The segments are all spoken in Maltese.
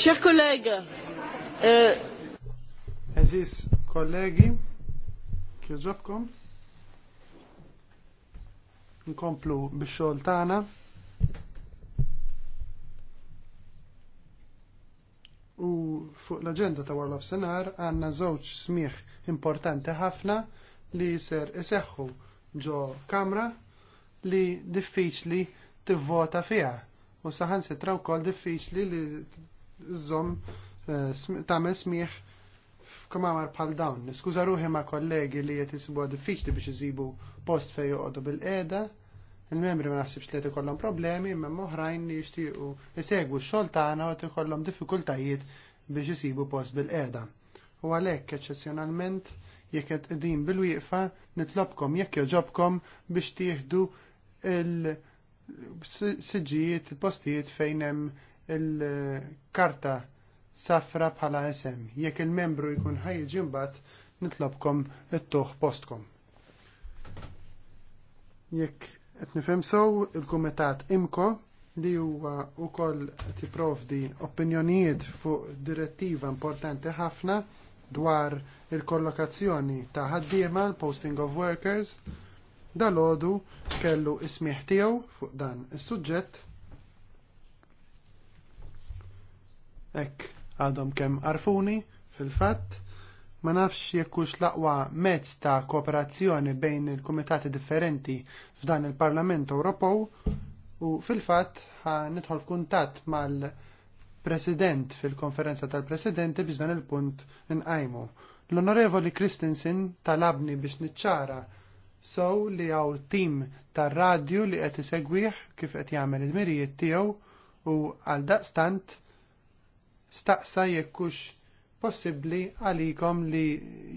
Chers collègues, euh... Aziz kollegi, kieġobkom, nkomplu bix-xogħol tagħna. U fuq l-aġenda ta' warlof senar għandna żewġ smieħ importanti ħafna li ser iseħħu ġo kamra li diffiċli tivvota fiha u saħan sitra wkoll diffiċli li iżom eh, tagħmel smieħ f'kamamar bħal dawn. Niskuża ruħi ma' kollegi li qed isibuha diffiċli biex iżibu post fejn joqogħdu bil eda Il-membri ma naħsibx li qed ikollhom problemi, imma oħrajn li jixtiequ isegwu x-xogħol tagħna u qed ikollhom diffikultajiet biex isibu post bil eda U għalhekk eċċezzjonalment jekk qed qegħdin bil-wieqfa nitlobkom jekk joġobkom biex tieħdu il-siġijiet, il-postijiet fejn hemm il-karta safra bħala SM. Jekk il-membru jkun ħajġi ġimbat, nitlobkom it-tuħ postkom. Jekk qed nifhem il-kumitat Imko li huwa wkoll qed jipprovdi opinjonijiet fuq direttiva importanti ħafna dwar il-kollokazzjoni ta' ħaddiema l-posting of workers dalodu kellu ismieħ tiegħu fuq dan is-suġġett Ek, għadhom kemm arfuni, fil-fatt, ma nafx jekkux laqwa mezz ta' kooperazzjoni bejn il-komitati differenti f'dan il-Parlament Ewropew u fil-fatt ħa nidħol f'kuntat mal-President fil-konferenza tal-Presidenti biex dan il-punt inqajmu. L-Onorevoli Christensen talabni biex niċċara sew li għaw tim tar radju li qed isegwih kif qed jagħmel il-mirijiet tiegħu u għal daqstant staqsa jekkux possibbli għalikom li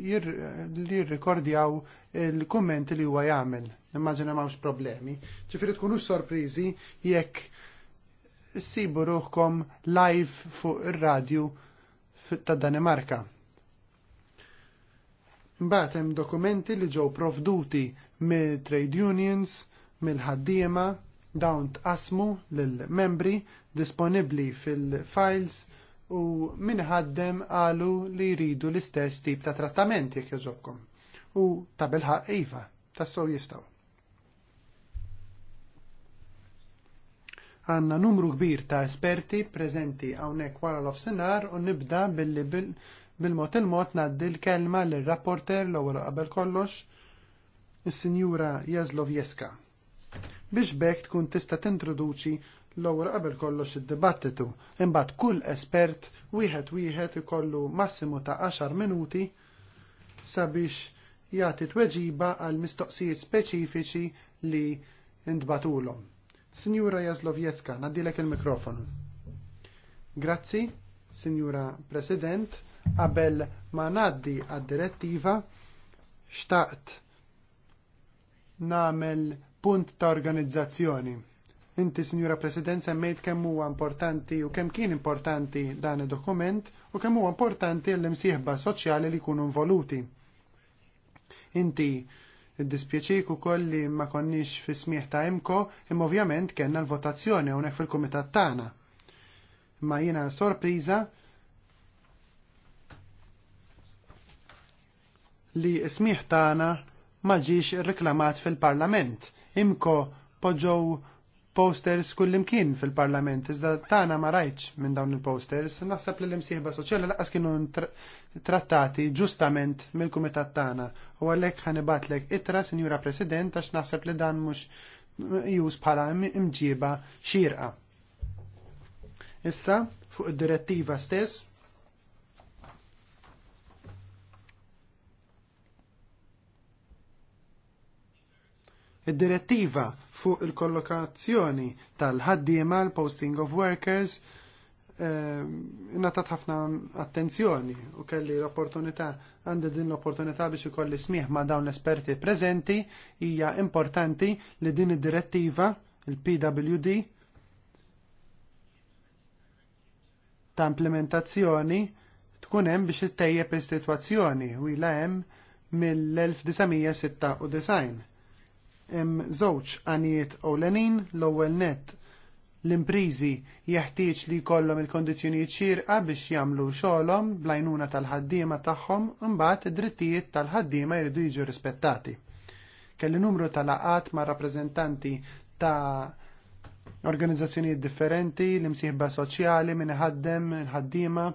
jirrikordjaw il komment li huwa jagħmel. Nimmaġina m'hawnx problemi. Ġifieri tkunu sorpriżi jekk sibu ruħkom live fuq ir-radju ta' Danimarka. Mbagħad hemm dokumenti li ġew provduti mill-trade unions, mill-ħaddiema, dawn tqasmu lill-membri disponibbli fil-files u minħaddem għalu li jridu l-istess tip ta' trattament jekk jogħġobkom. U ta' bilħaq iva, so jistaw. Għanna numru kbir ta' esperti preżenti hawnhekk wara l ofsenar u nibda billi bil mot mod il-mod naddi l-kelma l-rapporter l-ewwel qabel kollox is-Sinjura Jazlovjeska biex bekk tkun tista' tintroduċi l-ewwel qabel kollox id-dibattitu. Imbagħad kull espert wieħed wieħed ikollu massimu ta' 10 minuti sabiex jagħti tweġiba għal mistoqsijiet speċifiċi li ntbatulhom. Sinjura Jazlovjeska, nadilek il-mikrofonu. Grazzi, Signora President, qabel ma ngħaddi għad-direttiva xtaqt nagħmel punt ta' organizzazzjoni Inti, Signora President, semmejt kemm huwa importanti u kemm kien importanti dan id-dokument u kemm huwa importanti l-imsieħba soċjali li jkunu involuti. Inti, id dispieċik u li ma konniex fi smieħ ta' imko, imma ovvjament kellna l-votazzjoni hawnhekk fil-kumitat tagħna. Ma jiena sorpriża li smieħ tagħna ma ġiex reklamat fil-Parlament. Imko poġġow posters kullimkien fil-parlament, iżda tana ma rajtx minn dawn il-posters, naħseb li l-imsieħba soċjali laqas kienu trattati ġustament mill-kumitat tana. U għalek ħanibatlek itra, Sinjura President, għax naħseb li dan mux jus bħala imġiba xirqa. Issa, fuq id-direttiva stess, Id-direttiva fuq il-kollokazzjoni tal-ħaddiema l-posting of workers eh, natat ħafna attenzjoni u kelli l-opportunità għandi din l-opportunità biex ikolli smieħ ma' dawn l-esperti preżenti hija importanti li din id-direttiva il-PWD ta' implementazzjoni tkun hemm biex ittejjeb is-sitwazzjoni u ilha hemm mill-1996 hemm żewġ għanijiet ewlenin l-ewwel nett l-imprizi jeħtieġ li jkollhom il-kondizzjonijiet xierqa biex jagħmlu xogħolhom blajnuna tal-ħaddiema tagħhom imbagħad id-drittijiet tal-ħaddiema jridu jiġu rispettati. Kelli numru tal-laqat ma' rappreżentanti ta' organizzazzjonijiet differenti, l-imsieħba soċjali, minn ħaddem, il-ħaddiema.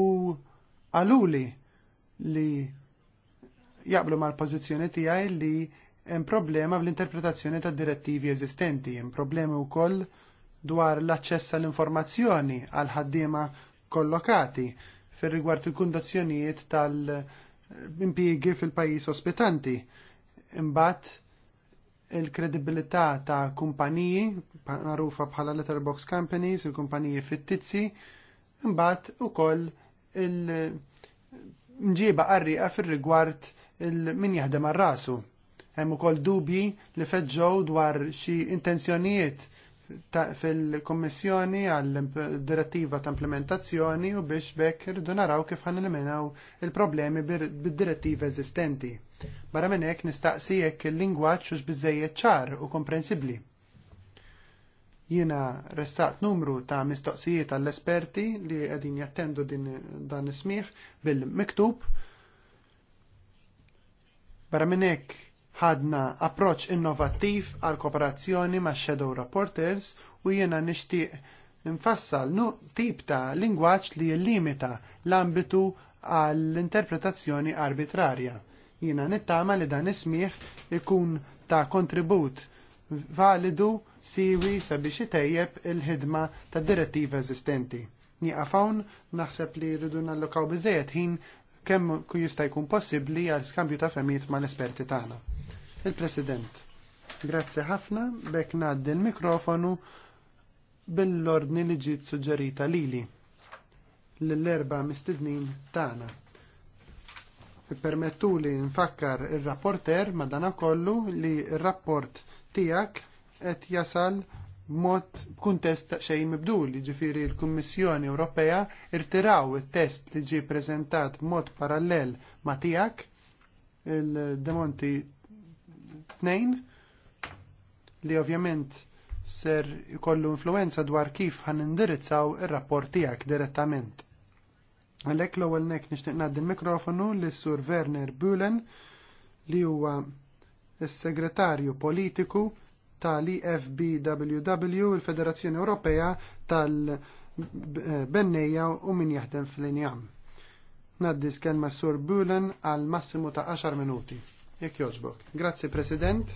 U għaluli li jaqblu mal-pożizzjoni tiegħi li hemm problema bl-interpretazzjoni tad direttivi eżistenti, hemm problemi wkoll dwar l-aċċess għall informazzjoni għal ħaddiema kollokati fir rigward il-kundazzjonijiet tal-impjiegi fil-pajjiż ospitanti. Imbagħad il-kredibilità ta' kumpaniji magħrufa bħala letterbox companies, il-kumpaniji fittizzi, imbagħad ukoll il-mġiba qarriqa fir rigward min jaħdem għal rasu. Hemm ukoll dubji li feġġow dwar xi intenzjonijiet fil-Kommissjoni għall direttiva ta' implementazzjoni u biex bekk irridu naraw kif ħan eliminaw il-problemi bid-direttiva eżistenti. Barra minn hekk nistaqsi jekk il-lingwaġġ u biżejjed ċar u komprensibbli. Jiena restaqt numru ta' mistoqsijiet għall-esperti li qegħdin jattendu din dan is-smieħ bil-miktub Barra minn hekk ħadna approċċ innovattiv għal kooperazzjoni ma' Shadow Reporters u jiena nixtieq nfassal nu tip ta' lingwaġġ li jillimita l-ambitu għall-interpretazzjoni arbitrarja. Jiena nittama li dan ismiħ ikun ta' kontribut validu siwi sabiex itejjeb il-ħidma tad direttiva eżistenti. Nieqafawn naħseb li rridu nallokaw biżejjed ħin kemm jista' jkun possibbli għal skambju ta' femijiet mal esperti tagħna. Il-President, grazzi ħafna bekk ngħaddi l-mikrofonu bil-ordni li ġiet suġġerita lili l-erba mistednin tagħna. Permettu li nfakkar ir rapporter madana kollu li r rapport tiegħek qed jasal mod kuntest ta' xejn mibdul, jiġifieri l-Kummissjoni Ewropea irtiraw it-test li ġie ppreżentat mod parallel ma' tiegħek il-Demonti 2 li ovvjament ser jkollu influenza dwar kif ħan indirizzaw ir-rapport tiegħek direttament. Għalhekk l-ewwel nek nixtieq ngħaddi l-mikrofonu lis sur Werner Bullen, li huwa s-segretarju politiku tal-EFBWW, il-Federazzjoni Ewropea tal-Bennejja u min jaħdem fl-injam. Naddis kelma Sur Bulen għal massimu ta' 10 minuti. Jek joġbok. Grazzi, President.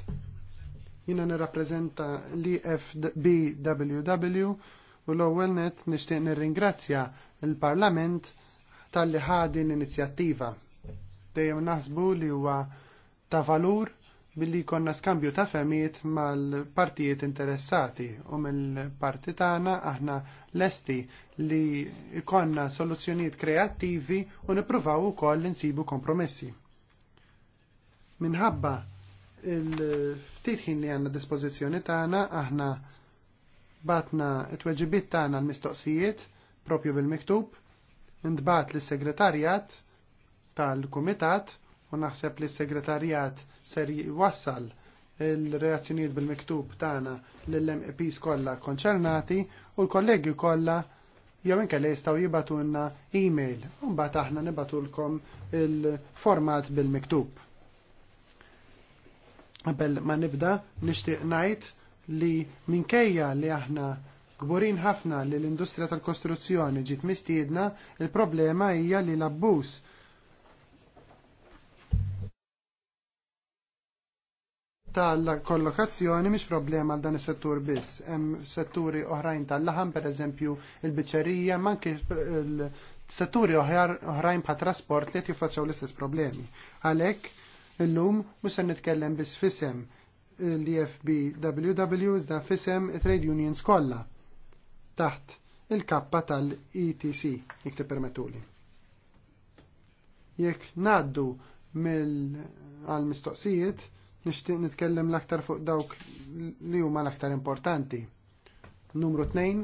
Jina nirrapprezenta l-EFBWW u l-ewwel net nixtieq nirringrazzja l-Parlament tal-li ħadi l-inizjattiva. Dejjem naħsbu li huwa ta' valur billi konna skambju ta' femijiet mal-partijiet interessati u mill-parti tagħna aħna lesti li konna soluzzjonijiet kreattivi u nippruvaw ukoll insibu kompromessi. Minħabba il-ftit ħin li għandna dispożizzjoni tagħna aħna batna t-tweġibiet tagħna l-mistoqsijiet propju bil-miktub, ndbat lis segretarjat tal-kumitat u naħseb li s-segretarjat ser jwassal il-reazzjonijiet bil-miktub tagħna lill-MEPs kollha konċernati u l-kollegi kollha jew inkella jistgħu jibatulna email u mbagħad aħna nibatulkom il-format bil-miktub. Qabel ma nibda nixtieq ngħid li minkejja li aħna kburin ħafna li l-industrija tal-kostruzzjoni ġiet mistiedna, il-problema hija li l-abbuż tal-kollokazzjoni mhix problema għal dan is-settur biss. Hemm setturi oħrajn tal-laħam, pereżempju il-biċerija, manki il-setturi oħrajn bħat trasport li qed jiffaċċaw l-istess problemi. Għalhekk illum mhux se nitkellem biss fisem l-EFBWW iżda fisem trade unions kollha taħt il-kappa tal-ETC, jek ti permetuli. Jekk naddu mill għal mistoqsijiet nixtieq nitkellem l-aktar fuq dawk li huma l-aktar importanti. Numru 2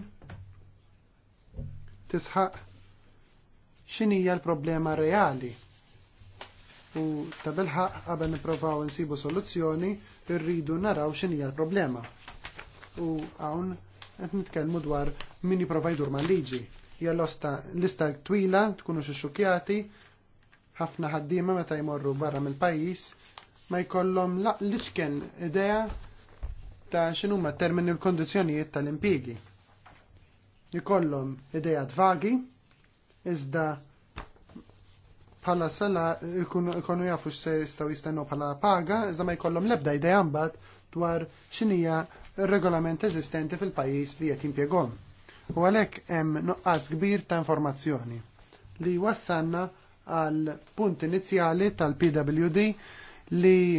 tisħaq x'inhija l-problema reali u ta' bilħaq qabel nipprovaw insibu soluzzjoni rridu naraw x'inhija l-problema. U hawn qed nitkellmu dwar min jipprova jdur mal-liġi. Hija lista twila tkunu xi xukjati ħafna ħaddiema meta jmorru barra mill-pajjiż ma jkollhom laqliċken idea ta' x'inhuma termini l kondizzjonijiet tal impigi Jkollhom idea vagi, iżda bħala sala jkunu jafu x'se jistaw jistennu bħala paga, iżda ma jkollhom l-ebda idea mbagħad dwar x'inija r-regolament eżistenti fil-pajjiż li qed jimpjegom. U għalhekk hemm nuqqas kbir ta' informazzjoni li wassanna għal punt inizjali tal-PWD li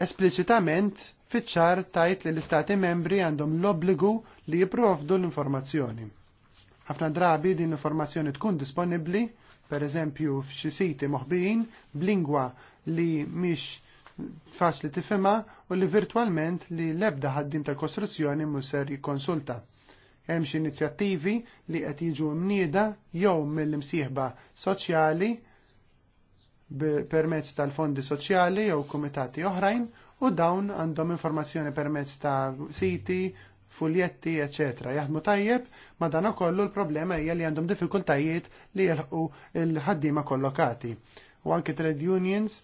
espliċitament fiċ tajt li l-istati membri għandhom l-obbligu li jiprovdu l-informazzjoni. Ħafna drabi din l-informazzjoni tkun disponibbli, per eżempju f'xi siti moħbijin, b'lingwa li mhix faċli tifema u li virtualment li l-ebda ħaddim tal-kostruzzjoni muser jikkonsulta hemm xi inizjattivi li qed jiġu mnieda jew mill-imsieħba soċjali permezz tal-fondi soċjali jew kumitati oħrajn u dawn għandhom informazzjoni permezz ta' siti, fuljetti, ecc. Jaħdmu tajjeb, ma dan kollu l-problema hija li għandhom diffikultajiet li jelħu l-ħaddiema kollokati. U anki trade unions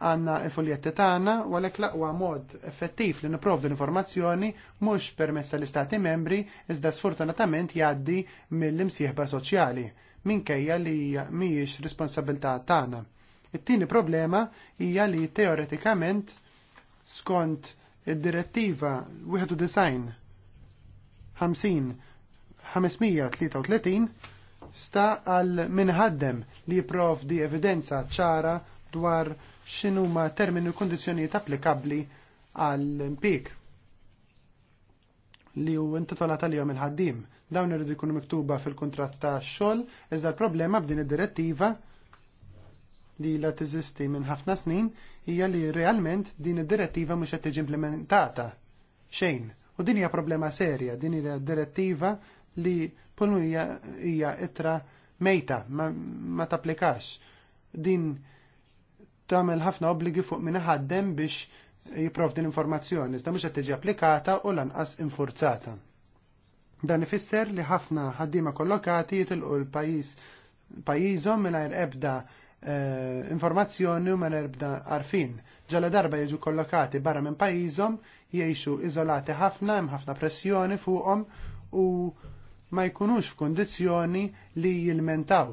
għanna il-fuljetti tagħna u għalhekk laqwa mod effettiv li niprovdu l-informazzjoni mhux permezz tal-istati membri iżda sfortunatament jgħaddi mill-imsieħba soċjali minkejja li mhijiex responsabilità tagħna. It-tieni problema hija li teoretikament skont id-direttiva 91 533 sta għal minħaddem li di evidenza ċara dwar x'inhuma termini u kondizzjonijiet applikabbli għall impik li u intitola għalihom il-ħaddim. Dawn irridu jkunu miktuba fil-kuntratt xol, xogħol, iżda l-problema b'din id-direttiva li la tiżisti minn ħafna snin hija li realment din id-direttiva mhux qed tiġi implementata xejn. U din hija problema serja, din hija direttiva li punu hija itra mejta, ma, ma tapplikax. Din tagħmel ħafna obbligi fuq minn ħaddem biex jipprovdi l-informazzjoni, iżda mhux qed tiġi applikata u lanqas infurzata. Dan ifisser li ħafna ħaddiema kollokati jitilqu l-pajjiż pajjiżhom mingħajr ebda Eh, informazzjoni u mener bda arfin. Ġala darba jiġu kollokati barra minn pajjiżhom, jgħixu iżolati ħafna, hemm ħafna pressjoni fuqhom u ma jkunux f'kondizjoni li jilmentaw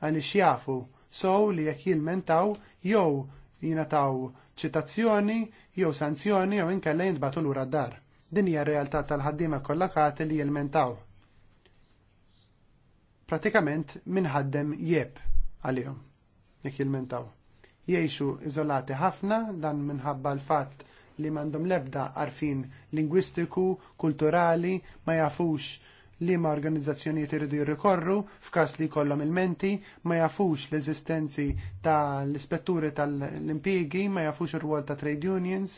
għaliex jafu sow li jekk jilmentaw jew jinataw ċitazzjoni jew sanzjoni jew inkella l lura d-dar. Din hija r-realtà tal-ħaddiema kollokati li jilmentaw. Pratikament minħaddem jieb għalihom nikilmentaw. Jiexu izolati ħafna dan minħabba l-fatt li mandom lebda arfin lingwistiku, kulturali, ma jafux li ma organizzazzjoniet iridu jirrikorru f'każ li kollom il-menti, ma jafux l-eżistenzi tal-ispetturi tal-impjiegi, ma jafux ir-rwol ta' trade unions.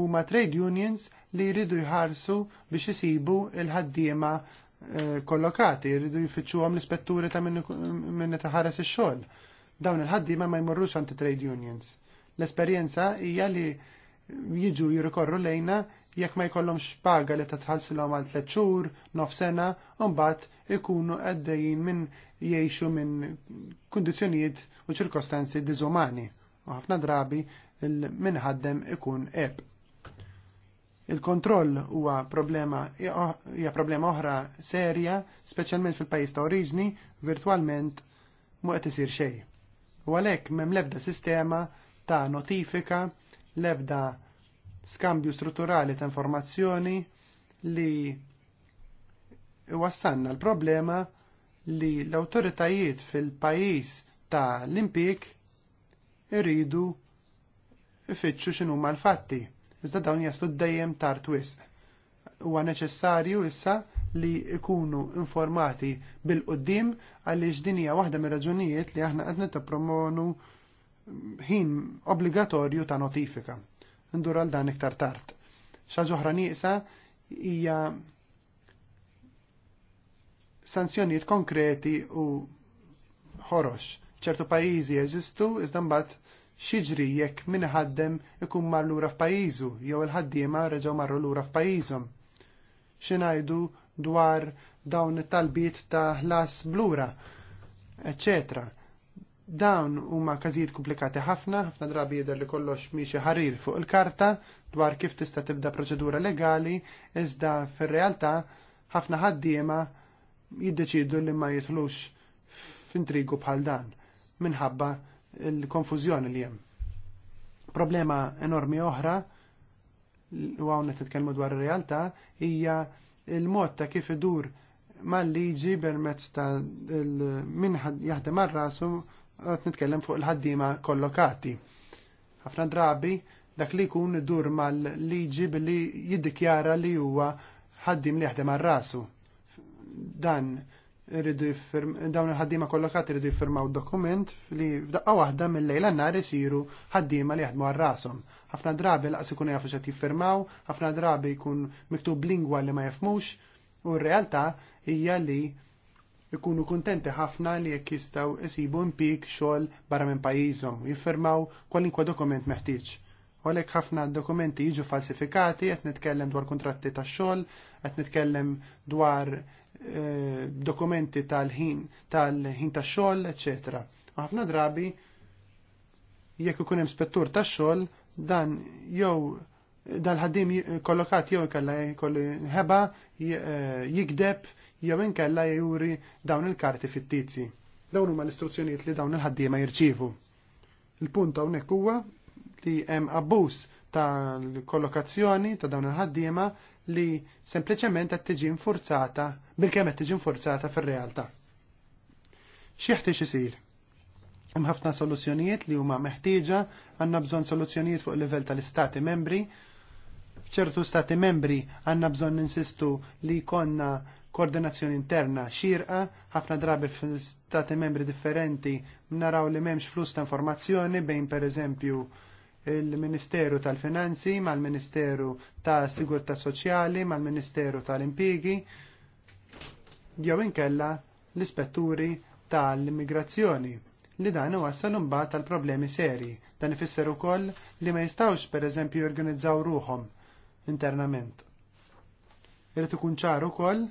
U ma trade unions li jridu jħarsu biex isibu il-ħaddiema Eh, kollokati, jridu jfittxuhom l-ispetturi ta' minn taħares ix-xogħol. Dawn il ħaddi ma ma jmorrux anti trade unions. L-esperjenza hija li jiġu jirrikorru lejna jekk ma jkollhomx paga li l-għom għal tliet xhur, nof sena, u mbagħad ikunu għaddejjin minn jgħixu minn kundizzjonijiet u ċirkostanzi diżumani. U ħafna drabi il-minħaddem ikun eb. Il-kontroll huwa problema hija problema oħra serja, speċjalment fil-pajjiż ta' oriġni, virtwalment mu qed isir xejn. U għalhekk m'hemm l-ebda sistema ta' notifika, l-ebda skambju strutturali ta' informazzjoni li wassanna l-problema li l-awtoritajiet fil-pajjiż ta' l-impik irridu ifittxu x'inhuma l-fatti iżda dawn jaslu dejjem tard wisq. Huwa neċessarju issa li ikunu informati bil-qoddim għaliex din hija waħda mir-raġunijiet li aħna qed nittipproponu ħin obbligatorju ta' notifika. Ndur għal dan iktar tard. X'a ġoħra nieqsa hija sanzjonijiet konkreti u ħorox. ċertu pajjiżi jeżistu iżda mbagħad xiġri jekk min ħaddem ikun mar lura f'pajjiżu jew il-ħaddiema reġgħu marru lura f'pajjiżhom. Xinajdu dwar dawn it-talbiet ta' ħlas blura, eċċetera. Dawn huma każijiet komplikati ħafna, ħafna drabi jidher li kollox miexi ħarir fuq il-karta dwar kif tista' tibda proċedura legali, iżda fir-realtà ħafna ħaddiema jiddeċidu li ma jitlux f'intrigu bħal dan minħabba il-konfużjoni li jem Problema enormi oħra u għawna titkellmu dwar ir-realtà hija il-mod ta' kif idur mal-liġi permezz ta' min jaħdem ar-rasu għat nitkellem fuq il-ħaddiema kollokati. Ħafna drabi dak li jkun idur mal-liġi billi jiddikjara li huwa ħaddim li jaħdem ar-rasu. Dan irridu dawn il-ħaddiema kollokat irridu jiffirmaw dokument li f'daqqa waħda mill-lejla nar isiru ħaddiema li jaħdmu għarrasom. Ħafna drabi laqas ikun jafu x'qed jiffirmaw, ħafna drabi jkun miktub lingwa li ma jafmux u r-realtà hija li ikunu kuntenti ħafna li jekk jistgħu isibu impik xogħol barra minn pajjiżhom u jiffirmaw kwalinkwa dokument meħtieġ. U ħafna dokumenti jiġu falsifikati, qed nitkellem dwar kuntratti tax-xogħol, qed nitkellem dwar Eh, dokumenti tal-ħin tal-ħin tax-xogħol, eċetera. Ħafna drabi jekk ikun hemm spettur tax-xogħol dan jew dal-ħaddim kollokat jew kella jkollu ħeba eh, jikdeb jew inkella juri dawn il-karti fittizi. Dawn huma l-istruzzjonijiet li dawn il-ħaddiema jirċievu. Il-punt hawnhekk huwa li hemm abbuż tal-kollokazzjoni ta' dawn il-ħaddiema li sempliċement qed tiġi nfurzata bilkemm qed tiġi nfurzata fir-realtà. Xi ħtiex isir? Hemm ħafna soluzzjonijiet li huma meħtieġa għandna bżonn soluzzjonijiet fuq livell tal-istati membri. F'ċertu stati membri għandna bżonn ninsistu li jkollna koordinazzjoni interna xirqa, ħafna drabi f'stati membri differenti naraw li m'hemmx flus ta' informazzjoni bejn pereżempju eżempju il-Ministeru tal-Finanzi, mal-Ministeru ta' Sigurta Soċjali, mal-Ministeru tal-Impigi, jew inkella l-ispetturi tal-immigrazzjoni li dan wassal imbagħad tal-problemi seri. Dan ifisser ukoll li ma jistgħux pereżempju jorganizzaw ruhom internament. Irid ikun ċar ukoll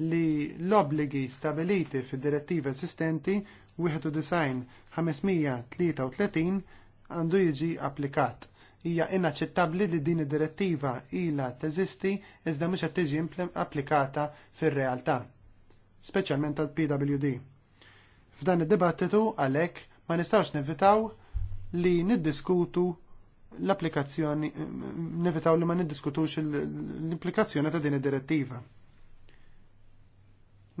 li l-obligi stabiliti fid-direttiva esistenti 91 533 għandu jiġi applikat. Hija inaċċettabbli li din id-direttiva ilha teżisti iżda mhux qed tiġi applikata fir-realtà, speċjalment tal-PWD. F'dan id-dibattitu għalhekk ma nistgħux nevitaw li niddiskutu l-applikazzjoni, nevitaw li ma niddiskutux l-implikazzjoni ta' din id-direttiva.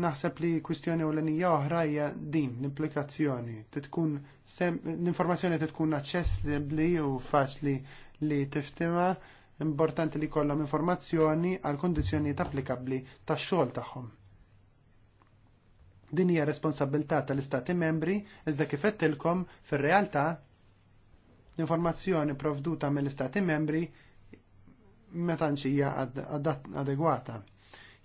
Naħseb li kwistjoni u ewlenija oħra hija din l-implikazzjoni. l-informazzjoni tkun aċċessibbli u faċli li tiftima importanti li kollhom informazzjoni għal kondizzjonijiet applikabbli tax-xogħol tagħhom. Din hija responsabilità tal-Istati membri iżda kif qedtilkom fir-realtà l-informazzjoni provduta mill-Istati membri meta hija adegwata. Ad ad ad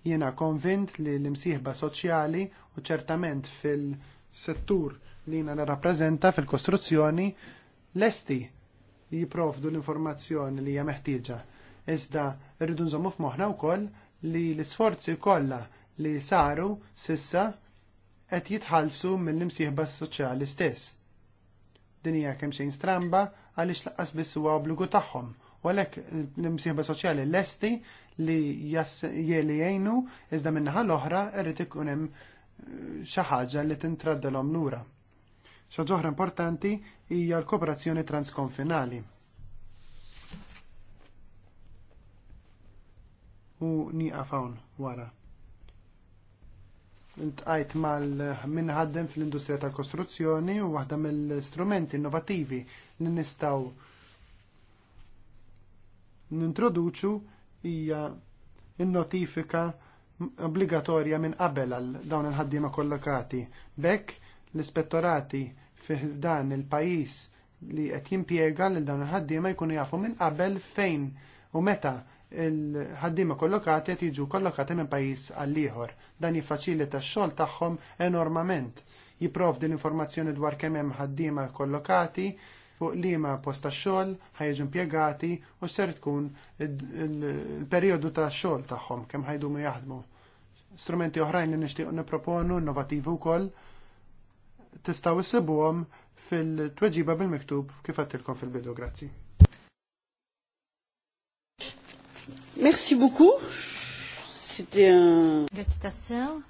Jiena konvint li l-imsieħba soċjali u ċertament fil-settur li jiena nirrappreżenta fil-kostruzzjoni lesti jipprovdu l-informazzjoni li hija meħtieġa. Iżda rridu nżommu f'moħħna wkoll li l-isforzi kollha li saru sissa qed jitħallsu mill-imsieħba soċjali stess. Din hija kemm xejn stramba għaliex laqqas biss huwa obbligu tagħhom u għalhekk l-imsieħba soċjali lesti li jeli jgħinu, iżda minnaħa l-oħra irrid ikun hemm eh, xi ħaġa li tintraddalhom lura. Xi importanti hija l-kooperazzjoni transkonfinali. U nieqaf hawn wara. Intqajt mal minħaddem fl-industrija tal-kostruzzjoni u waħda mill-strumenti innovattivi li nistgħu nintroduċu hija in-notifika obbligatorja minn qabel għal dawn il-ħaddiema kollokati. Bekk l-ispettorati fi dan il-pajis li qed jimpjega lil dawn il-ħaddiema jkunu jafu minn qabel fejn u meta il-ħaddiema kollokati qed jiġu kollokati minn pajjiż għal ieħor. Dan jiffaċilita x-xogħol tagħhom enormament. Jipprovdi l-informazzjoni dwar kemm hemm ħaddiema kollokati, fuq liema post ta' xogħol ħajġu impjegati u ser tkun il-perjodu ta' xogħol tagħhom kemm ma jaħdmu. Strumenti oħrajn li nixtieq nipproponu innovattivi wkoll tistgħu issibuhom fil-tweġiba bil-miktub kif għattilkom fil-bidu. Grazzi. Merci beaucoup. C'était un... Grazie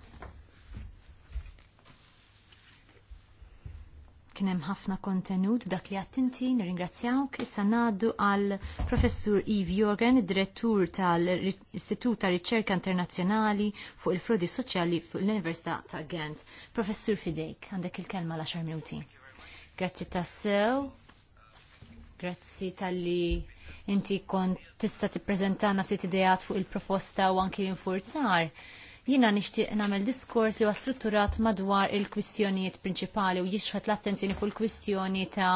kien hemm ħafna kontenut f'dak li għattinti, nirringrazzjawk. Issa ngħaddu għal Professur Eve Jorgen, direttur tal-Istitut ta' Riċerka Internazzjonali fuq il-Frodi Soċjali fuq l-Università ta' Gent. Professur Fidejk, għandek il-kelma l xar minuti. Grazzi sew. grazzi tal-li inti kont tista' tippreżentana ftit idejat fuq il-proposta u anki l-infurzar. Jina nishtiq namel diskors li huwa strutturat madwar il-kwistjonijiet prinċipali u jixħet l-attenzjoni fuq il-kwistjoni ta'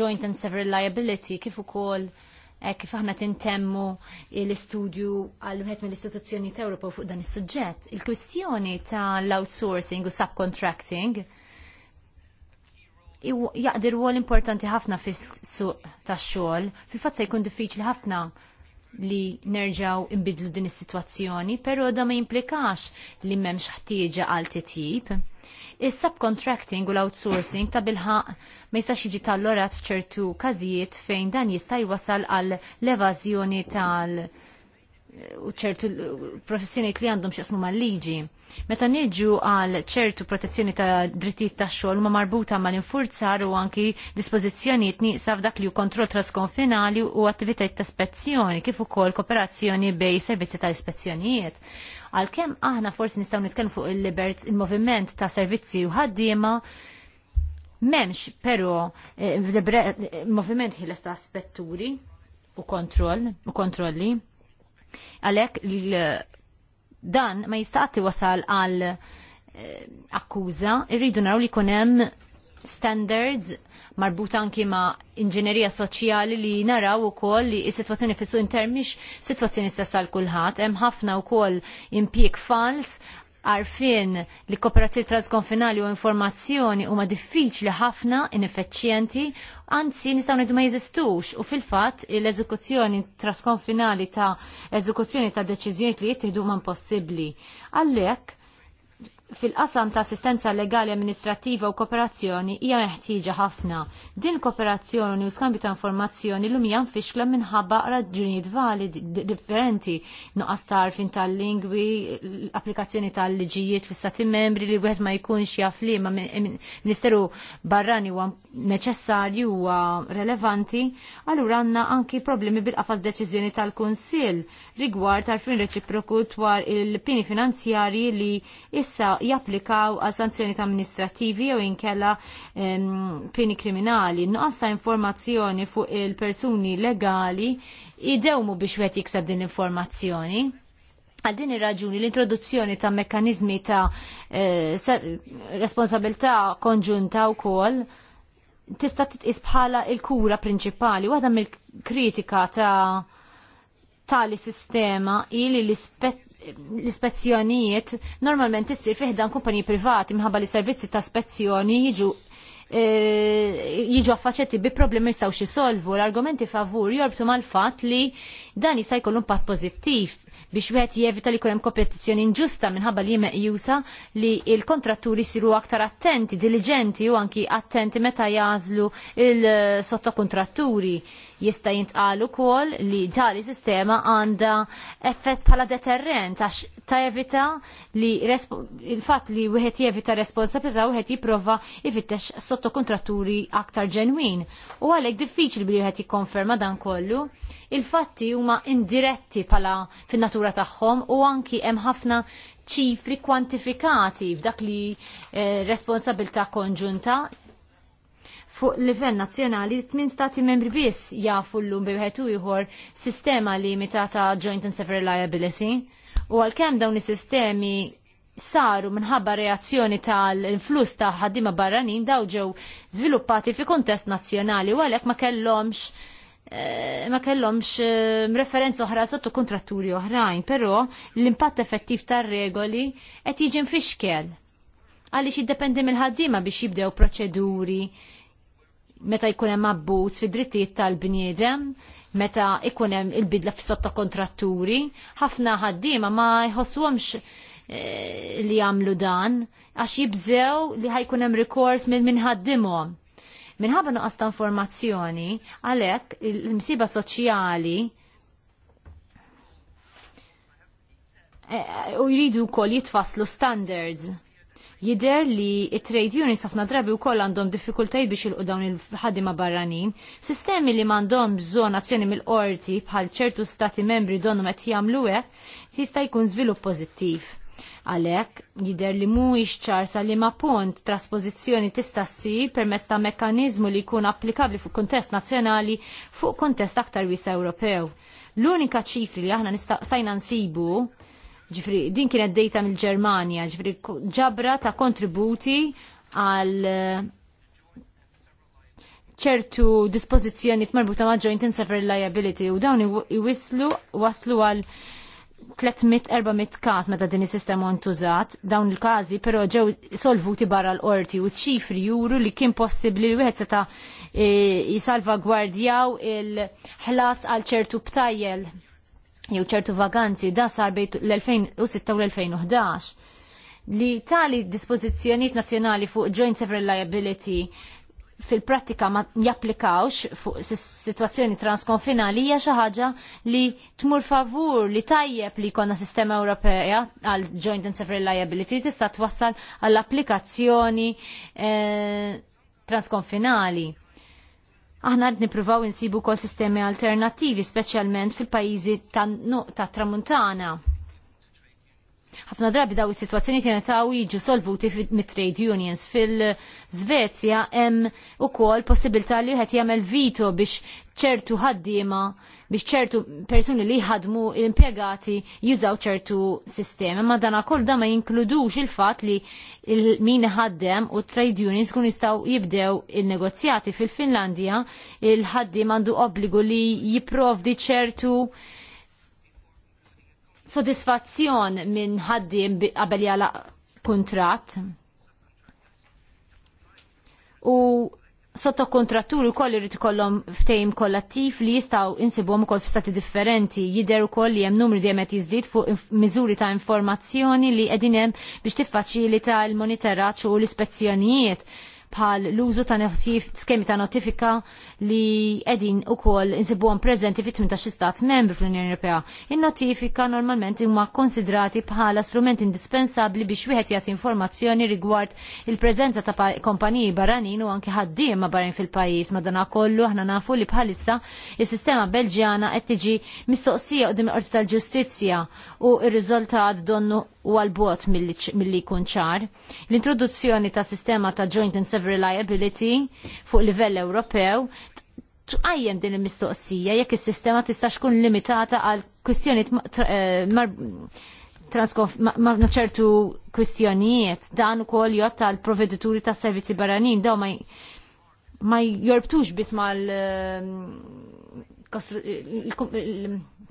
joint and several liability kif ukoll eh, kif aħna tintemmu l-istudju għal wieħed mill-istituzzjoni ta' Ewropa fuq dan is-suġġett. Il-kwistjoni ta' l-outsourcing u subcontracting jaqdir wol importanti ħafna fis-suq tax-xogħol, fi fatt se jkun diffiċli ħafna li nerġaw imbidlu din is-sitwazzjoni, però da ma jimplikax li m'hemmx ħtieġa għal titjib. Is-subcontracting u l-outsourcing ta' bilħaq ma jistax jiġi tal-lorat f'ċertu każijiet fejn dan jista' jwasal għal l-evażjoni tal- u ċertu professjoni li għandhom xaqsmu mal-liġi. Meta nieġu għal ċertu protezzjoni ta' drittijiet ta' xogħol ma' marbuta mal infurzar u anki dispożizzjonijiet nieqsa dak li hu kontroll trasconfinali u attivitajiet ta' spezzjoni kif ukoll kooperazzjoni bej servizzi ta' ispezzjonijiet. Għalkemm aħna forsi nistgħu nitkellmu fuq il-libert il-moviment ta' servizzi u ħaddiema Memx, pero, eh, il moviment ħiles ta' spetturi u kontroll, u kontrolli. Għalek dan ma jistati wasal għal eh, akkuża, irridu naraw li kunem standards marbuta anki ma' inġenerija soċjali li naraw u koll li s-situazzjoni fissu intermix situazzjoni stessa l kulħat hemm ħafna u koll impjek fals Arfin li kooperazzjoni transkonfinali u informazzjoni huma diffiċli ħafna ineffiċjenti, anzi nistgħu ngħidu ma jeżistux u fil-fatt l-eżekuzzjoni transkonfinali ta' eżekuzzjoni ta' deċiżjoni li jittieħdu ma' impossibbli. Għalhekk fil-qasam ta' assistenza legali amministrativa u kooperazzjoni hija meħtieġa ħafna. Din kooperazzjoni u skambju ta' informazzjoni l-lum hija nfixkla minħabba raġunijiet validi differenti nuqqas tarfin tal-lingwi, applikazzjoni tal-liġijiet fl-istati membri li wieħed ma jkunx jaf li ma ministeru barrani huwa neċessarju huwa relevanti, allura għandna anki problemi bil-qafas deċiżjoni tal-Kunsill rigward tal-fin reċiproku dwar il-pini finanzjarji li issa japplikaw għal sanzjoni amministrativi jew inkella pini kriminali. Nuqqas ta' informazzjoni fuq il-persuni legali idewmu biex wet jikseb din l-informazzjoni. Għal din ir-raġuni l-introduzzjoni ta' mekkanizmi ta' eh, responsabilità konġunta wkoll tista' titqis bħala l-kura prinċipali. Waħda mill-kritika ta' tali sistema li l-ispett l-ispezzjonijiet normalment issir fiħdan kumpanji privati minħabba li servizzi ta' spezzjoni jiġu e, jiġu affaċetti bi problemi jistgħu xisolvu l-argumenti favur jorbtu mal fatt li dan jista' jkollu impatt pożittiv biex wieħed jevita li jkun hemm kompetizzjoni inġusta minħabba li meqjusa li l-kontratturi jsiru aktar attenti, diligenti u anki attenti meta jażlu il-sottokontratturi. Jista' jintqal ukoll li tali sistema għandha effett bħala deterrent għax ta' jevita li il-fatt li wieħed jevita responsabilità wieħed jipprova jfittex sottokontratturi aktar ġenwin. U għalhekk diffiċli li wieħed jikkonferma dan kollu. Il-fatti huma indiretti bħala fin-natura natura tagħhom u anki hemm ħafna ċifri kwantifikati f'dak li eh, responsabilta konġunta fuq livell nazzjonali tmien stati membri biss jafu llum bewħed u ieħor sistema limitata joint and several liability u għalkemm dawn is-sistemi saru minħabba reazzjoni tal-influss ta' ħaddima barranin daw ġew żviluppati fi kuntest nazzjonali u għalhekk ma kellhomx Eh, ma kellhomx eh, referenza oħra sotto kontratturi oħrajn, però l-impatt effettiv tar-regoli qed jiġi mfixkel. Għaliex jiddependi mill-ħaddiema biex jibdew proċeduri meta jkun hemm abbuż fid-drittijiet tal-bniedem, meta jkun hemm il-bidla fis kontratturi, ħafna ħaddiema ma jħossuhomx eh, li jagħmlu dan għax jibżew li ħajkun hemm rikors minn ħaddimhom Minħabba nuqqas ta' informazzjoni għalhekk il-msiba soċjali eh, eh, u jridu wkoll jitfasslu standards. Jider li trade unions ħafna drabi wkoll għandhom diffikultajiet biex ilqu dawn il-ħadima barranin, sistemi li m'għandhom bżon azzjoni mill-qorti bħal ċertu stati membri donu qed jagħmlu hekk jista' jkun żvilupp pożittiv. Għalhekk jidher li mhuwiex ċarsa li ma punt traspożizzjoni tista' ssir permezz ta' mekkaniżmu li jkun applikabbli fuq kuntest nazzjonali fuq kuntest aktar wiesa Ewropew. L-unika ċifri li aħna nistajna nsibu ġifri, din kienet dejta mill-Ġermanja, ġifri ġabra ta' kontributi għal ċertu dispożizzjoni marbuta ma' joint and several liability u dawn iwislu waslu għal 300-400 każ meta din is-sistema ntużat, dawn il-każi però ġew solvuti barra l-qorti u ċifri juru li kien possibbli li wieħed seta' e, gwardjaw il-ħlas għal ċertu btajjel jew ċertu vaganzi da sar bejt l-2006 u l-2011 li tali dispożizzjonijiet nazzjonali fuq joint several liability fil-prattika ma japplikawx fuq situazzjoni transkonfinali hija xi ħaġa li tmur favur li tajjeb li jkollna sistema Ewropea għal joint and several liability tista' twassal għall applikazzjoni eh, transkonfinali. Aħna qed nippruvaw insibu kol sistemi alternattivi speċjalment fil-pajjiżi tan-nuq tat-Tramuntana ħafna drabi daw is-sitwazzjoni kienet taw jiġu solvuti mit-trade unions. Fil-Svezja hemm ukoll possibilità li wieħed jagħmel vito biex ċertu ħaddiema biex ċertu persuni li jħadmu l-impjegati jużaw ċertu sistemi. Ma dana kol da ma jinkludux il-fat li il min ħaddem u trade unions kun jistaw jibdew il-negozjati fil-Finlandja il-ħaddim għandu obbligu li jiprovdi ċertu sodisfazzjon minn ħaddiem qabel jala kuntratt. U sottokontrattur u koll irrit kollom ftejm kollattiv li jistaw koll ukoll f'stati differenti jider ukoll li hemm numri di qed jiżdied fuq miżuri ta' informazzjoni li qegħdin hemm biex tiffaċilita l-monitoraġġ u l-ispezzjonijiet bħal l-użu ta' notif, skemi ta' notifika li edin u kol insibuħan prezenti fit 18 stat membru fl-Unjoni Ewropea. Il-notifika normalment imma konsidrati bħala strument indispensabli biex wieħed jagħti informazzjoni rigward il-preżenza ta' kompaniji barranin u anke ħaddiem ma' barranin fil-pajjiż madana kollu aħna nafu li bħalissa is-sistema Belġjana qed tiġi mistoqsija qudiem qorti tal-ġustizzja u r-riżultat donnu u għal-bot mill-li jkun ċar. L-introduzzjoni ta' sistema ta' joint and of Reliability fuq livell Ewropew tqajjem din il-mistoqsija jekk is-sistema tista' tkun limitata għal kwistjonijiet ma' eh, ċertu kwistjonijiet dan ukoll jgħod tal provedituri ta' servizzi barranin daw ma jorbtux biss mal eh,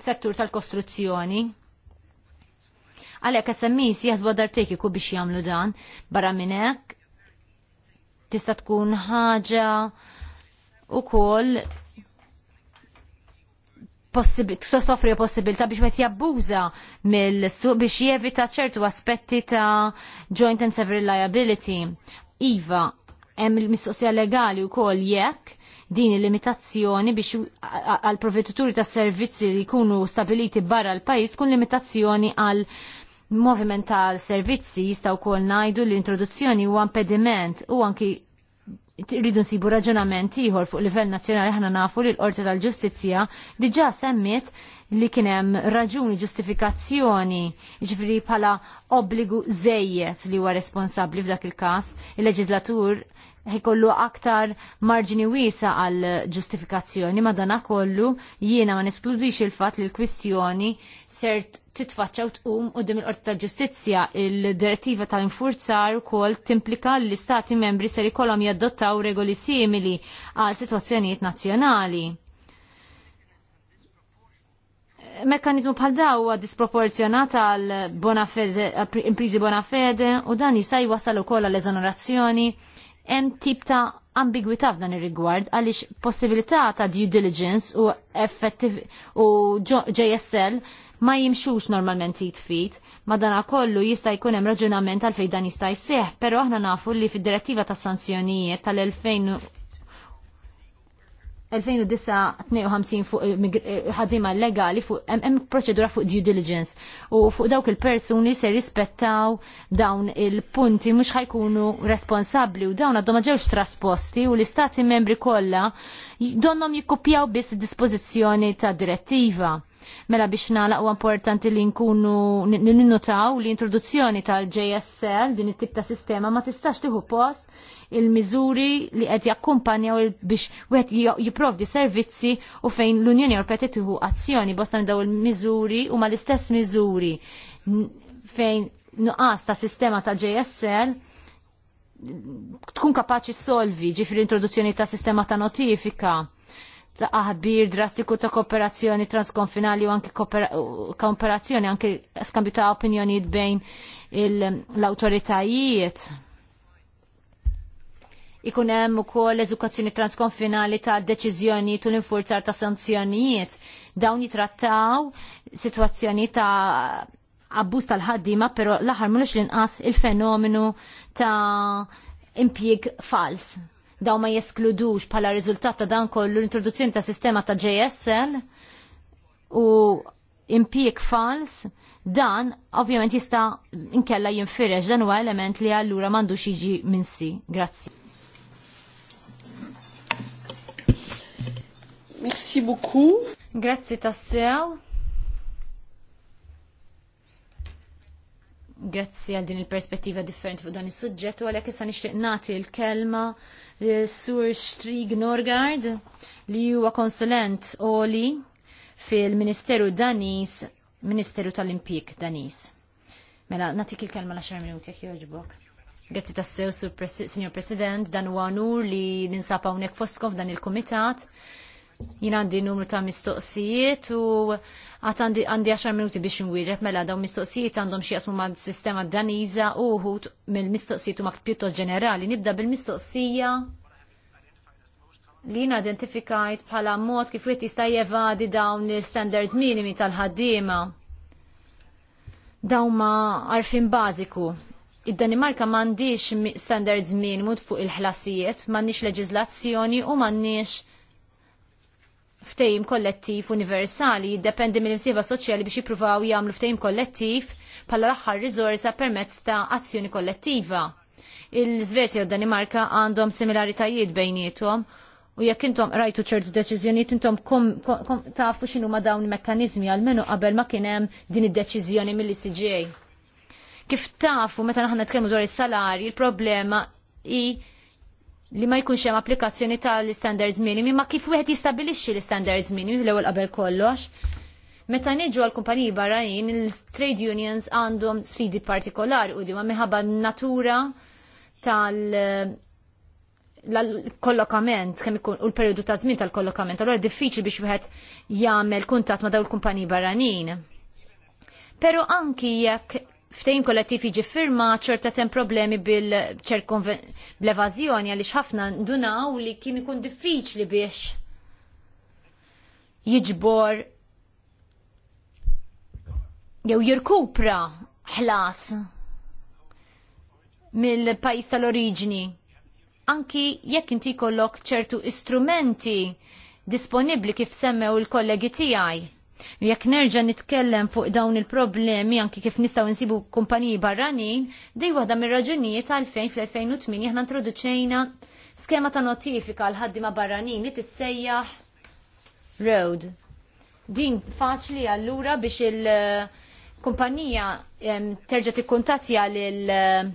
settur tal-kostruzzjoni. Għalhekk SMIs jaħsbu dartekiku biex jagħmlu dan barra minn hekk tista' tkun ħaġa ukoll soffri possibilità biex met jabbuża mill-suq biex jevita ċertu aspetti ta' joint and several liability. Iva, hemm il-mistoqsija legali wkoll jekk din il-limitazzjoni biex għal provveduturi ta' servizzi li jkunu stabiliti barra l-pajis kun limitazzjoni għal moviment tal-servizzi jistaw kol najdu l-introduzzjoni u impediment u anki rridu nsibu raġunament ieħor fuq livell nazzjonali ħana nafu li l-Qorti tal-Ġustizzja diġa semmiet li kien hemm raġuni ġustifikazzjoni ġifri bħala obbligu żejjed li huwa responsabbli f'dak il-każ il-leġislatur ħikollu aktar marġini wiesa għal ġustifikazzjoni ma dana kollu jiena ma neskludix il-fat li l-kwistjoni ser titfaċċa u tqum u dim il-qorti tal-ġustizzja il-direttiva tal-infurzar kol timplika l-istati membri ser ikollhom jaddottaw regoli simili għal situazzjonijiet nazzjonali mekkanizmu bħal daw huwa disproporzjonat għal imprizi bona fede u dan jista' jwassal ukoll għall eżonorazzjoni hemm tip ta' ambigwità f'dan ir-rigward għaliex possibilità ta' due diligence u effettiv u JSL ma jimxux normalment jitfit. Madana kollu jista' jkun hemm raġunament għalfejn dan jista' jseħ, però aħna nafu li fid-direttiva tas sanzjonijiet tal-2000 2009-52 fuq eh, eh, ħadima legali fuq hemm proċedura fuq due diligence u fuq dawk il-persuni se rispettaw dawn il-punti mhux ħajkunu responsabbli u dawn għadhom ma ġewx trasposti u l-istati membri kollha donhom jikkupjaw biss id-dispożizzjoni ta' direttiva. Mela biex nagħlaq huwa importanti li nkunu ninnotaw li introduzzjoni tal-JSL din it-tip ta' sistema ma tistax tieħu post il-miżuri li qed jakkumpanjaw biex wieħed jipprovdi servizzi u fejn l-Unjoni Ewropea qed tieħu azzjoni bosta daw il-miżuri u ma l-istess miżuri fejn nuqqas ta' sistema ta' JSL tkun kapaċi solvi ġifir introduzzjoni ta' sistema ta' notifika ta' aħbir drastiku ta' kooperazzjoni transkonfinali u anke kooperazzjoni, anke skambju ta' opinjonijiet bejn l-autoritajiet. Ikun hemm ukoll eżukazzjoni transkonfinali ta' deċiżjonijiet u l-infurzar ta' sanzjonijiet. Dawn jitrattaw sitwazzjoni ta' abbuż tal-ħaddima, però l-aħħar mhux l-inqas il-fenomenu ta' impjieg fals daw ma jeskludux pala riżultat ta' dan kollu l-introduzzjoni ta' sistema ta' JSL u impik fals dan ovvjament jista' inkella jinfirex dan huwa element li allura m'għandux jiġi minsi. Grazzi. Merci beaucoup. Grazzi tassew. Grazzi għal din il-perspettiva differenti fuq dan is-suġġett u għalhekk issa nixtieq nagħti l-kelma Sur Strig Norgard li huwa konsulent oli fil-Ministeru Danis, Ministeru tal impjik Danis. Mela, natik il-kelma la xar minuti jekk jogħġbok. Grazzi tassew, Signor President, dan huwa nur li ninsab hawnhekk fostkom f'dan il-Kumitat Jien għandi numru ta' mistoqsijiet u għat għandi 10 minuti biex nwieġeb mela daw mistoqsijiet għandhom xie jasmu mad sistema daniza uħut mill-mistoqsijiet u mak pjuttos ġenerali. Nibda bil-mistoqsija li jina identifikajt bħala mod kif wieħed jista' jevadi dawn l-standards minimi tal-ħaddiema. Dawn ma għarfin bażiku. Id-Danimarka m'għandix standards minimu fuq il-ħlasijiet, m'għandix leġiżlazzjoni u m'għandix ftejim kollettiv universali jiddependi mill insiba soċjali biex jippruvaw jagħmlu ftejim kollettiv bħala l-aħħar riżorsa permezz ta' azzjoni kollettiva. Il-Svezja u Danimarka għandhom similaritajiet bejnietom u jekk intom rajtu ċertu deċiżjonijiet intom tafu x'inhu ma dawn il-mekkaniżmi għalmenu qabel ma kien hemm din id-deċiżjoni mill-ICJ. Kif tafu meta naħna nitkellmu dwar is-salarji, il-problema i li ma jkunx hemm applikazzjoni tal-standards minimi, ma kif wieħed jistabilixxi l-standards minimi l-ewwel qabel kollox. Meta niġu għal kumpaniji barranin, il-trade unions għandhom sfidi partikolari u ma meħabba natura tal- l-kollokament, kemm ikun u l-periodu ta' żmien tal-kollokament, allora diffiċli biex wieħed jagħmel kuntatt ma' dawn il-kumpaniji barranin. Pero anki jekk Ftejn kollettiv jiġi firma ċerta tem problemi bil-evazjoni għaliex ħafna ndunaw li kien ikun diffiċli biex jiġbor jew jirkupra ħlas mill-pajis tal-oriġni. Anki jekk inti kollok ċertu istrumenti disponibli kif semmew il-kollegi tiegħi Jekk nerġa' nitkellem fuq dawn il-problemi anki kif nistgħu nsibu kumpaniji barranin, dej waħda mir-raġunijiet għalfejn fl-2008 aħna introduċejna skema ta' notifika l ħaddima barranin li tissejjaħ road. Din faċli allura biex il-kumpanija terġa' tikkuntattja lil eh,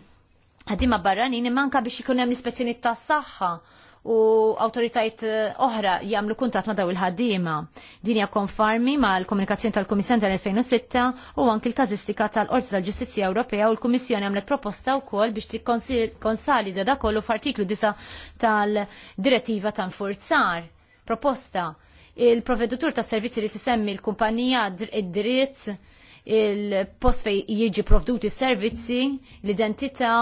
ħaddima barranin imma anke biex ikun hemm l-ispezzjoni tas-saħħa u autoritajt eh, oħra jagħmlu kuntat ma' daw il-ħaddiema. Din hija ma mal komunikazzjoni tal komissjon tal-2006 u anki l-każistika tal-Qorti tal-Ġustizzja Ewropea u l-Kummissjoni għamlet proposta wkoll biex tikkonsalida da kollu f'artiklu 9 tal-Direttiva ta' nfurzar. Proposta il-provedutur ta' servizzi li tisemmi l-kumpanija id-dritt il-post fej jieġi provduti s servizzi, l-identità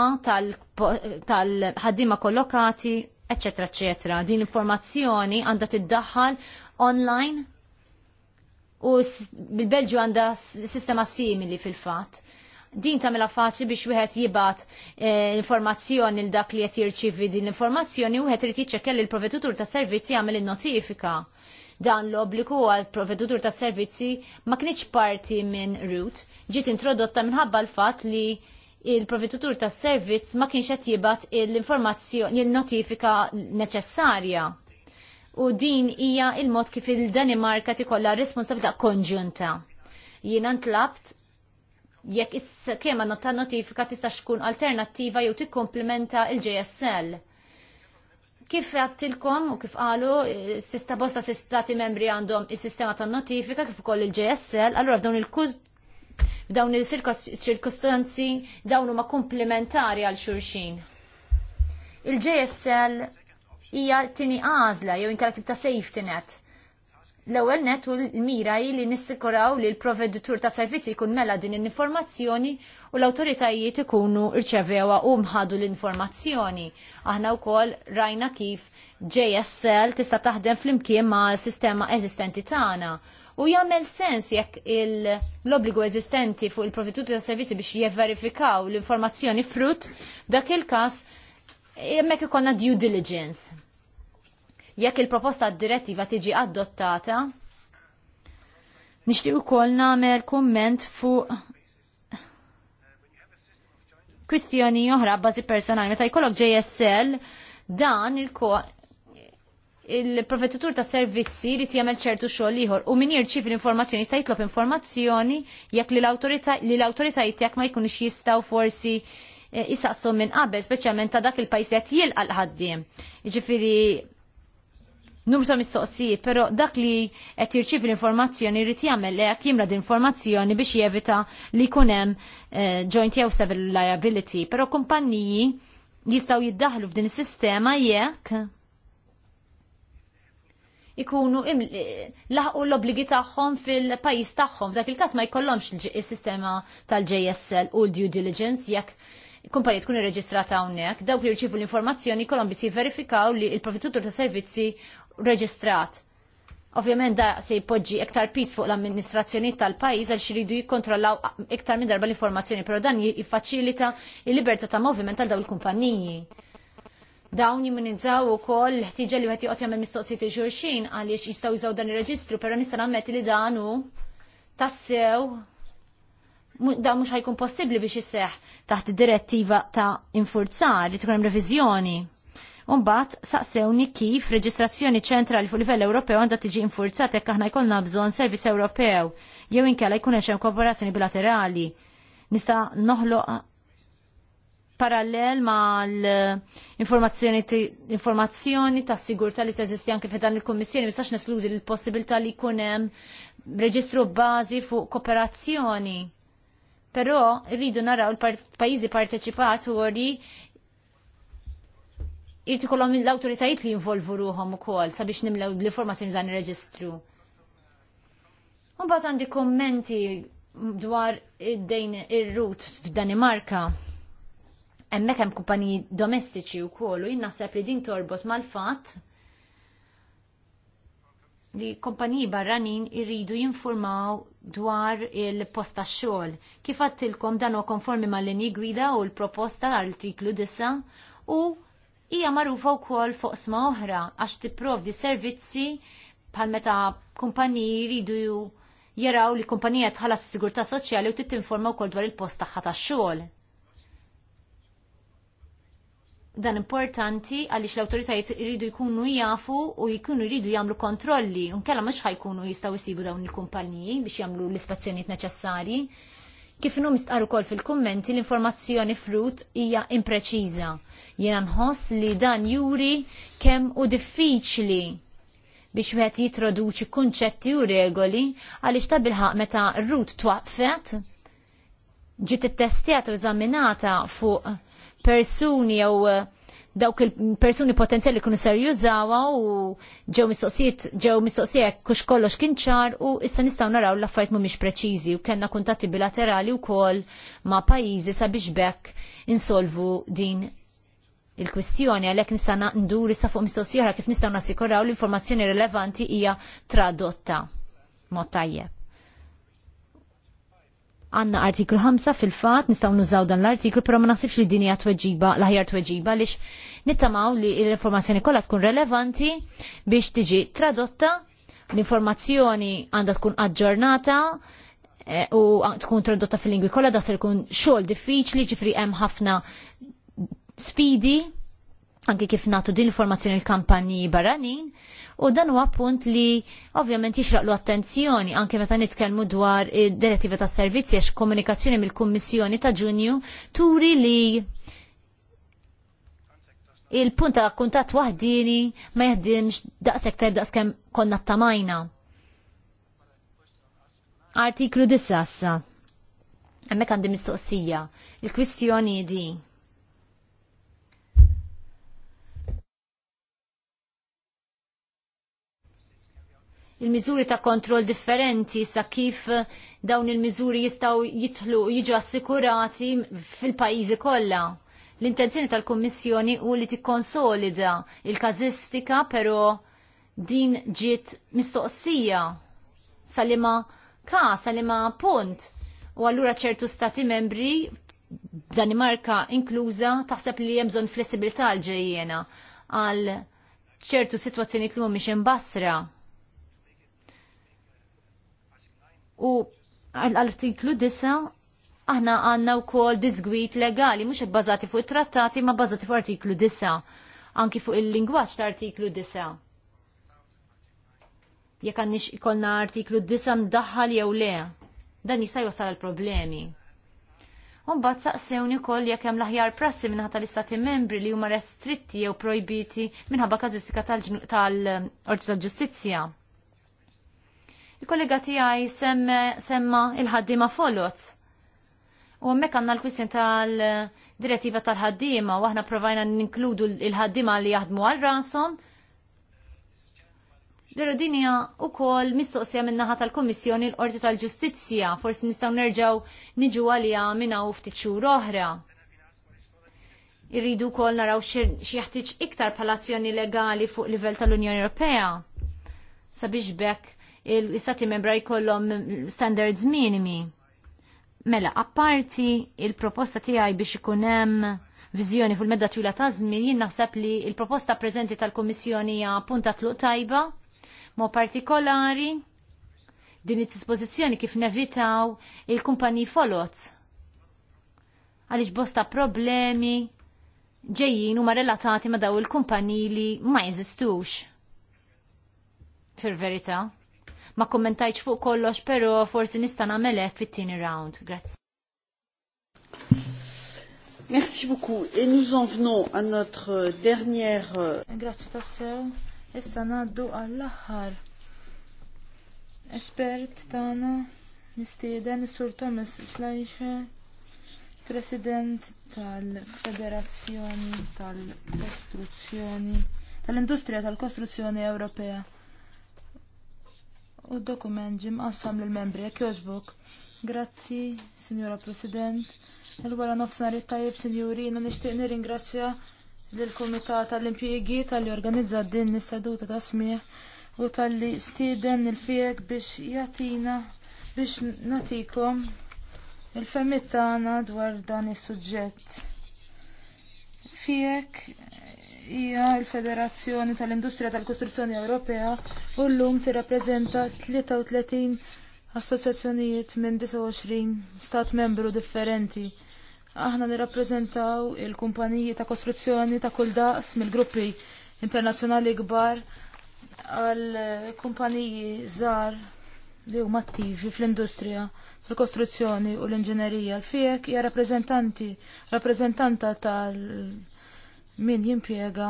tal-ħaddima kollokati eccetera, eccetera. Din informazzjoni għandha tiddaħħal online u bil-Belġu għandha sistema simili fil-fatt. Din tagħmilha faċli biex wieħed jibgħat eh, informazzjoni l dak li qed jirċivi din l-informazzjoni u wieħed irid jiċċekkja li l-provedutur ta' servizzi jagħmel in-notifika. Dan l-obbligu għal provedutur ta' servizzi ma kienx parti minn root, ġiet introdotta minħabba l-fatt li il-provitutur tas servizz ma kienx qed jibgħat l-informazzjoni notifika neċessarja. U din hija il-mod kif il-Danimarka tikollha responsabilità konġunta. Jiena ntlabt jekk is-skema ta' notifika tista' tkun alternattiva jew tikkomplementa il-JSL. Kif għattilkom u kif qalu eh, sista bosta sistati membri għandhom is-sistema ta' notifika kif ukoll il-JSL, allora dawn il-kut F'dawn il-ċirkostanzi dawn huma komplementari għal xulxin. Il-JSL hija tini għażla jew inkara ta' safety net. L-ewwel net u l-mira li nissikuraw li l-proveditur ta' servizzi jkun mela din l-informazzjoni u l-awtoritajiet ikunu rċevewa u mħadu l-informazzjoni. Aħna wkoll rajna kif JSL tista' taħdem flimkien ma' sistema eżistenti tagħna U jagħmel sens jekk l-obbligu eżistenti fuq il-provvituti ta' servizzi biex jevverifikaw l-informazzjoni frut, dak il-każ jemmek ikonna due diligence. Jekk il-proposta direttiva tiġi adottata, nixtieq ukoll nagħmel kumment fuq kwistjoni oħra b'bażi personali. Meta jkollok JSL, dan il ko il profettatur ta' servizzi li jagħmel ċertu xogħol ieħor u min jirċiev l-informazzjoni jista' jitlob informazzjoni jekk li l-awtoritajiet jekk ma jkunux jistgħu forsi jisaqsu eh, minn qabel, speċjalment ta' dak il-pajjiż qed jilqa' l-ħaddiem. Jiġifieri numru ta' mistoqsijiet, però dak li qed jirċiev l-informazzjoni jrid jagħmel jekk jimra d-informazzjoni biex jevita li jkun hemm eh, joint jew civil liability, però kumpanniji jistgħu jiddaħlu f'din is-sistema jekk ikunu eh, laħqu l-obligi tagħhom fil-pajjiż tagħhom. F'dak il-każ ma jkollhomx is-sistema tal-JSL u l due diligence jekk kumpanija tkun irreġistrata hawnhekk, dawk li rċifu l-informazzjoni kollhom biss jivverifikaw li l-provitutur ta' servizzi reġistrat. Ovvjament da se jpoġġi iktar pis fuq l-amministrazzjoni tal-pajjiż għal xiridu jikkontrollaw iktar minn darba l-informazzjoni, però dan jiffaċilita l-libertà ta' moviment tal dawn il-kumpanniji dawn jimmunizzaw u koll l-ħtiġa li għati għotja minn mistoqsi t xurxin għaliex jistaw jizaw dan il-reġistru, pero nistan għammet li danu tassew da mux ħajkun possibli biex jisseħ taħt direttiva ta' infurzar li tkun revizjoni. Umbat, saqsewni kif reġistrazzjoni ċentrali fuq livell Ewropew għandha tiġi infurzat jekk aħna jkollna bżonn servizz Ewropew jew inkella jkun hemm kooperazzjoni bilaterali. Nista' noħloq parallel ma l-informazzjoni ta' sigurta li teżisti anke f'dan il-Kommissjoni, mistax nesludi l-possibilità li kunem reġistru bazi fuq kooperazzjoni. Però rridu naraw l-pajizi għori irti kolom l autoritajt li involvu ruħom u kol sabiex nimlew l-informazzjoni dan il-reġistru. Un bat għandi kommenti dwar id-dejn ir-rut f'Danimarka hemmhekk hemm kumpaniji domestiċi wkoll u jien naħseb li din torbot mal-fatt li kumpaniji barranin irridu jinformaw dwar il-post tax-xogħol. Kif għattilkom dan huwa konformi mal-linji gwida u l-proposta l-artiklu 9 u hija magħrufa wkoll fuq sma oħra għax tipprovdi servizzi bħal meta kumpaniji jridu jaraw li kumpanija tħallas is-sigurtà soċjali u titinforma wkoll dwar il-post tagħha tax-xogħol dan importanti għaliex l-awtoritajiet iridu jkunu jafu u jkunu jridu jagħmlu kontrolli unkella mhux ħajkunu jistgħu jsibu dawn il-kumpaniji biex jagħmlu l-ispazzjonijiet neċessarji. Kif inhom istqaru wkoll fil-kummenti l-informazzjoni frut hija impreċiża. Jiena nħoss li dan juri kemm u diffiċli biex wieħed jitroduċi kunċetti u regoli għaliex ta' bilħaq meta r-rut twaqfet ġiet ittestjata u eżaminata fuq persuni jew eh, dawk il-persuni potenzjali kunu ser jużawa u ġew mistoqsijiet ġew mistoqsija kux kollox kien ċar u issa nistgħu naraw l-affarijiet mhumiex preċiżi u kellna kuntatti bilaterali wkoll ma' pajjiżi sabiex bekk insolvu din il-kwistjoni għalhekk nista' ndur issa fuq mistoqsija kif nistgħu nassikuraw l-informazzjoni rilevanti hija tradotta mod tajjeb għanna artiklu 5 fil-fat, nistaw nużaw dan l-artiklu, pero ma nasibx li dini tweġiba, l-ħajar tweġiba, lix nittamaw li l-informazzjoni kollha tkun relevanti biex tiġi tradotta, l-informazzjoni għandha tkun aġġornata e, u tkun tradotta fil-lingwi kollha da jkun xogħol diffiċli, ġifri hemm ħafna sfidi anke kif nagħtu din l-informazzjoni l-kampanji barranin u dan huwa punt li ovvjament jixraqlu attenzjoni anke meta nitkellmu dwar id-direttiva tas servizzi għax komunikazzjoni mill-Kummissjoni ta' Ġunju turi li il-punt ta' kuntat waħdini ma jaħdimx daqshekk tajb daqskemm konna tamajna. Artiklu 9 issa. Hemmhekk għandi mistoqsija. Il-kwistjoni di il-miżuri ta' kontroll differenti sa' kif eh, dawn il-miżuri jistaw jitlu jiġu assikurati fil-pajjiżi kollha. L-intenzjoni tal-Kummissjoni u li tikkonsolida il-kazistika però din ġiet mistoqsija salima ka salima punt u allura ċertu stati membri Danimarka inkluża taħseb li hemm bżonn flessibilità l-ġejjena għal ċertu situazzjoni li mhumiex imbassra U għall-artiklu 9 aħna għanna u kol disgwit legali, mux bazati fuq trattati ma bazati fuq artiklu Disa', anki fuq il-lingwaċ ta' artiklu Disa'. Jek għannix ikolna artiklu disa mdaħħal jew le, dan jista' l problemi. Umbat saqsewni kol jekk hemm l-aħjar prassi minħata l-istati membri li huma restritti jew projbiti minħabba kazistika tal-Orti tal-Ġustizzja. Il-kollega tiegħi semma il-ħaddiema folot. U hemmhekk għandna l-kwistin tal-direttiva tal-ħaddiema u aħna provajna ninkludu il ħaddima li jaħdmu għal ransom. Pero dinja u kol mistoqsija minnaħa tal-Komissjoni l-Qorti tal-Ġustizzja, forsi nistgħu nerġgħu niġu għalija minna u ftit oħra irridu kol naraw xieħtiċ iktar palazzjoni legali fuq livell tal-Unjoni Ewropea. Sabiex bekk il-istati membra jkollhom standards minimi. Mela, apparti il-proposta tiegħi biex ikun hemm viżjoni fil-medda twila ta' żmien, jien naħseb li il-proposta preżenti tal-Kummissjoni hija punta tluq tajba, mo partikolari din it-dispożizzjoni kif nevitaw il-kumpaniji folot. Għaliex bosta problemi ġejjin huma relatati ma' daw il-kumpaniji li ma jeżistux. Fil-verità ma kommentajċ fuq kollox, pero forsi nista' nagħmelek fit-tieni round. Grazzi. Merci beaucoup. Et nous en venons à notre dernière. Euh, Grazie tassew. Issa naddu għall-aħħar. Espert tagħna nistieden sur Thomas Schleicher, President tal-Federazzjoni tal-Kostruzzjoni tal-Industrija tal-Kostruzzjoni Ewropea u d-dokument ġim qassam lill-membri jekk jogħġbok. Grazzi, Sinjora President. Il-wara nofsa it-tajjeb, Sinjuri, jiena nixtieq nirringrazzja lill-Kumitat tal-Impjiegi tal-li organizza din is-seduta ta' smieħ u tal-li stieden il-fieg biex jagħtina biex natikom il-femmit tagħna dwar dan is-suġġett. Fiek hija l-Federazzjoni tal-Industrija tal-Kostruzzjoni Ewropea u llum tirrappreżenta 33 assoċjazzjonijiet minn 29 stat membru differenti. Aħna nirrappreżentaw il-kumpaniji ta' kostruzzjoni ta' kull daqs mill-gruppi internazzjonali kbar għal kumpaniji żgħar li huma attivi fl-industrija tal-kostruzzjoni u l-inġinerija. Fiek hija rappreżentanti, rappreżentanta tal- min jimpiega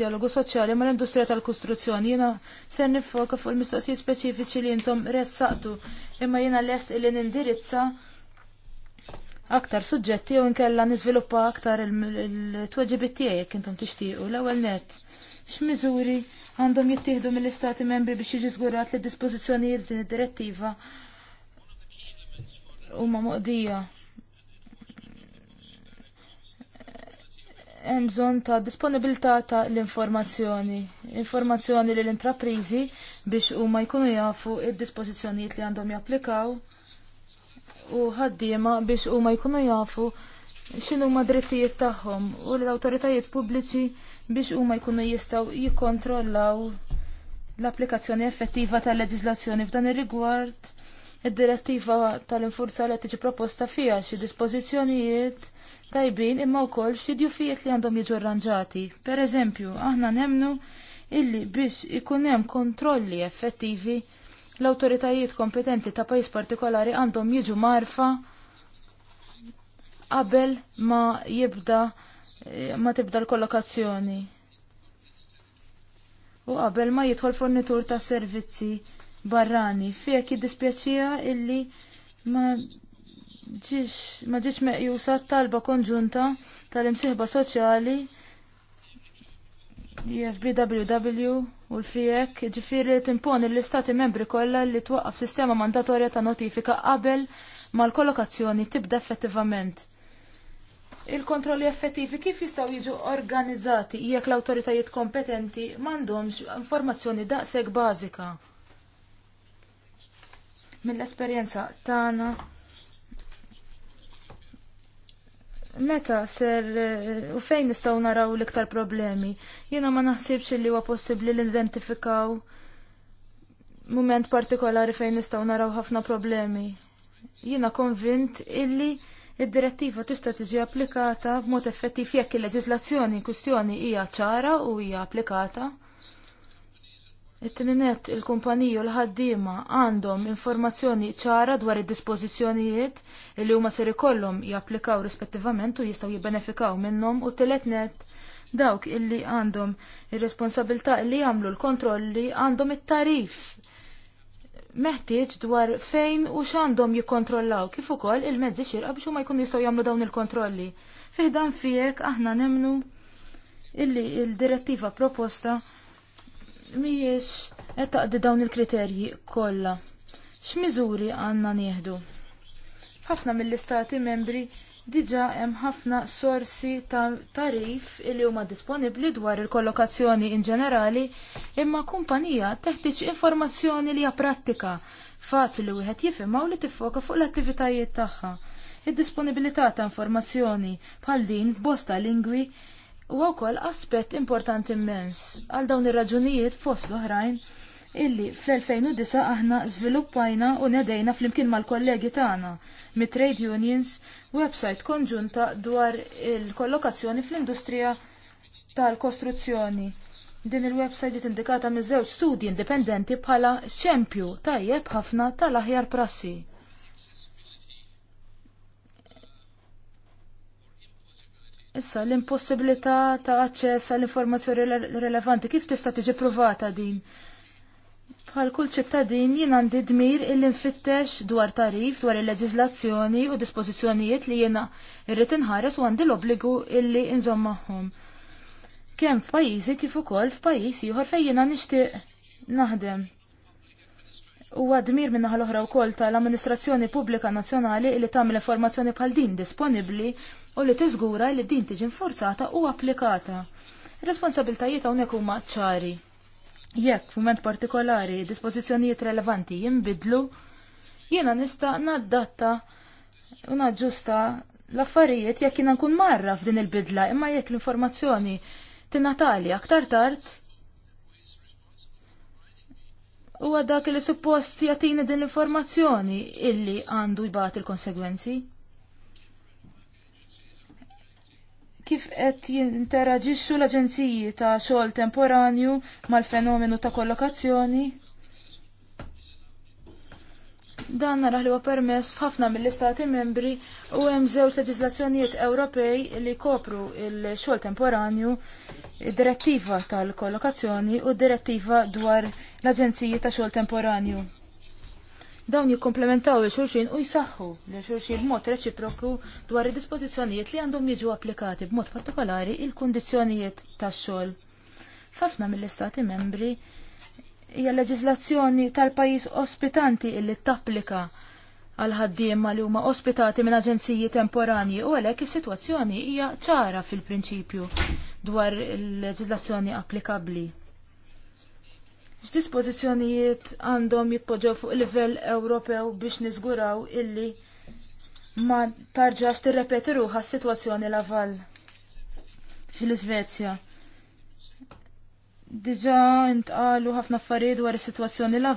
dialogu soċjali mal industrija tal-kostruzzjoni jiena ser nifoka fuq il-mistoqsijiet speċifiċi li intom ressaqtu imma jiena lest li nindirizza aktar suġġetti u nkella niżviluppa aktar il tweġibit tiegħi jekk intom tixtiequ l-ewwel nett. X'miżuri għandhom jittieħdu mill-Istati membri biex jiġi żgurat li d-dispożizzjonijiet din id-direttiva huma moqdija hemm bżonn ta' disponibilità ta' l-informazzjoni, informazzjoni li l-intraprizi biex huma jkunu jafu id-dispożizzjonijiet li għandhom japplikaw u ħaddiema biex huma jkunu jafu x'inhu ma drittijiet tagħhom u l-awtoritajiet pubbliċi biex huma jkunu jistgħu jikkontrollaw l-applikazzjoni effettiva tal-leġiżlazzjoni f'dan ir-rigward id-direttiva tal-infurzali tiġi proposta fiha xi dispożizzjonijiet tajbin imma wkoll xi djufijiet li għandhom jiġu arranġati. Pereżempju, aħna nemnu illi biex ikun hemm kontrolli effettivi l-awtoritajiet kompetenti ta' pajjiż partikolari għandhom jiġu marfa qabel ma jibda eh, ma tibda l-kollokazzjoni. U qabel ma jidħol fornitur ta' servizzi barrani, fih jiddispjaċija illi ma ġiex ma ġiex meqjusa talba konġunta tal imsihba soċjali IFBWW e u l fijek ġifiri timponi l-istati membri kollha li twaqqaf sistema mandatorja ta' notifika qabel mal-kollokazzjoni tibda effettivament. Il-kontrolli effettivi kif jistgħu jiġu organizzati jekk l-awtoritajiet kompetenti m'għandhomx informazzjoni daqshekk bażika. Mill-esperjenza tagħna Meta ser eh, u fejn nistgħu naraw l-iktar problemi? Jiena ma naħsibx li huwa possibbli li identifikaw mument partikolari fejn nistgħu naraw ħafna problemi. Jiena konvint illi id-direttiva tista' tiġi applikata b'mod effettiv jekk il-leġiżlazzjoni kwistjoni hija ċara u hija applikata. It-tininet il-kumpaniju l-ħaddiema għandhom informazzjoni ċara dwar id-dispożizzjonijiet li huma ser ikollhom japplikaw rispettivament u jistgħu jibbenefikaw minnhom u t dawk illi għandhom ir-responsabilità il li jagħmlu l-kontrolli għandhom it-tarif meħtieġ dwar fejn u x'għandhom jikkontrollaw kif ukoll il-mezzi xirqa biex ma jkunu jistgħu jagħmlu dawn il-kontrolli. Fiħdan fijek aħna nemnu illi il-direttiva proposta Mijiex qed taqdi dawn il-kriterji kollha. X'miżuri għandna nieħdu? Ħafna mill-istati membri diġa hemm ħafna sorsi ta' tarif li huma disponibbli dwar il-kollokazzjoni in ġenerali, imma kumpanija teħtieġ informazzjoni li hija prattika faċli wieħed jifhimha u li tiffoka fuq l-attivitajiet tagħha. Id-disponibilità ta' informazzjoni bħal din b'bosta lingwi u wkoll aspett importanti immens għal dawn ir-raġunijiet fost l-oħrajn illi fl-2009 aħna żviluppajna u nedejna flimkien mal-kollegi tagħna mit-trade unions website konġunta dwar il-kollokazzjoni fl-industrija tal-kostruzzjoni. Din il-website ġiet indikata miż-żewġ studji indipendenti bħala xempju tajjeb ħafna tal-aħjar prassi. Issa l-impossibilità ta' aċċess għall informazzjoni rilevanti kif tista' tiġi provata din? Bħal kull ċittadin jien għandi dmir illi nfittex dwar tarif dwar il-leġiżlazzjoni u dispożizzjonijiet li jiena irrid inħares u għandi l-obbligu illi nżomm magħhom. Kemm f'pajjiżi kif ukoll f'pajjiż ieħor fejn jiena nixtieq naħdem. Huwa dmir minna naħa l-oħra wkoll tal-Amministrazzjoni Pubblika Nazzjonali li tagħmel informazzjoni bħal din disponibbli u li tiżgura li din tiġi infurzata u applikata. Responsabiltajiet hawnhekk huma ċari. Jekk f'mument partikolari dispożizzjonijiet relevanti jinbidlu, jiena nista' naddatta u naġġusta l-affarijiet jekk jiena nkun marra f'din il-bidla imma jekk l-informazzjoni tinatali aktar tard u għadak li suppost jagħtina din l-informazzjoni illi għandu jibat il-konsegwenzi. Kif qed jinteraġixxu l-aġenziji ta' xogħol temporanju mal-fenomenu ta' kollokazzjoni? Dan naraħ li huwa permess f'ħafna mill-istati membri u hemm żewġ leġislazzjonijiet Ewropej li kopru il-xogħol temporanju, id-direttiva tal-kollokazzjoni u d-direttiva dwar l-aġenziji ta' xogħol temporanju. Dawn jikkomplementaw il xulxin u jsaħħu l xulxin b'mod reċiproku dwar id-dispożizzjonijiet li għandhom jiġu applikati b'mod partikolari il-kundizzjonijiet tax-xogħol. F'ħafna mill-istati membri hija leġiżlazzjoni tal-pajjiż ospitanti illi tapplika għal ħaddiema li huma ospitati minn aġenziji temporanji u għalhekk is-sitwazzjoni hija ċara fil-prinċipju dwar il-leġiżlazzjoni applikabbli. X'dispożizzjonijiet għandhom jitpoġġew fuq livell Ewropew biex niżguraw illi ma tarġax tirrepeti ruħa s-sitwazzjoni l fil-Iżvezja Dġa intqalu ħafna affarijiet dwar is-sitwazzjoni l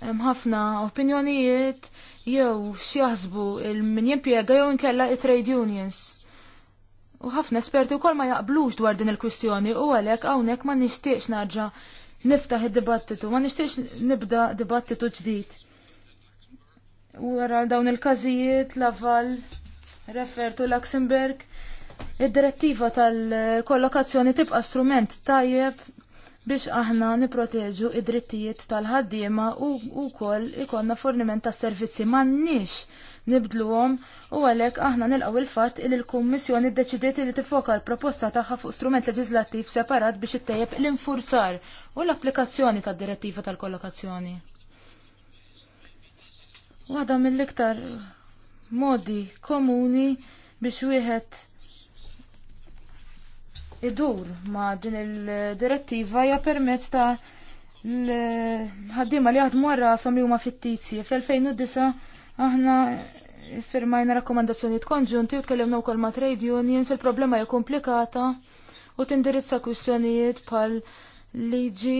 Hemm ħafna opinjonijiet jew x'jaħsbu il-min jimpjega jew inkella it-trade unions. U ħafna esperti wkoll ma jaqblux dwar din il-kwistjoni u għalhekk hawnhekk ma nixtieqx narġa' niftaħ id-dibattitu, ma nixtieqx nibda dibattitu ġdid. U għal dawn il-każijiet l-aval refertu Luxemburg Id-direttiva tal-kollokazzjoni tibqa' strument tajjeb biex aħna niproteġu id-drittijiet tal-ħaddiema u wkoll ikonna forniment ta' servizzi m'għandniex nibdluhom u għalhekk aħna nilqgħu il-fatt li l-Kummissjoni ddeċidiet li tifoka l-proposta tagħha fuq strument leġislattiv separat biex ittejjeb l-infurzar u l-applikazzjoni tad-direttiva tal-kollokazzjoni. Waħda mill-iktar modi komuni biex wieħed idur ma' din il-direttiva hija permezz ta' l-ħaddima li jaħdmu għarrasom li huma fittizji. Fl-2009 aħna firmajna rakkomandazzjonijiet konġunti u tkellimna wkoll ma' trade unions, il-problema hija komplikata u tindirizza kwistjonijiet bħal liġi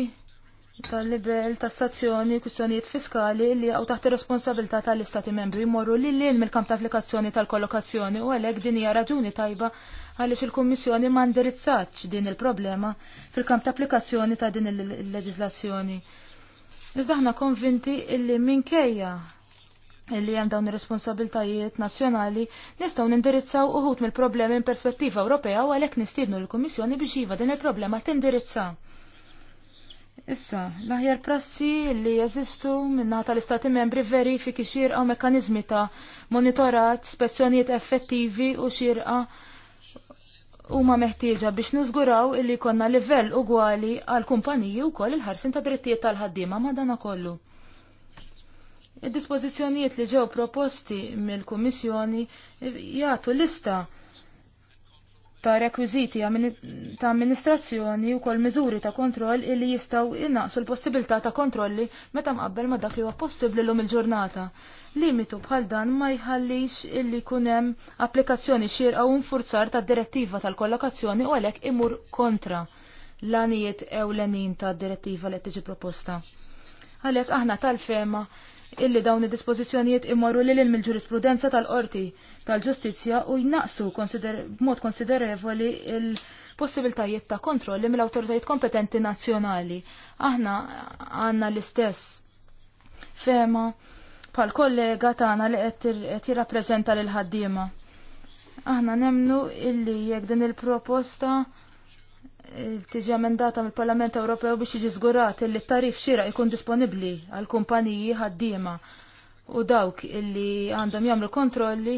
tal-libel tassazzjoni kwistjonijiet fiskali li għaw taħt responsabilità tal-istati membri jmorru li l mill-kamp ta' applikazzjoni tal-kollokazzjoni u għalhekk din hija raġuni tajba għaliex il-Kummissjoni ma ndirizzatx din il-problema fil-kamp ta' applikazzjoni ta' din il-leġislazzjoni. Iżda aħna konvinti illi minkejja illi hemm dawn ir-responsabiltajiet nazzjonali nistgħu nindirizzaw uħud mill-problemi in perspettiva Ewropea u għalhekk nistiednu l-Kummissjoni biex iva din il-problema tindirizza. Issa, l-aħjar prassi li jeżistu minna tal-istati membri verifiki xirqa u mekanizmi ta' monitorat, spessjonijiet effettivi u xirqa u ma meħtieġa biex nużguraw illi konna livell ugwali għal kumpaniji u koll il-ħarsin ta' drittijiet tal-ħaddima ma dana kollu. Id-dispozizjonijiet li ġew proposti mill-Kummissjoni jagħtu lista ta' rekwiziti ta' amministrazzjoni u kol miżuri ta' kontroll illi jistaw innaqsu l-possibilità ta' kontrolli meta mqabbel ma' dak li huwa possibbli l-lum il-ġurnata. Limitu bħal dan ma jħallix illi kunem applikazzjoni xirqa u nfurzar ta' direttiva tal-kollokazzjoni u għalek imur kontra l-anijiet ewlenin ta' direttiva li tiġi proposta. Għalek aħna tal-fema illi dawn id-dispożizzjonijiet imorru lil mill ġurisprudenza tal-qorti tal-ġustizzja u jnaqsu konsider b'mod konsiderevoli il-possibiltajiet ta' kontrolli mill-awtoritajiet kompetenti nazzjonali. Aħna għandna l-istess fema pal kollega tagħna li qed jirrappreżenta lil ħaddiema. Aħna nemnu illi jekk din il-proposta il proposta tiġi emendata mill-Parlament Ewropew biex jiġi żgurat li t-tarif xira jkun disponibbli għal kumpaniji ħaddiema u dawk illi għandhom jagħmlu kontrolli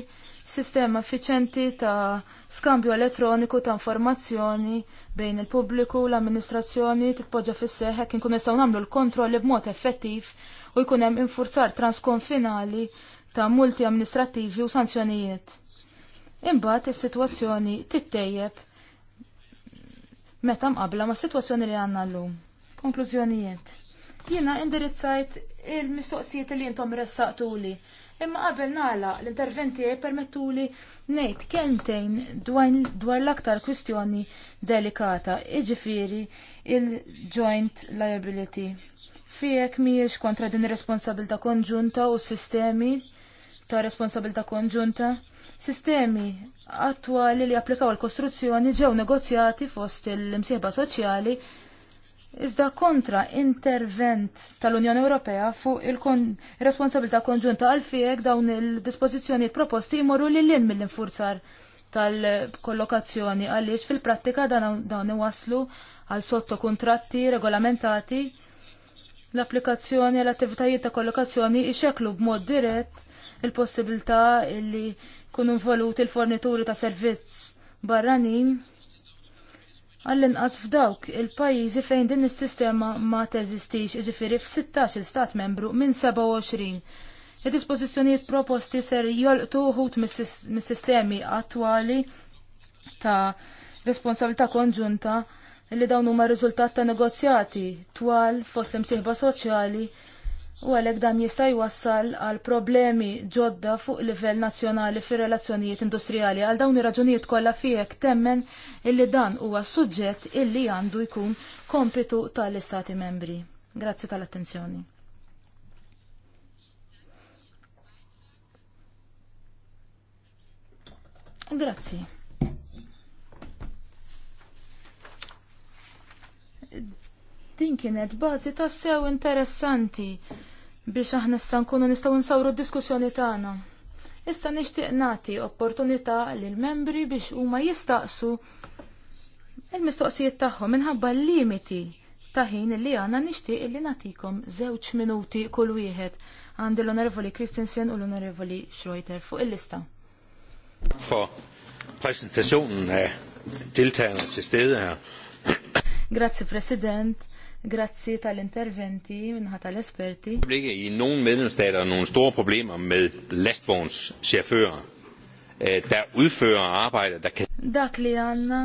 sistema effiċenti ta' skambju elettroniku ta' informazzjoni bejn il-pubbliku u l-amministrazzjoni titpoġġa fis-seħ hekk inkun nistgħu nagħmlu l-kontrolli b'mod effettiv u jkun hemm infurzar transkonfinali ta' multi amministrattivi u sanzjonijiet. Imbagħad is-sitwazzjoni tittejjeb meta mqabla ma' situazzjoni li għanna l-lum. Konklużjonijiet. Jina indirizzajt il-mistoqsijiet li jintom li. Imma qabel nala l-interventi permettuli nejt kentejn dwar l-aktar kwistjoni delikata, iġifiri il-joint liability. Fijek miex kontra din responsabilta konġunta u s sistemi ta' responsabilta konġunta Sistemi attwali li applikaw l kostruzzjoni ġew negozjati fost il-msieħba soċjali iżda kontra intervent tal-Unjoni Ewropea fuq il-responsabilità konġunta għal-fieg dawn il-dispożizzjonijiet proposti jmorru li l-in mill-infurzar tal-kollokazzjoni għaliex fil-prattika dawn iwaslu għal sotto kontratti regolamentati l-applikazzjoni għal attivitajiet ta' kollokazzjoni ixeklu b'mod dirett il-possibilità li kun involuti il-fornituri ta' servizz barranin għall-inqas f'dawk il-pajjiżi fejn din is-sistema ma teżistix, jiġifieri f'16 il-stat membru minn 27. il dispożizzjonijiet proposti ser jolqtu uħut mis-sistemi attwali ta' responsabilità konġunta li dawn huma riżultat ta' negozjati twal fost l-imsieħba soċjali u għalhekk dan jista' jwassal għal problemi ġodda fuq livell nazzjonali fir relazzjonijiet industrijali għal dawn ir-raġunijiet kollha fihekk temmen illi dan huwa suġġett illi għandu jkun kompitu tal-Istati membri. Grazzi tal-attenzjoni. Grazzi. Din kienet bażi ta' sew interessanti biex aħna issa nkunu nistgħu nsawru d-diskussjoni tagħna. Issa nixtieq nagħti opportunità lil membri biex huma jistaqsu il-mistoqsijiet tagħhom minħabba l-limiti ta' ħin li għandna nixtieq li nagħtikom żewġ minuti kull wieħed għandi l-Onorevoli Christensen u l-Onorevoli Schroeter fuq il-lista. For Grazie President. Grazzi tal-interventi minnaħa tal-esperti. I nogle medlemsstater nogle store problemer med lastvognschauffører, eh, der udfører arbejde, der kan... Dak li għanna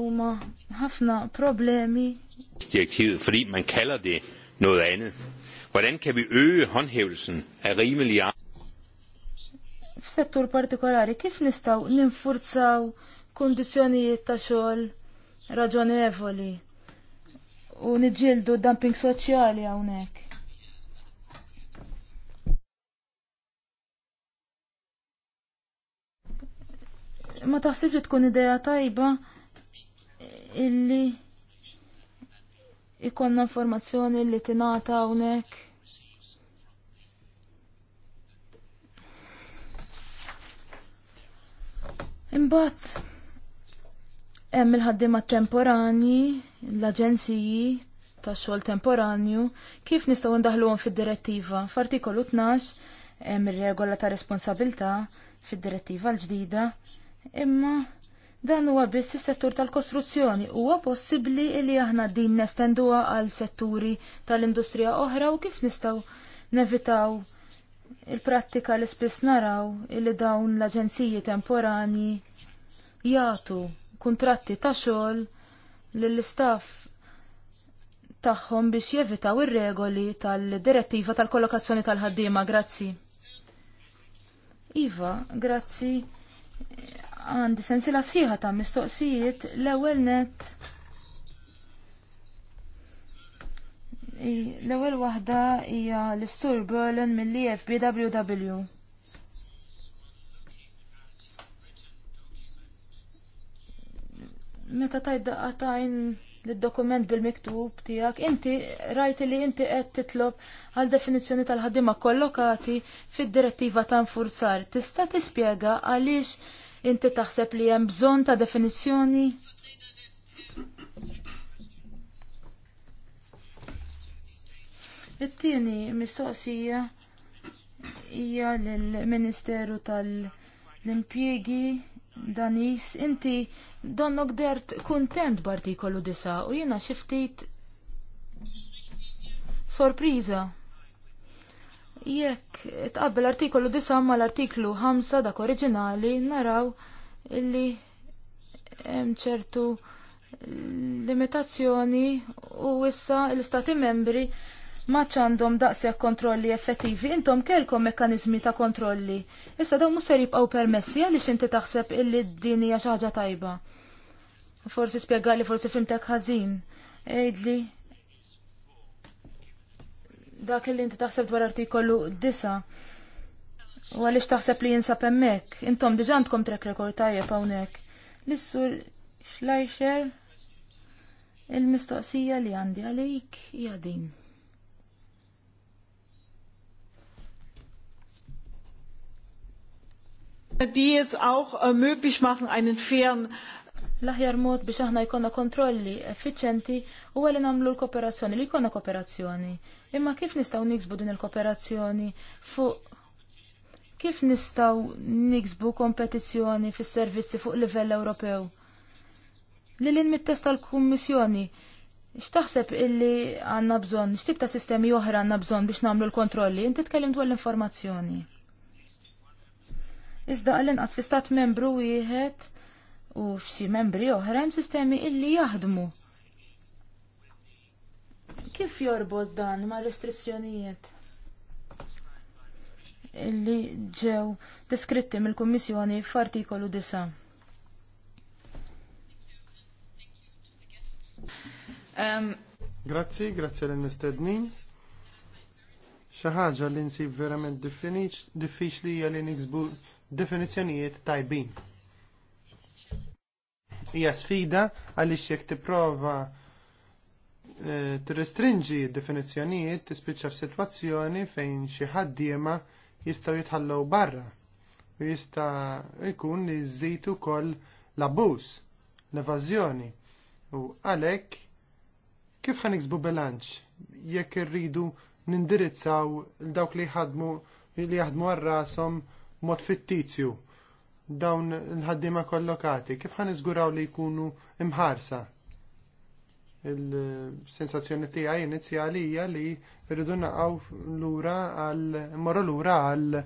huma ħafna problemi. Direktivet, fordi man kalder det noget andet. Hvordan kan vi øge håndhævelsen af rimelige F-settur partikolari, kif nistaw ninfurzaw kondizjonijiet ta' xogħol raġonevoli? u niġildu dumping soċjali hawnhekk. Ma taħsib li tkun idea tajba illi ikonna informazzjoni li tingħata hawnhekk. Imbagħad Hemm il-ħaddiema temporani, l-aġenziji tax-xogħol temporanju, kif nistgħu ndaħluhom fid-direttiva? F'artikolu 12 hemm ir-regola ta' responsabilità fid-direttiva l-ġdida, imma dan huwa biss is-settur tal-kostruzzjoni. Huwa possibbli li aħna din nestenduha għal setturi tal-industrija oħra u kif nistgħu nevitaw il-prattika li spiss naraw li dawn l-aġenziji temporani jagħtu kuntratti ta' xogħol lill-istaff tagħhom biex jevitaw ir-regoli tal-direttiva tal-kollokazzjoni tal-ħaddiema. Grazzi. Iva, grazzi. Għandi sensila sħiħa ta' mistoqsijiet l-ewwel net. L-ewwel waħda hija l-Sur Berlin mill-EFBWW. Meta tajt daqqatajn l-dokument bil-miktub tijak, inti rajti li inti qed titlob għal definizjoni tal-ħaddima kollokati fid-direttiva ta' nfurzar. Tista' tispjega għaliex inti taħseb li hemm bżonn ta' definizjoni? It-tieni mistoqsija hija lill-Ministeru tal-Impjiegi Danis, inti donnok dert kuntent b'artikolu disa u jina xiftit sorpriza. Jekk tqabbel artikolu disa ma l-artiklu 5 dak oriġinali naraw illi hemm ċertu limitazzjoni u issa l-istati membri maċ għandhom daqshekk kontrolli effettivi, intom kelkom mekkaniżmi ta' kontrolli. Issa dawn mhux jibqaw jibqgħu permessi għaliex inti taħseb illi din hija xi ħaġa tajba. Forsi spjegali forsi fimtek ħażin. Ejdli. Dak illi inti taħseb dwar artikolu disa. U għaliex taħseb li jinsab hemmhekk. Intom diġà għandkom trek rekord tajjeb hawnhekk. L-issur Schleicher il-mistoqsija li għandi għalik hija din. die es auch äh, möglich machen, einen fairen L-aħjar mod biex aħna jkollna kontrolli effiċenti u għalli namlu l-kooperazzjoni, li jkollna kooperazzjoni. Imma kif nistgħu niksbu din il-kooperazzjoni fuq kif nistgħu niksbu kompetizzjoni fis servizzi fuq livell Ewropew? Li l mit testa tal-Kummissjoni, x'taħseb illi għandna bżonn, x'tib ta' sistemi oħra għandna bżonn biex nagħmlu l-kontrolli, inti tkellim dwar l-informazzjoni. Iżda għall-inqas fi stat membru wieħed u f'xi membri oħra hemm sistemi illi jaħdmu. Kif jorbot dan ma' restrizzjonijiet? Illi ġew deskritti mill-Kummissjoni f'artikolu 9. Um, grazzi, grazzi l-mistednin. ħaġa li insib verament diffiċli għal li niksbu definizzjonijiet tajbin. Hija sfida għaliex jekk tipprova eh, tirrestrinġi d-definizzjonijiet tispiċċa f'sitwazzjoni fejn xi ħaddiema jistgħu jitħallew barra u jista' jkun li jżid ukoll l-abbuż, l-evażjoni. U għalhekk kif ħan iksbu bilanċ jekk irridu nindirizzaw dawk li jħadmu li jaħdmu għarrasom mod fittizju dawn l-ħaddima kollokati, kif ħan iżguraw li jkunu imħarsa? Il-sensazzjoni tiegħi inizjali hija li rridu naqgħu lura għal morru lura għal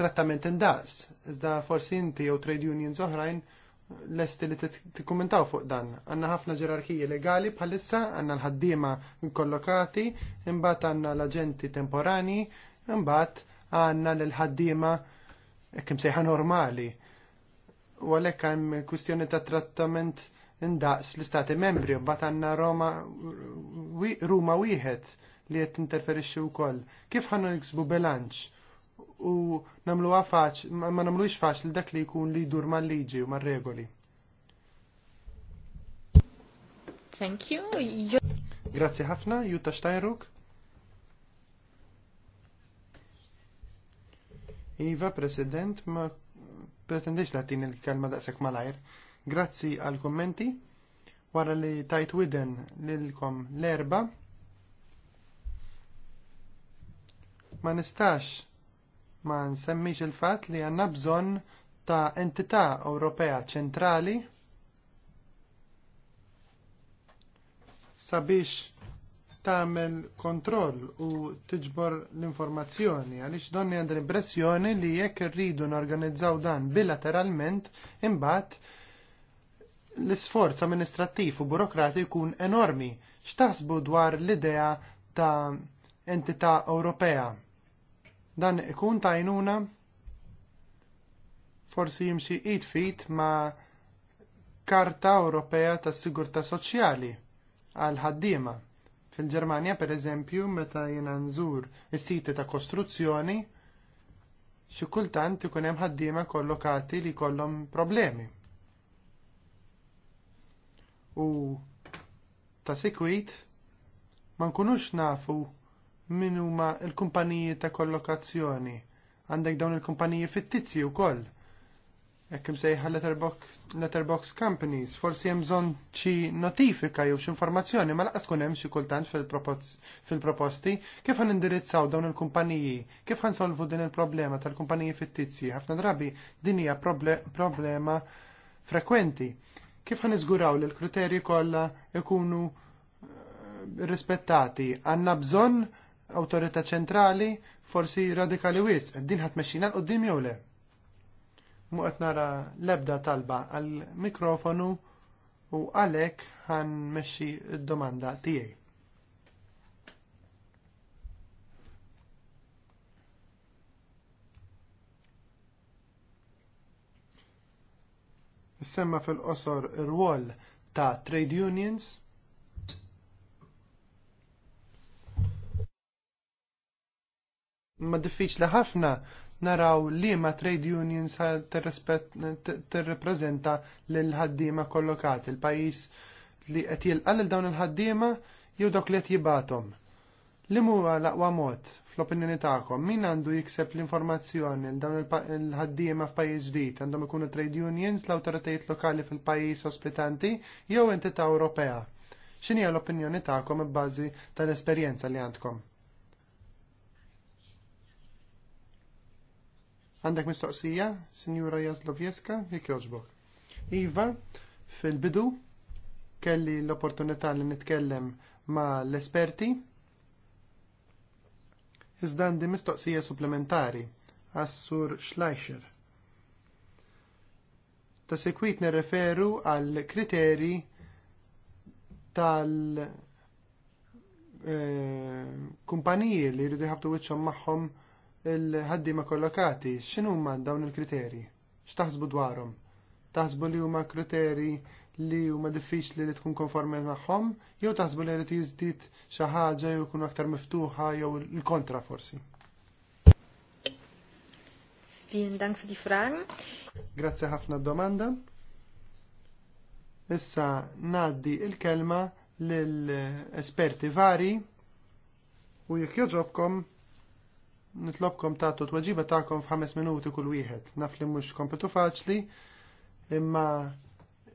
trattament indaqs. Iżda forsi inti jew trade unions oħrajn lesti li tikkumentaw fuq dan. Għandna ħafna ġerarkiji legali bħalissa, għandna l ħaddiema kollokati, imbagħad għandna l-aġenti temporani, imbagħad għandna l ħaddiema kim sejħa normali. U għalhekk hemm kwistjoni ta' trattament indaqs l-istati membri, u bat għanna Roma, Ruma wieħed li qed interferixxi wkoll. Kif għannu niksbu bilanċ? U namlu għafax, ma namlu faċ li dak li jkun li jdur mal-liġi u ma regoli Thank you. Grazzi ħafna, Jutta Steinruk. Iva, President, ma la tin il-kelma daqsek malajr. Grazzi għal kommenti. Wara li tajt widen lilkom l-erba. Ma nistax ma nsemmix il-fat li għanna bżon ta' entità Ewropea ċentrali sabiex tagħmel kontroll u tiġbor l-informazzjoni għaliex donni għandha l-impressjoni li jekk irridu norganizzaw dan bilateralment imbagħad l-isforz amministrattiv u burokrati jkun enormi. X'taħsbu dwar l-idea ta' entità Ewropea? Dan ikun tajnuna forsi jimxi id fit ma' Karta Ewropea tas Sigurtà Soċjali għal ħaddiema Fil-Ġermanja, per eżempju, meta jena nżur is-siti ta' kostruzzjoni, xi kultant ikun hemm ħaddiema kollokati li jkollhom problemi. U ta' sekwit ma nkunux nafu min huma l-kumpaniji ta' kollokazzjoni. Għandek dawn il-kumpaniji fittizji wkoll ekkim sejħa letterbox, letterbox companies, forsi hemm bżonn xi notifika jew informazzjoni ma laqqas kunem hemm xi kultant fil-proposti kif għan indirizzaw dawn il-kumpaniji, kif għan solvu din il-problema tal-kumpaniji fittizji, ħafna drabi din hija problema frekwenti. Kif għan izguraw li l-kriterji kollha ikunu eh, rispettati? Għandna bżonn awtorità ċentrali forsi radikali wisq, din ħadd mexxina l qoddim jew le? muqet nara lebda talba għal mikrofonu u għalek għan meċi id-domanda tijaj. Semma fil-qosor il-wall ta' trade unions ma diffiċli ħafna naraw li ma trade unions t-reprezenta l-ħaddima il-pajis li qed jilqal dawn il-ħaddiema jew dawk li qed jibatom. Li huwa l-aqwa mod fl-opinjoni tagħkom min għandu jikseb l-informazzjoni l dawn il-ħaddiema f'pajjiż ġdid għandhom ikunu trade unions, l-awtoritajiet lokali fil-pajjiż ospitanti jew entità Ewropea. X'inhi l-opinjoni tagħkom ibbażi tal-esperjenza li għandkom? Għandek mistoqsija, Sinjura Jaslovjeska, jek joġbok. Iva, fil-bidu, kelli l-opportunità li nitkellem ma l-esperti. Iżda għandi mistoqsija supplementari, għassur Schleicher. Ta' sekwit nirreferu għal kriteri tal-kumpaniji eh, li jridu jħabtu wiċċhom magħhom il ma kollokati, x'inhuma dawn il-kriterji? X'taħsbu dwarhom? Taħsbu li huma kriteri li huma diffiċli li tkun konformi magħhom jew taħsbu li li tizdit xi ħaġa jew kun aktar miftuħa jew il-kontra forsi. Fien Dank fi fran. Grazie ħafna domanda. Issa ngħaddi l kelma lill esperti vari u jekk joġobkom nitlobkom tagħtu tweġiba tagħkom f'ħames minuti kull wieħed. Naf li mhux kompetu faċli, imma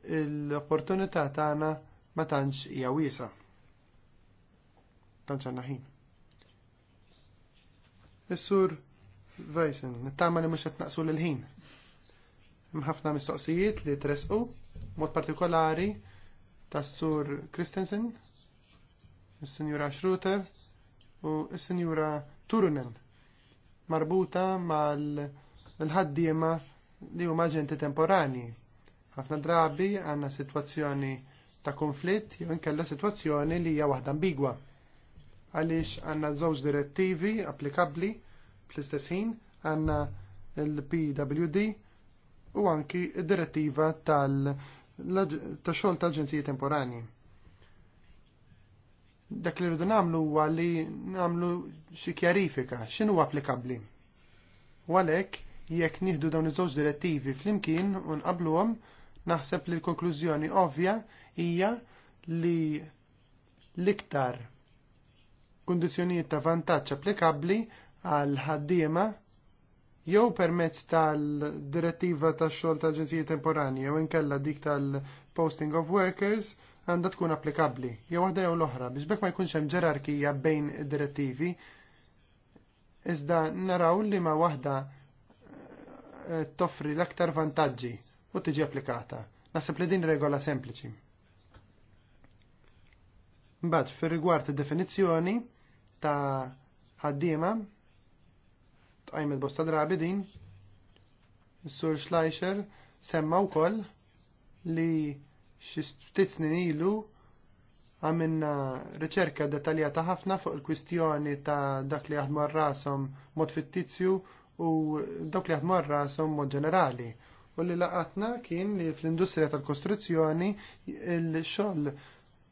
l-opportunità tagħna ma tantx hija wiesa. Tantx għandna ħin. Is-sur Vajsen, nittama li mhux qed naqsu lil ħin. Hemm ħafna mistoqsijiet li tresqu, mod partikolari tas-sur Christensen, is-Sinjura Schruter u s-Sinjura Turunen marbuta mal-ħaddiema li huma aġenti temporani. Ħafna drabi għandna sitwazzjoni ta' konflitt jew inkella sitwazzjoni li hija waħda ambigwa. Għaliex għandna żewġ direttivi applikabbli fl-istess ħin għandna l-PWD u anki d direttiva tal-xogħol tal-aġenziji temporani dak li rridu nagħmlu huwa li nagħmlu xi kjarifika x'inhu applikabbli. U għalhekk jekk nieħdu dawn iż-żewġ direttivi flimkien u nqabluhom, naħseb li l-konklużjoni ovvja hija li l-iktar kundizzjonijiet ta' vantaġġ applikabbli għal ħaddiema jew permezz tal-direttiva tax xogħol ta' aġenziji temporani jew inkella dik tal-posting of workers għandha tkun applikabli. jew waħda jew l-oħra biex bekk ma jkunx hemm ġerarkija bejn id-direttivi iżda naraw li ma waħda eh, toffri l-aktar vantaġġi u tiġi applikata. Naħseb li din regola sempliċi. Mbagħad fir-rigward id-definizzjoni ta' ħaddiema tqajmet bosta drabi din, s sur Schleicher semma wkoll li xi ftit snin ilu għamilna riċerka dettaljata ħafna fuq il-kwistjoni ta' dak li jaħdmu rasom mod fittizju u dak li jaħdmu rasom mod ġenerali. U li laqatna kien li fl-industrija tal-kostruzzjoni il-xogħol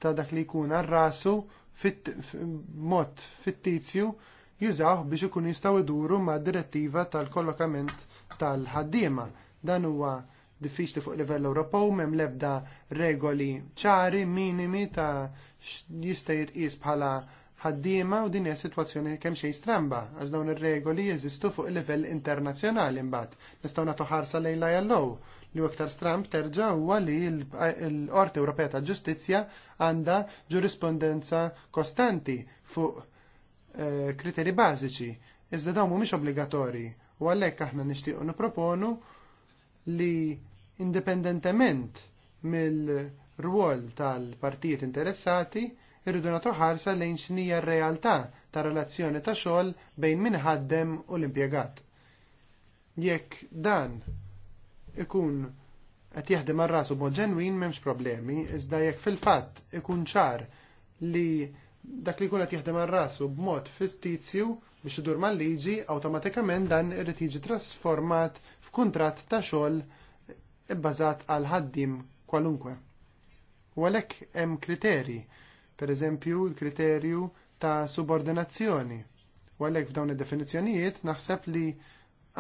ta' dak li jkun rasu fit, mod fittizju jużaw biex ikun jistgħu iduru mad direttiva tal-kollokament tal-ħaddiema. Dan huwa diffiċli fuq livell Ewropew m'hemm l-ebda regoli ċari minimi ta' jista' jitqies bħala ħaddiema u din hija sitwazzjoni kemm xejn stramba għax dawn ir-regoli jeżistu fuq livell internazzjonali mbagħad. Nistgħu nagħtu ħarsa lejn l-ILO li aktar stramb terġa' huwa li l-Qorti Ewropea ta' Ġustizzja għandha ġurispondenza kostanti fuq eh, kriteri bażiċi iżda dawn mhumiex obbligatorji u għalhekk aħna nixtiequ nipproponu li indipendentement mill-rwol tal-partijiet interessati, irridu natru ħarsa lejn x'nija r-realtà ta' relazzjoni ta' xogħol bejn min ħaddem u l-impjegat. Jekk dan ikun qed jaħdem ar rasu b'mod ġenwin m'hemmx problemi, iżda jekk fil-fatt ikun ċar li dak li jkun qed jaħdem ar rasu b'mod fittizju biex idur mal-liġi, awtomatikament dan irid jiġi trasformat kuntratt ta' xogħol ibbażat għal ħaddiem kwalunkwe. U għalhekk hemm kriterji, pereżempju l-kriterju ta' subordinazzjoni. U għalhekk f'dawn id-definizzjonijiet naħseb li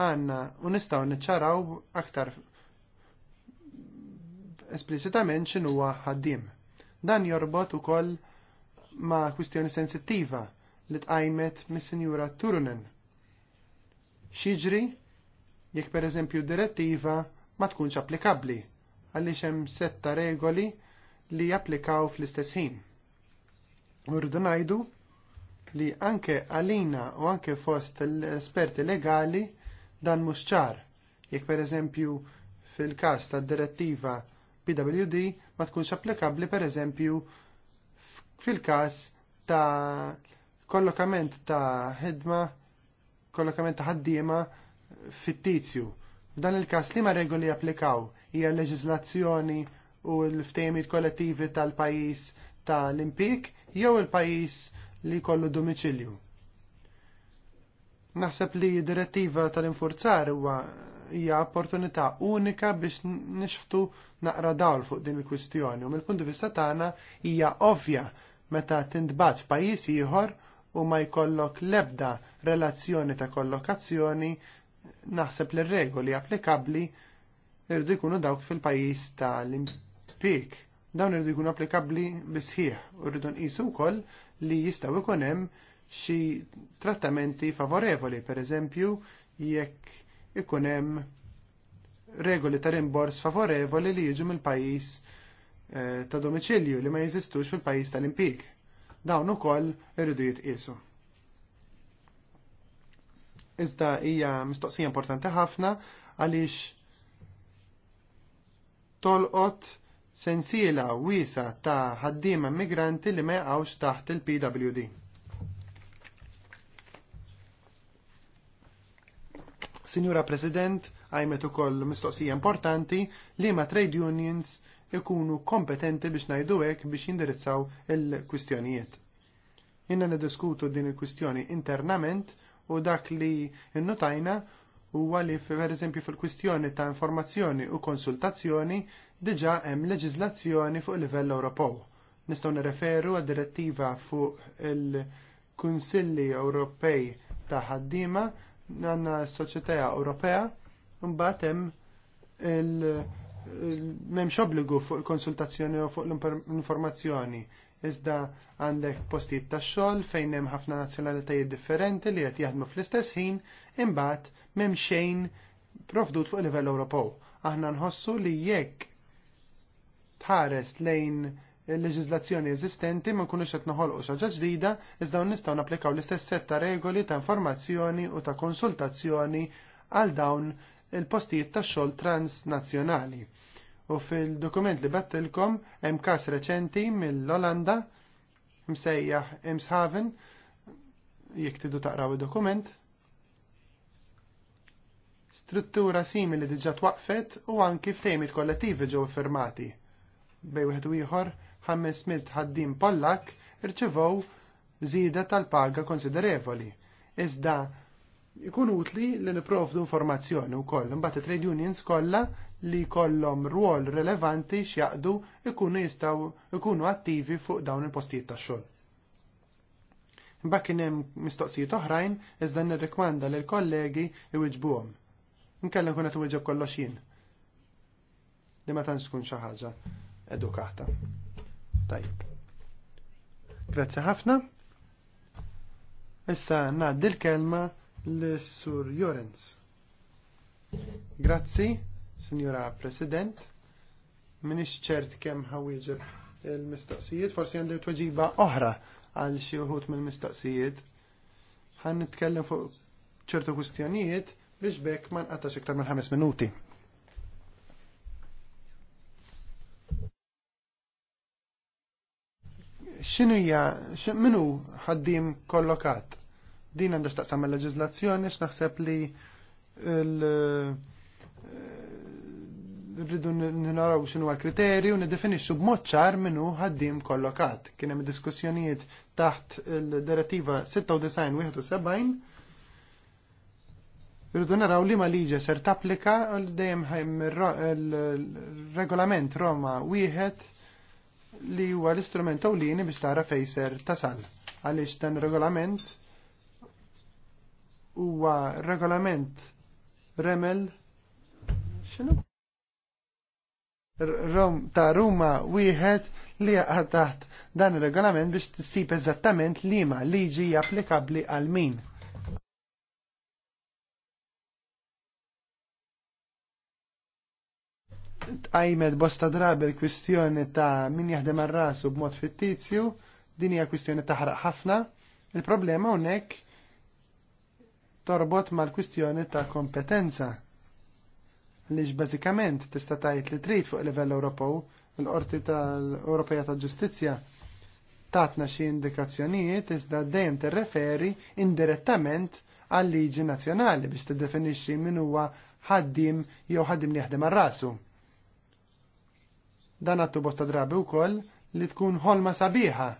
għandna u nistgħu niċċaraw aktar esplicitament x'inhuwa ħaddiem. Dan jorbot ukoll ma' kwistjoni sensittiva li tqajmet mis-Sinjura Turunen. Xiġri jekk pereżempju eżempju direttiva ma tkunx applikabbli għaliex hemm setta regoli li japplikaw fl-istess ħin. Urdu ngħidu li anke għalina u anke fost l-esperti legali dan mhux ċar. Jekk pereżempju fil-każ tad-direttiva PWD ma tkunx applikabbli pereżempju fil-każ ta' kollokament ta' ħidma, kollokament ta' ħaddiema fittizju. F'dan il-kas li ma regoli applikaw hija l-leġislazzjoni u l-ftejmiet kollettivi tal-pajis tal-impik jew il-pajis li kollu domiċilju. Naħseb li direttiva tal-infurzar huwa hija opportunità unika biex nixħtu naqra dawl fuq din il-kwistjoni u mill-punt di vista tagħna hija ovvja meta tintbat f'pajjiż ieħor u ma jkollok l-ebda relazzjoni ta' kollokazzjoni naħseb li regoli applikabbli irridu jkunu dawk fil-pajjiż tal-impik. Dawn irridu jkunu applikabbli bisħieħ u rridu nqisu wkoll li jistgħu jkun hemm xi trattamenti favorevoli, pereżempju jekk ikun hemm regoli ta' rimbors favorevoli li jiġu mill-pajjiż eh, ta' domiċilju li ma jeżistux fil-pajjiż tal-impik. Dawn ukoll irridu jitqisu iżda hija mistoqsija importanti ħafna għaliex tolqot sensiela wiesa ta' ħaddiema migranti li ma jaqgħux taħt il-PWD. Sinjura President, għajmet ukoll mistoqsija importanti li ma trade unions ikunu kompetenti biex ngħidu hekk biex jindirizzaw il-kwistjonijiet. Inna niddiskutu din il-kwistjoni internament u dak li innotajna huwa li pereżempju fil-kwistjoni ta' informazzjoni u konsultazzjoni diġa' hemm leġislazzjoni fuq livell Ewropew. Nistgħu nirreferu għad direttiva fuq il-Kunsilli Ewropej ta' ħaddiema għandna s-Soċjetà Ewropea mbagħad hemm il- memx obbligu fuq il-konsultazzjoni u fuq l-informazzjoni iżda għandek postijiet tax xogħol fejn hemm ħafna nazzjonalitajiet differenti li qed jaħdmu fl-istess ħin imbagħad m'hemm xejn provdut fuq livell Ewropew. Aħna nħossu li jekk tħares lejn il-leġizlazzjoni eżistenti ma nkunux qed noħolqu xi ħaġa ġdida iżda nistgħu napplikaw l-istess set ta' regoli ta' informazzjoni u ta' konsultazzjoni għal dawn il-postijiet tax xogħol transnazzjonali. U fil-dokument li battilkom hemm każ reċenti mill-Olanda msejjaħ Emshaven jekk tidu taqraw id-dokument. Struttura simili diġà twaqfet u anki ftejmit kollettivi ġew firmati. Bej wieħed u ieħor ħames milt ħaddim Pollak irċevow żieda tal-paga konsiderevoli. Iżda ikun utli li niprovdu informazzjoni wkoll. Imbagħad it-trade unions kollha li jkollhom rwol relevanti x'jaqdu ikunu jistgħu ikunu attivi fuq dawn il-postijiet tax-xogħol. Imbagħad kien hemm mistoqsijiet oħrajn iżda nirrikmanda lil kollegi iwiġbuhom. Inkella nkun qed iwiġġeb kollox jien. Li ma tantx tkun xi ħaġa edukata. Tajjeb. Grazzi ħafna. Issa ngħaddi l-kelma lis sur Jorens. Grazzi. Signora President, minix ċert kemm ħawieġeb il-mistoqsijiet, forsi għandu tweġiba oħra għal xi wħud mill-mistoqsijiet. Ħan nitkellem fuq ċertu kwistjonijiet biex bekk ma nqatax iktar minn ħames minuti. X'inhija minu ħaddim kollokat? Din għandha x'taqsam il leġizlazzjoni x'naħseb li l- rridu naraw x'inhu għal kriterju u niddefinixxu b'mod ċar minnu ħaddiem kollokat. Kien hemm diskussjonijiet taħt il-direttiva 96-71 Irridu naraw li ma liġa ser tapplika dejjem ħajm il-regolament Roma wieħed li huwa l-istrument ewlieni biex tara fejser ser tasal. Għaliex dan regolament huwa regolament remel x'inhu? Rom ta' Ruma wieħed li jaqa' taħt dan ir-regolament biex tissib eżattament liema liġi applikabbli għal min. Tqajmet bosta drabi l-kwistjoni ta' min jaħdem ar-rasu b'mod fittizju, din hija kwistjoni taħraq ħafna. Il-problema hawnhekk torbot mal-kwistjoni ta' kompetenza Lix bażikament tista' tgħid li trid fuq livell Ewropew l-Qorti tal-Ewropea tal-Ġustizzja tatna xi indikazzjonijiet iżda dejjem tirreferi indirettament għal liġi nazzjonali biex tiddefinixxi min huwa ħaddim jew ħaddim li jaħdem ar-rasu. Dan għattu bosta drabi wkoll li tkun ħolma sabiħa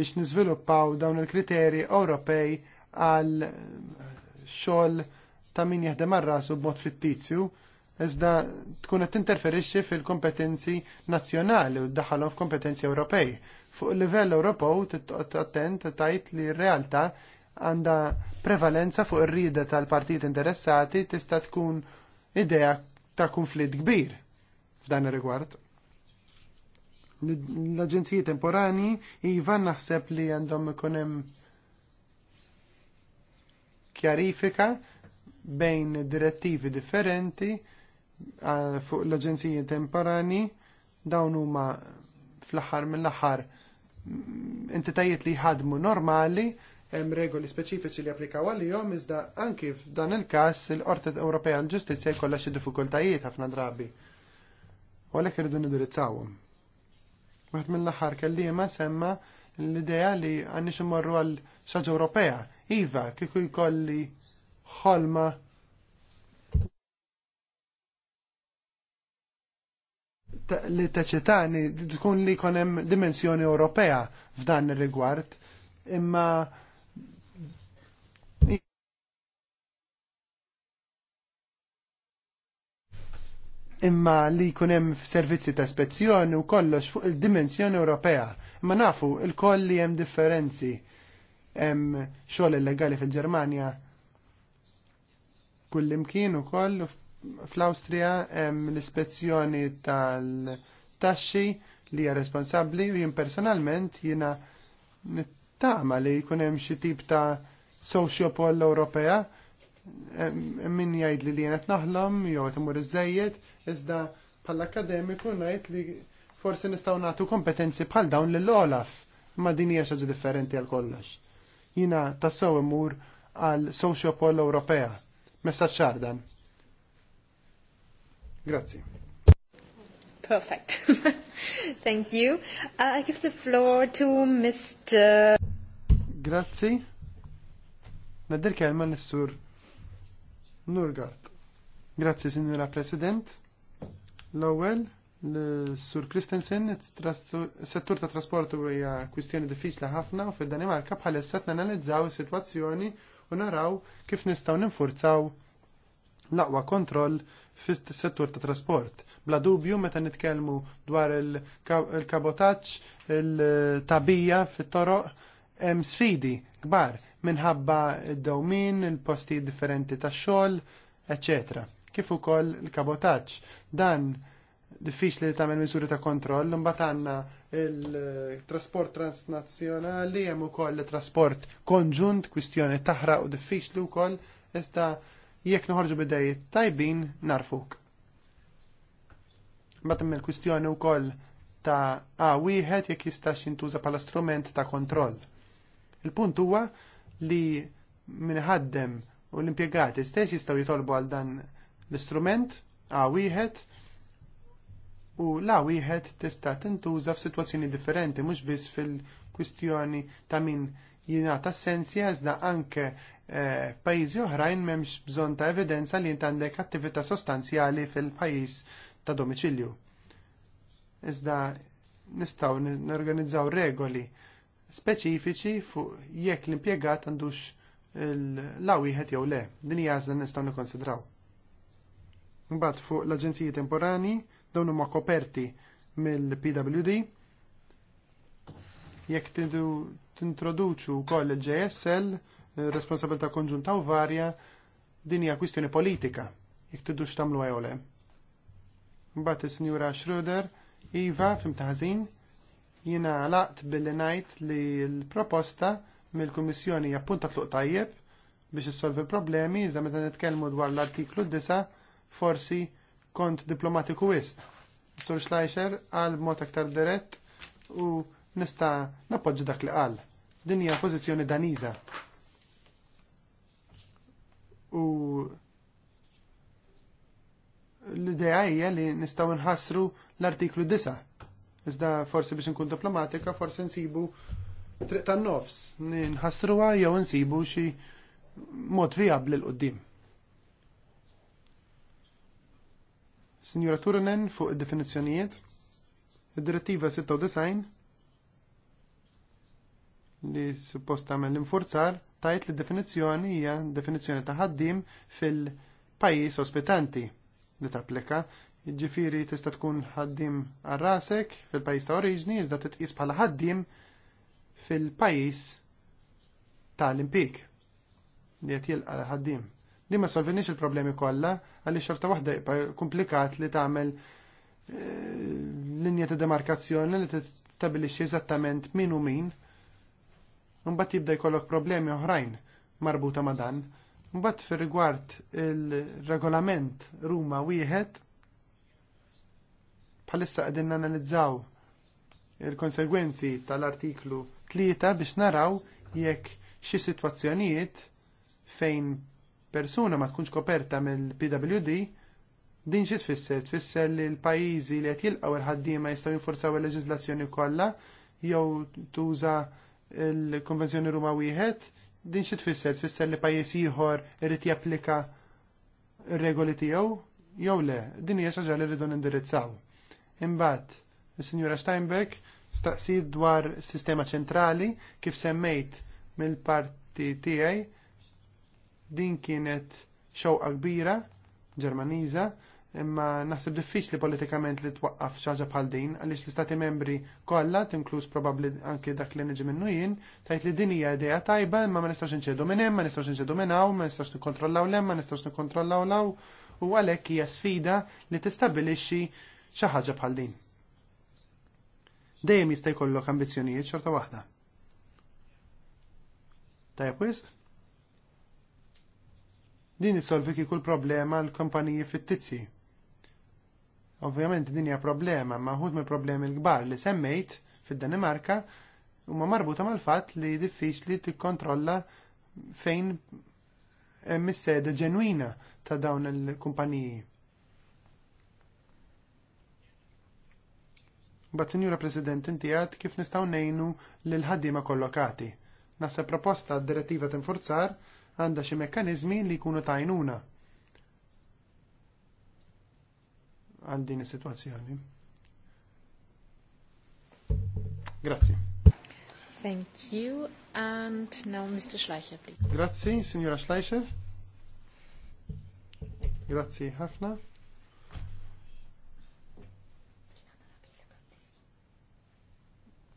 biex niżviluppaw dawn il-kriterji Ewropej għal xogħol ta' min jaħdem ar-rasu b'mod fittizju iżda tkun qed tinterferixxi fil-kompetenzi nazzjonali u ddaħħalhom f'kompetenzi Ewropej. Fuq livell Ewropew attent tajt li r-realtà għandha prevalenza fuq ir-rieda tal-partit interessati tista' tkun idea ta' kunflitt kbir f'dan ir-rigward. L-aġenziji temporani iva naħseb li għandhom ikun hemm kjarifika bejn direttivi differenti fuq l-aġenziji temporani dawn huma fl-aħħar mill-aħħar entitajiet li jħadmu normali hemm regoli speċifiċi li applikaw għalihom iżda anki f'dan il-każ il-Qorti Ewropea l-Ġustizzja jkollha xi diffikultajiet ħafna drabi. U għalhekk irridu nidirizzawhom. Waħed mill-aħħar kelliema semma l-idea li għandix imorru għal xaġa Ewropea. Iva, kieku jkolli ħolma li taċetani tkun li konem dimensjoni Ewropea f'dan ir-rigward, imma imma li kunem servizzi ta' spezzjoni u kollox fuq il-dimensjoni Ewropea. Imma nafu il-koll li hemm differenzi hemm xogħol illegali fil-Ġermanja kullimkien ukoll u fl-Awstrija hemm l-ispezzjoni tal-taxxi li hija responsabbli u jien personalment jiena nittama li jkun hemm xi tip ta' sociopol Ewropea min jgħid li jien qed naħlom jew qed imur iżejjed iżda bħall-akademiku ngħid li forsi nistgħu nagħtu kompetenzi bħal dawn lil Olaf ma din hija xi differenti għal kollox. Jiena tassew imur għal Sociopol Ewropea. Messaċ ċardan. Grazzi. Perfect. Thank you. Uh, I give the floor to Mr. Grazzi. Nadder kelma l-sur Nurgard. Grazzi, Signora President. L-ewwel, l-Sur Christensen, settur ta' trasportu hija kwistjoni diffiċli ħafna u fid-Danimarka bħalissa nanalizzaw is-sitwazzjoni u naraw kif nistgħu ninfurzaw l-aqwa kontroll fis-settur ta' trasport. Bla dubju meta nitkellmu dwar il-kabotaġġ, il-tabija fit-toroq hemm sfidi kbar minħabba id-dawmin, il-posti differenti tax-xogħol, ecc. Kif ukoll il-kabotaġġ. Dan diffiċli li tagħmel miżuri ta' kontroll, imbagħad għandna il-trasport transnazzjonali hemm ukoll il trasport konġunt, kwistjoni taħraq u diffiċli wkoll iżda jekk noħorġu bidej tajbin narfuk. Batem il-kwistjoni u koll ta' a wieħed jekk jistax jintuża bħala strument ta' kontroll. Il-punt huwa li minħaddem u l-impjegati stess jistgħu jitolbu għal dan l-istrument a wieħed u la wieħed tista' tintuża f'sitwazzjoni differenti mhux biss fil-kwistjoni ta' min jingħata sensi iżda anke Eh, pajjiżi oħrajn m'hemmx bżonn ta' evidenza li inti għandek attività sostanzjali fil-pajjiż ta' domiċilju. Iżda nistgħu norganizzaw regoli speċifiċi fuq jekk l-impjegat għandux l-għawihet jew le. Din hija għażla nistgħu nikkonsidraw. Mbagħad fuq l-aġenziji temporani dawn huma koperti mill-PWD. Jekk tintroduċu wkoll il-JSL responsabilità konġunta u varja din hija kwistjoni politika jekk tiddux tagħmlu għajole. Mbagħad is-Sinjura Schroeder, Iva fim taħżin, jiena laqt billi ngħid li l-proposta mill-Kummissjoni hija punta tluq tajjeb biex issolvi problemi, iżda meta nitkellmu dwar l-artiklu 9 forsi kont diplomatiku wisq. Sur Schleicher għal mod aktar dirett u nista' nappoġġi dak li qal. Din hija pożizzjoni Daniża u l-ideja hija li nistgħu nħassru l-artiklu 9. Iżda forsi biex nkun diplomatika forsi nsibu triq tan-nofs, nħassruha jew nsibu xi mod viabli l-qoddim. Signora Turunen fuq id-definizzjonijiet, id-direttiva 96 li suppost tagħmel l-infurzar tajt li definizzjoni hija definizzjoni ta' ħaddim fil-pajjiż ospitanti li tapplika. Ġifiri tista' tkun ħaddim għar-rasek fil-pajjiż ta' oriġni iżda titqis bħala ħaddim fil-pajjiż tal-impik li qed jilqa' ħaddim. Li ma solvinix il-problemi kollha għaliex xorta waħda komplikat li tagħmel eh, linja ta' demarkazzjoni li tistabilixxi eżattament min u min Mbagħad jibda jkollok problemi oħrajn marbuta ma' dan. Mbagħad fir-rigward il-regolament Ruma wieħed bħalissa qegħdin analizzaw il-konsegwenzi tal-artiklu 3 biex naraw jekk xi sitwazzjonijiet fejn persuna ma tkunx koperta mill-PWD din xi tfisser tfisser li l-pajjiżi li qed jilqgħu il-ħaddiema jistgħu jinfurzaw il-leġiżlazzjoni kollha jew tuża il-Konvenzjoni Ruma wieħed din xi tfisser tfisser li pajjiż ieħor irid japplika r-regoli tiegħu jew le, din hija xi ħaġa li rridu nindirizzaw. Imbagħad is-Sinjura Steinbeck staqsid dwar sistema ċentrali kif semmejt mill-parti tiegħi din kienet xewqa kbira Ġermaniża imma naħseb diffiċli politikament li twaqqaf xaġa bħal din għaliex l-istati membri kollha tinkluż probabbli anke dak li niġi minnu jien tajt li din hija idea tajba imma ma nistax inċedu minn hemm, ma nistax inċedu minn hawn, ma nistax nikkontrollaw l ma nistax nikkontrollaw law u għalhekk hija sfida li tistabbilixxi xi ħaġa bħal din. Dejjem jista' jkollok ambizzjonijiet xorta waħda. Tajjeb wisq? Din isolvi kieku l-problema l-kompaniji tizzi Ovvjament din hija problema, ma ħud mill-problemi l-kbar li semmejt fid-Danimarka huma marbuta mal-fatt li diffiċli tikkontrolla fejn hemm is seda ġenwina ta' dawn il-kumpaniji. Bat Sinjura President inti għad kif nistgħu ngħinu lil ħaddiema kollokati. Naħseb proposta d-direttiva tinfurzar għandha xi mekkaniżmi li jkunu tajnuna għal din is-sitwazzjoni. Grazzi. Thank you. And now Mr. Schleicher, please. Grazzi, signora Schleicher. Grazzi ħafna.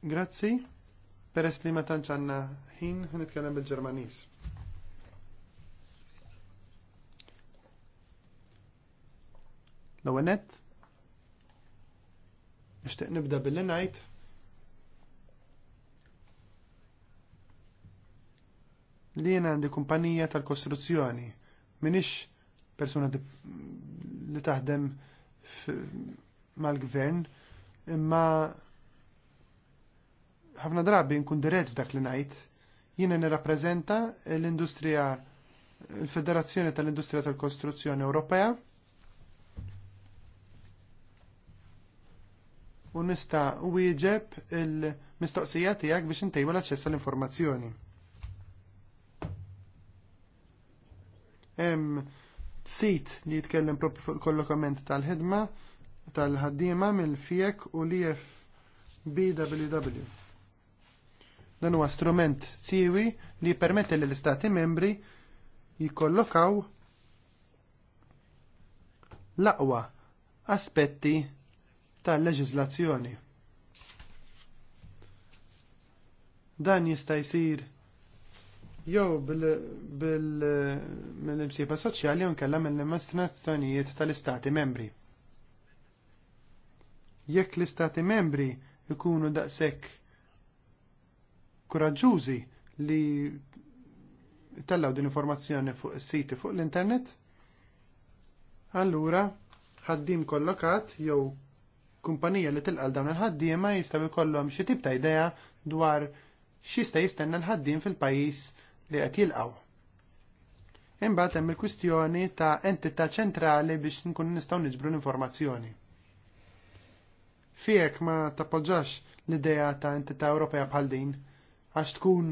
Grazzi. per li ma tantx għandna ħin nitkellem bil-Ġermaniż. l nishtiq nibda billi najt. Li jena għandi kumpanija tal-kostruzzjoni, minix persona li taħdem mal-gvern, imma ħafna drabi nkun dirett f'dak li najt, jiena nirrappreżenta l-industrija, il-Federazzjoni tal-Industrija tal-Kostruzzjoni Ewropea, u nista wieġeb il-mistoqsija tiegħek biex intejbu l-aċċess għall-informazzjoni. Hemm sit li jitkellem propri fuq il-kollokament tal-ħidma tal-ħaddiema mill-FIEK u l-IFBW. Dan huwa strument siwi li jippermetti lill istati membri jikkollokaw l-aqwa aspetti tal-leġiżlazzjoni. Dan jista' jsir jew bil-imsiba soċjali jew kellha mill-amministrazzjonijiet tal-istati membri. Jekk l-istati membri ikunu daqshekk kuraġġużi li tellaw din informazzjoni fuq is-siti fuq l-internet, allura ħaddim kollokat jew kumpanija li tilqal dawn il-ħaddiema jistgħu jkollhom xi tip ta' idea dwar x'jista' jistenna l-ħaddiem fil-pajjiż li qed jilqgħu. Imbagħad hemm il-kwistjoni ta' entità ċentrali biex nkun nistgħu niġbru l-informazzjoni. Fiek ma tappoġġax l-idea ta' entità Ewropea bħal din għax tkun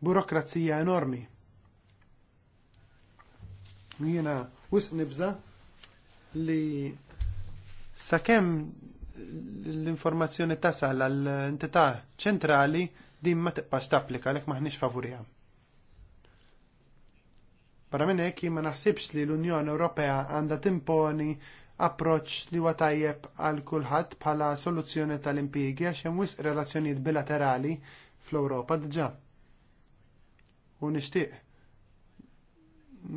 burokrazija enormi. Jiena wisq nibża li Sakemm l-informazzjoni tasal għall-entità ċentrali din ma tibqax tapplika għalhekk maħniex favurija. Barra minn hekk ma naħsibx li l-Unjoni Ewropea għandha timponi approċċ li huwa tajjeb għal kulħadd bħala soluzzjoni tal-impjiegi għax hemm wisq relazzjonijiet bilaterali fl-Ewropa diġà. U nixtieq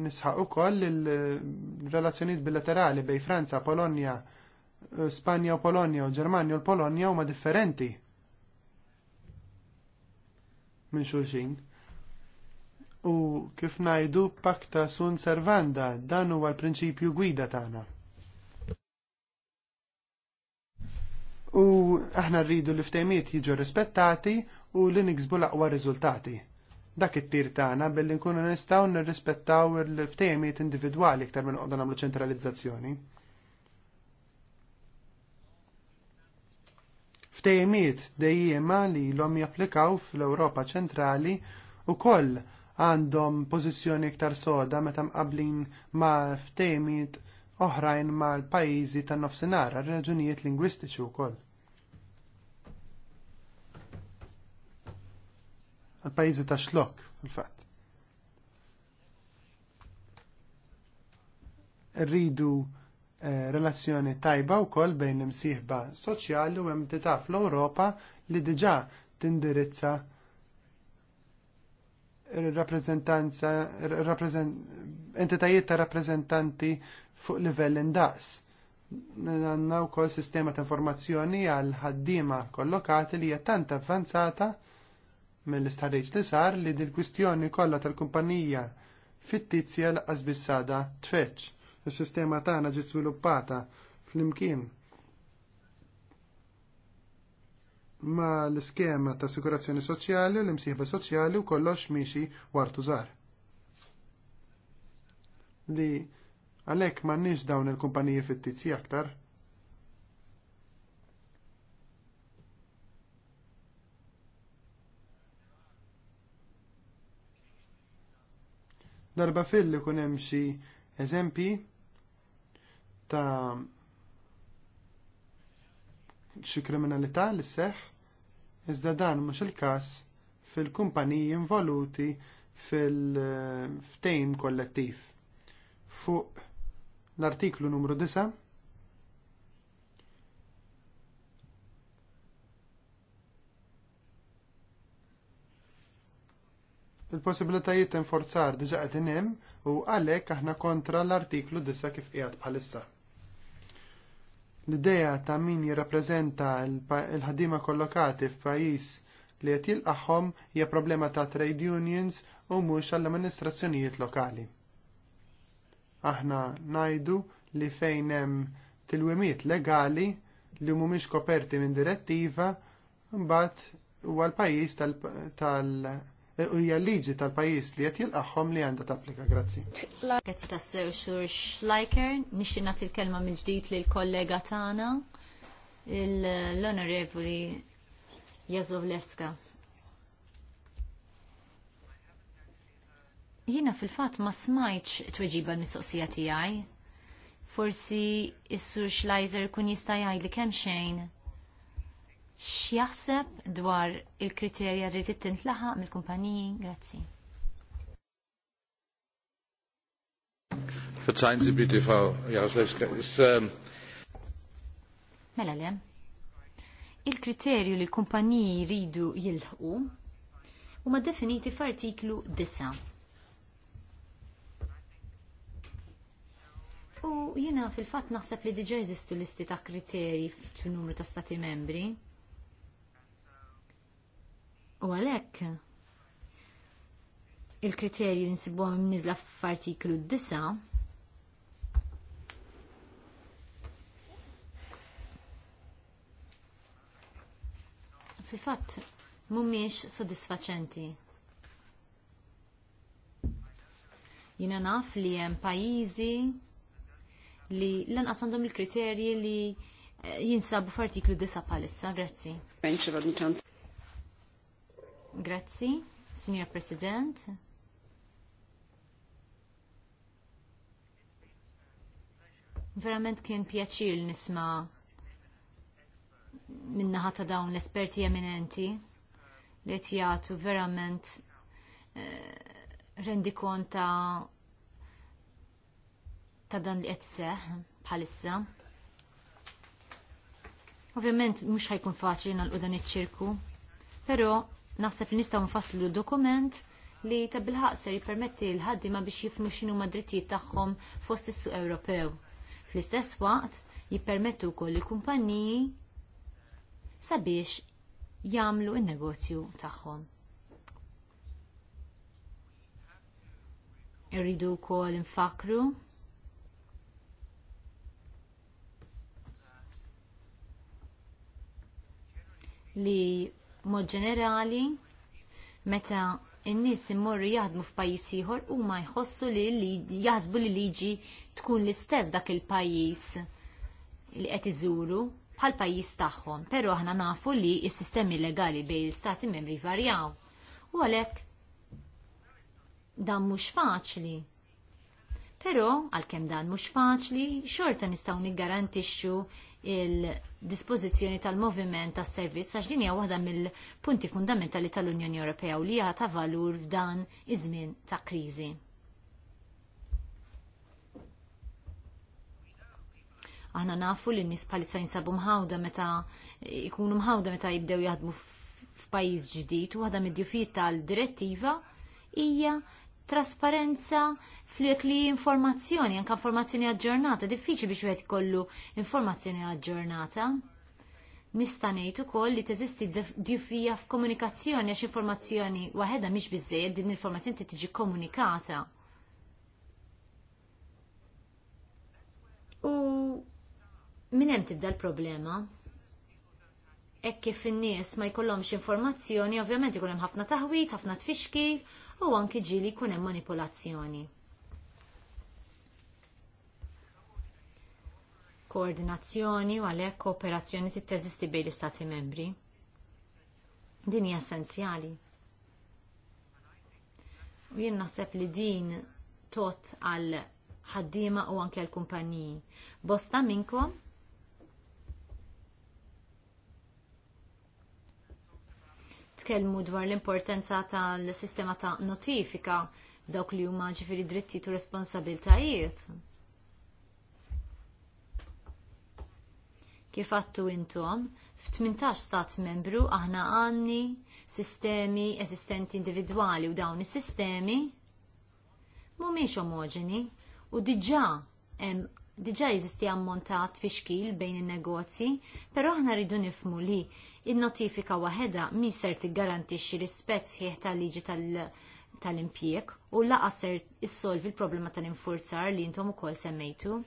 nisħaq ukoll il-relazzjonijiet bilaterali bejn Franza, Polonja, Spanja u Polonja u Ġermanja u l-Polonja huma differenti minn xulxin. U kif ngħidu pakta sun servanda dan huwa l-prinċipju gwida tagħna. U aħna rridu li ftejmiet jiġu rispettati u li niksbu l-aqwa riżultati. Dak it-tir tagħna billi nkunu nistgħu nirrispettaw il-ftejmiet individwali iktar minn qogħdu nagħmlu ċentralizzazzjoni. Ftejmiet dejjema li l-om japplikaw fl-Europa ċentrali u koll għandhom pożizzjoni iktar soda meta mqablin ma' ftejmiet oħrajn mal pajjiżi tan nofsinhar għal raġunijiet lingwistiċi wkoll. għal pajjiżi ta' xlok, fil-fatt. Rridu Eh, relazzjoni tajba wkoll bejn l-imsieħba soċjali u entità fl-Ewropa li diġà tindirizza entitajiet ta' rappreżentanti fuq livell indaqs. Għanna wkoll sistema ta' informazzjoni għal ħaddiema kollokati li hija tant avvanzata mill-istħarriġ li sar li dil-kwistjoni kollha tal-kumpanija fittizja l-qasbissada tfeċ Is-sistema tagħna ġiet sviluppata flimkien ma l-iskema ta' assikurazzjoni soċjali u l-imsieħba soċjali u kollox miexi wartu żgħar. Li għalhekk m'għandniex dawn il-kumpaniji fittizji aktar. darba fil-li hemm xi eżempji ta' xi kriminalità li seħħ, iżda dan mhux il-każ fil-kumpaniji involuti fil ftejn kollettiv. Fuq l-artiklu numru 9 il-possibilitajiet ta' inforzar diġa qed hemm u għalhekk aħna kontra l-artiklu 9 kif qiegħed bħalissa. L-idea ta' min jirrappreżenta l-ħaddiema kollokati f'pajjiż li qed jilqagħhom hija problema ta' trade unions u mhux għall-amministrazzjonijiet lokali. Aħna ngħidu li fejn hemm tilwimiet legali li mhumiex koperti minn direttiva mbagħad huwa l-pajjiż tal-, tal hija liġi tal-pajjiż li qed jilqagħhom li għandha tapplika. Grazzi. Grazzi tassew xur Schleicher, nixtieq nagħti l-kelma minn ġdid lil kollega tagħna l-Onorevoli Jazovlewska. Jiena fil-fatt ma smajtx tweġiba l-mistoqsija tiegħi. Forsi is-sur Schleizer kun jista' jgħid li kemm xejn x'jaħseb dwar il-kriterja li trid tintlaħaq mill-kumpaniji? Grazzi. Verzeihen Sie bitte, Frau Jaroslewska. Ähm, mela le. Il-kriterju li l-kumpaniji jridu jilħqu huma definiti f'artiklu 9. U jiena fil-fatt naħseb li diġà jeżistu listi ta' kriterji f'numru ta' stati membri U għalhekk il-kriterji li nsibuhom nizla f'artiklu disa. fil-fatt mhumiex sodisfaċenti. Jiena naf li hemm pajjiżi li lanqas għandhom il-kriterji li eh, jinsabu f'artiklu 9 bħalissa, grazzi. Grazzi, Signor President. Verament kien pjaċir nisma minna ta' dawn l-esperti eminenti li jagħtu verament eh, rendi konta ta' dan li qed seħ bħalissa. Ovvjament mhux ħajkun faċli nagħlqu dan iċ-ċirku, però Naħseb li nistgħu nfasslu dokument li ta' bilħaq jippermetti l-ħaddiema biex jifhmu x'inhu mad-drittijiet tagħhom fost is-suq Ewropew. Fl-istess waqt jippermettu wkoll il-kumpaniji sabiex jagħmlu n-negozju tagħhom. Irridu wkoll infakru li mod ġenerali meta n nies immorru jaħdmu f'pajjiż ieħor huma jħossu li jaħsbu li liġi tkun l-istess dak il-pajjiż li qed iżuru bħal pajjiż tagħhom, però aħna nafu li s-sistemi legali bejn l-istati membri varjaw. U għalhekk dan mhux faċli Però għalkemm dan mhux faċli, xorta nistgħu niggarantixxu il-dispożizzjoni tal-moviment tas-servizz għax din hija waħda mill-punti fundamentali tal-Unjoni Ewropea u li għata ta' valur f'dan iż-żmien ta' kriżi. aħna nafu li n-nis palissa jinsabu mħawda meta ikunu mħawda meta jibdew jaħdmu f'pajjiż ġdid u waħda mid-djufijiet tal-direttiva hija trasparenza flik li informazzjoni, anka informazzjoni aġġornata, diffiċli biex wieħed kollu informazzjoni aġġornata. Nista' ngħid ukoll li teżisti diffija f'komunikazzjoni għax informazzjoni waħedha mhix biżżejjed din l-informazzjoni tiġi komunikata. U minn hemm tibda l-problema? hekk kif in-nies ma jkollhomx informazzjoni, ovvjament ikun hemm ħafna taħwit, ħafna tfixki, u anki ġili jkun hemm manipolazzjoni. Koordinazzjoni u għalhekk kooperazzjoni teżisti bejn l-istati membri. Din hija essenzjali. U jien naħseb li din tot għal ħaddiema u anke l-kumpaniji. Bosta minnkom tkellmu dwar l-importanza tal-sistema ta' notifika dawk li huma ġifiri dritti u responsabiltajiet. Kif għattu intom, F-18 stat membru aħna għanni sistemi eżistenti individwali u dawn is-sistemi mhumiex omogeni u diġa' hemm diġà jeżisti ammontat fi xkil bejn in-negozji, però aħna rridu nifmu li n notifika waħedha mi ser tiggarantixxi l-ispett sħiħ tal-liġi tal-impjieg u lanqas ser issolvi l-problema tal-infurzar li intom ukoll semmejtu.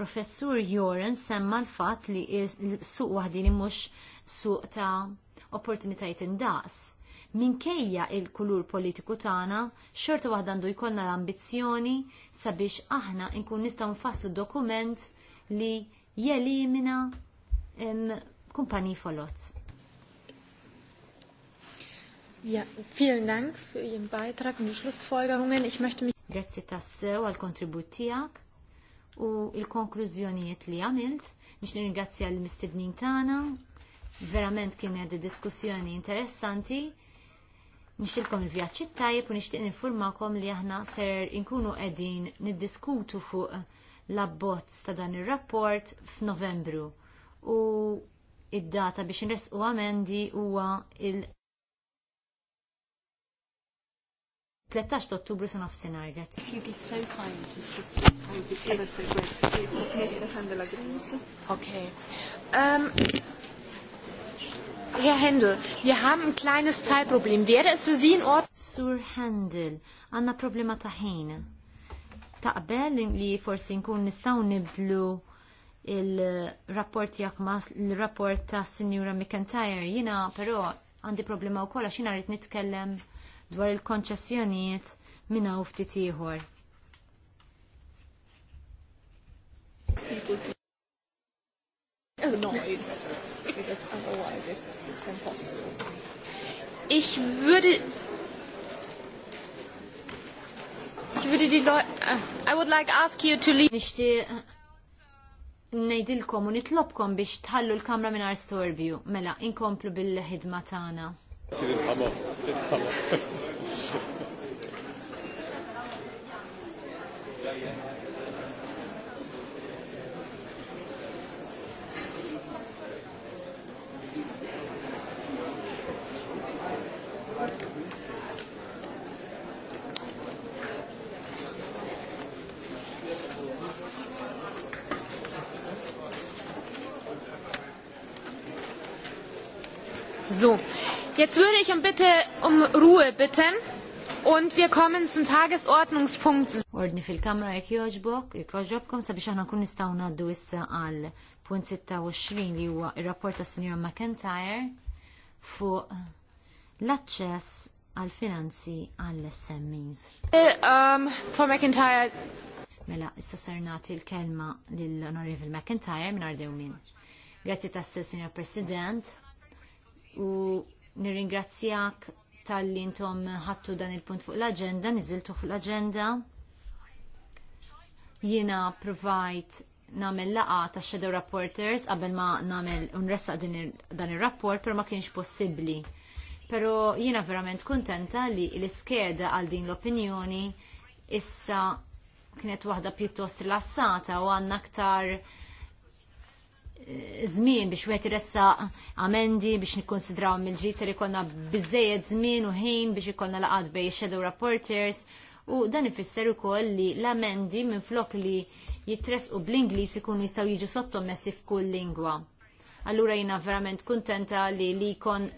Professur Joren semma l-fatt li s suq waħdini mhux suq ta' opportunitajiet indaqs minkejja il-kulur politiku tagħna, xorta waħda għandu jkollna l-ambizzjoni sabiex aħna nkun nistgħu nfasslu dokument li jelimina kumpaniji folot. Ja, vielen Dank für Ihren Beitrag und die Schlussfolgerungen. Ich möchte mich Grazzi tassew għal kontribut tiegħek u il-konklużjonijiet li għamilt nix nirringrazzja l-mistednin tagħna verament kienet diskussjoni interessanti Nixtilkom il-vjaċċi tajjeb u nixtieq ninfurmakom li aħna ser inkunu qegħdin niddiskutu fuq l-abbozz ta' dan ir-rapport f'Novembru. U id-data biex nresqu amendi huwa il- 13 ottubru sa nofsinhar. If you'd be so kind as to speak, I would be ever so grateful. Okay. Um, Herr Händel, wir haben ein kleines Zeitproblem. Wäre es für Sie in Ordnung? Sur Händel, Anna problema ta' Taqbel li forsi nkun nistaw nibdlu il-rapport jak mas il-rapport ta' Signora McIntyre jina però għandi problema u kolla xina rrit nitkellem dwar il-konċessjonijiet minna u ftit ieħor because otherwise it's impossible. Ich würde Ich würde die Leute äh, I would like ask you to leave Nishti nejdilkom u nitlobkom biex tħallu l-kamra minn storbju. Mela, inkomplu bil-ħidma tagħna. Jetzt würde ich um, bitte, um Ruhe bitten und wir kommen zum Tagesordnungspunkt. Ordni fil-kamra jek joġbok, jek joġbokkom sabiex aħna kun nistaw naddu issa għal punt 26 li huwa ir-rapport ta' Sr. McIntyre fuq l access għal finanzi għal SMEs. Eh, um, for McIntyre. Mela, issa ser nagħti l-kelma lill-Honorable McIntyre minn ardew min. Grazzi tassew, Signor President. U Nirringrazzjak tal-li intom ħattu dan il-punt fuq l-agenda, niżiltu fuq l-agenda. Jiena provajt namel laqa ta' Shadow Reporters qabel ma namel unressa dan il-rapport, pero ma kienx possibli. Pero jiena verament kontenta li l-iskeda għal din l-opinjoni issa kienet waħda pjuttost rilassata u għanna aktar zmin biex wieħed iressaq amendi biex nikkonsidraw mill-ġid ser ikollna biżejjed żmien u ħin biex ikonna laqgħad bej shadow reporters u dan ifisser ukoll li l-amendi minflok li jitresqu bl-Ingliż ikunu jistgħu jiġu sottomessi f'kull lingwa. Allura jiena verament kuntenta li li kon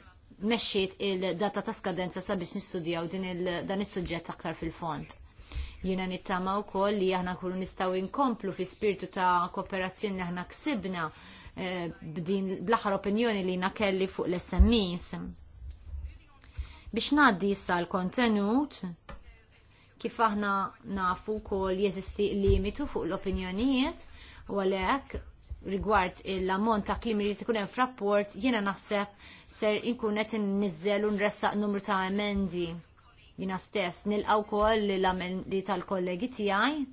mexxiet il-data ta' skadenza sabiex nistudjaw din dan is-suġġett aktar fil-font jiena nittama u koll li aħna kullu nistaw inkomplu fi spiritu ta' kooperazzjoni aħna ksibna Eh, b'din bl-aħħar opinjoni li nakelli fuq l-SMEs. Biex ngħaddi issa l-kontenut, kif aħna nafu wkoll jeżisti limitu fuq l-opinjonijiet, u għalhekk rigward l-ammont ta' klim li ikun hemm f'rapport, jiena naħseb ser inkun qed innizzel u nressaq numru ta' emendi jiena stess nilqaw wkoll l-amendi tal-kollegi tiegħi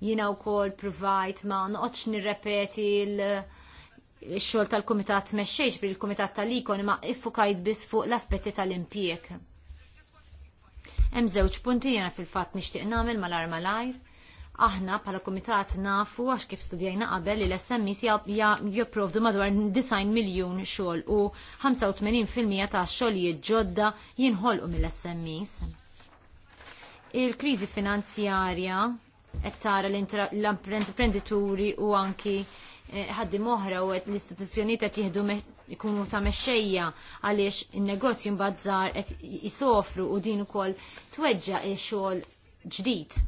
Jina u kol provajt ma noqoċ nirrepeti il xol tal-komitat meċċeċ bil komitat tal-ikon ma iffukajt bis fuq l-aspetti tal-impiek. Hemm żewġ punti jena fil-fatt nixtieq nagħmel mal arma lajr. Aħna bħala komitat nafu għax kif studjajna qabel li l-SMIs jipprovdu madwar 9 miljun xogħol u 85% ta' xogħlijiet ġodda jinħolqu mill-SMIs. Il-kriżi finanzjarja qed tara l-imprenditori u anki eh, ħaddi moħra u l istituzzjonijiet qed jieħdu jkunu ta' mexxejja għaliex in-negozju mbazzar żgħar qed jisofru u din ukoll tweġġa' xogħol ġdid.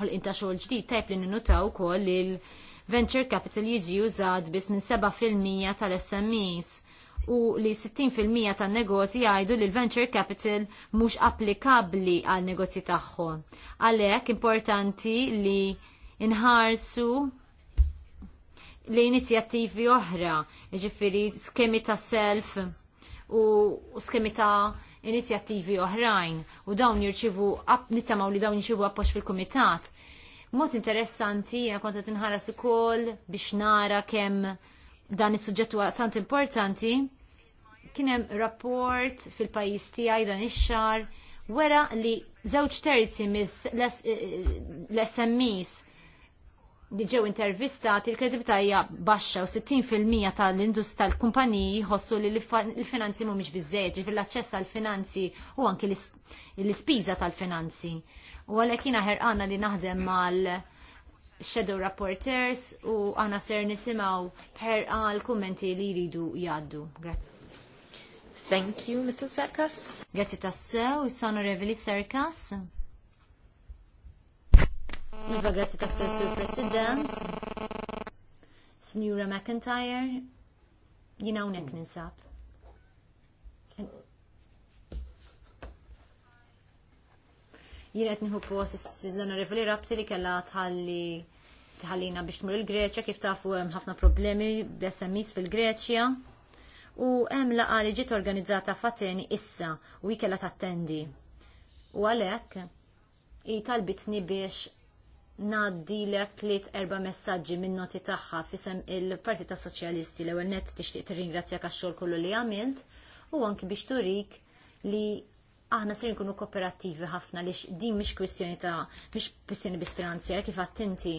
Ħolqien ta' xogħol ġdid tajb li ninutaw ukoll il venture capital jiġi użad biss minn 7% tal-SMEs u li 60% tan negozji jgħidu li l-venture capital mhux applikabbli għal negozji tagħhom. Għalhekk importanti li inħarsu li inizjattivi oħra, ġifiri skemi ta' self u skemi ta' inizjattivi oħrajn u dawn jirċivu, nittamaw li dawn jirċivu appoġġ fil-komitat. Mod interessanti, għakon ta' tinħaras ukoll biex nara kemm dan is-suġġett huwa tant importanti. Kien hemm rapport fil-pajjiż tiegħi dan ix-xahar wera li żewġ terzi mis l-SMEs li ġew intervistati il-kredibilità hija baxxa u 60% tal-indust tal-kumpaniji jħossu li l-finanzi mhumiex biżżejjed, fil-aċċess għall-finanzi u anki l-ispiża tal-finanzi. U għalhekk jiena ħerqana li naħdem mal- shadow rapporteurs u għana ser nisimaw per għal kummenti li jridu jaddu. Grazie. Thank you, Mr. Serkas. Grazie tassew, s reveli Serkas. Iva, grazie tassew, Sur President. Signora McIntyre, jina unek ninsab. jien qed nieħu l-Onorevoli Rabti li kellha tħalli tħallina biex tmur il-Greċja kif tafu hemm ħafna problemi bl-SMEs fil-Greċja. U hemm laqa li ġiet organizzata fateni issa u hi kellha tattendi. U għalhekk i talbitni biex naddilek tliet erba messaġġi minn noti tagħha fisem il-Parti ta' Soċjalisti l-ewwel nett tixtieq tirringrazzja għax-xogħol kollu li għamilt u anki biex turik li aħna sir nkunu kooperattivi ħafna li din mhix kwistjoni ta' mhix kwistjoni bis finanzjera kif attinti.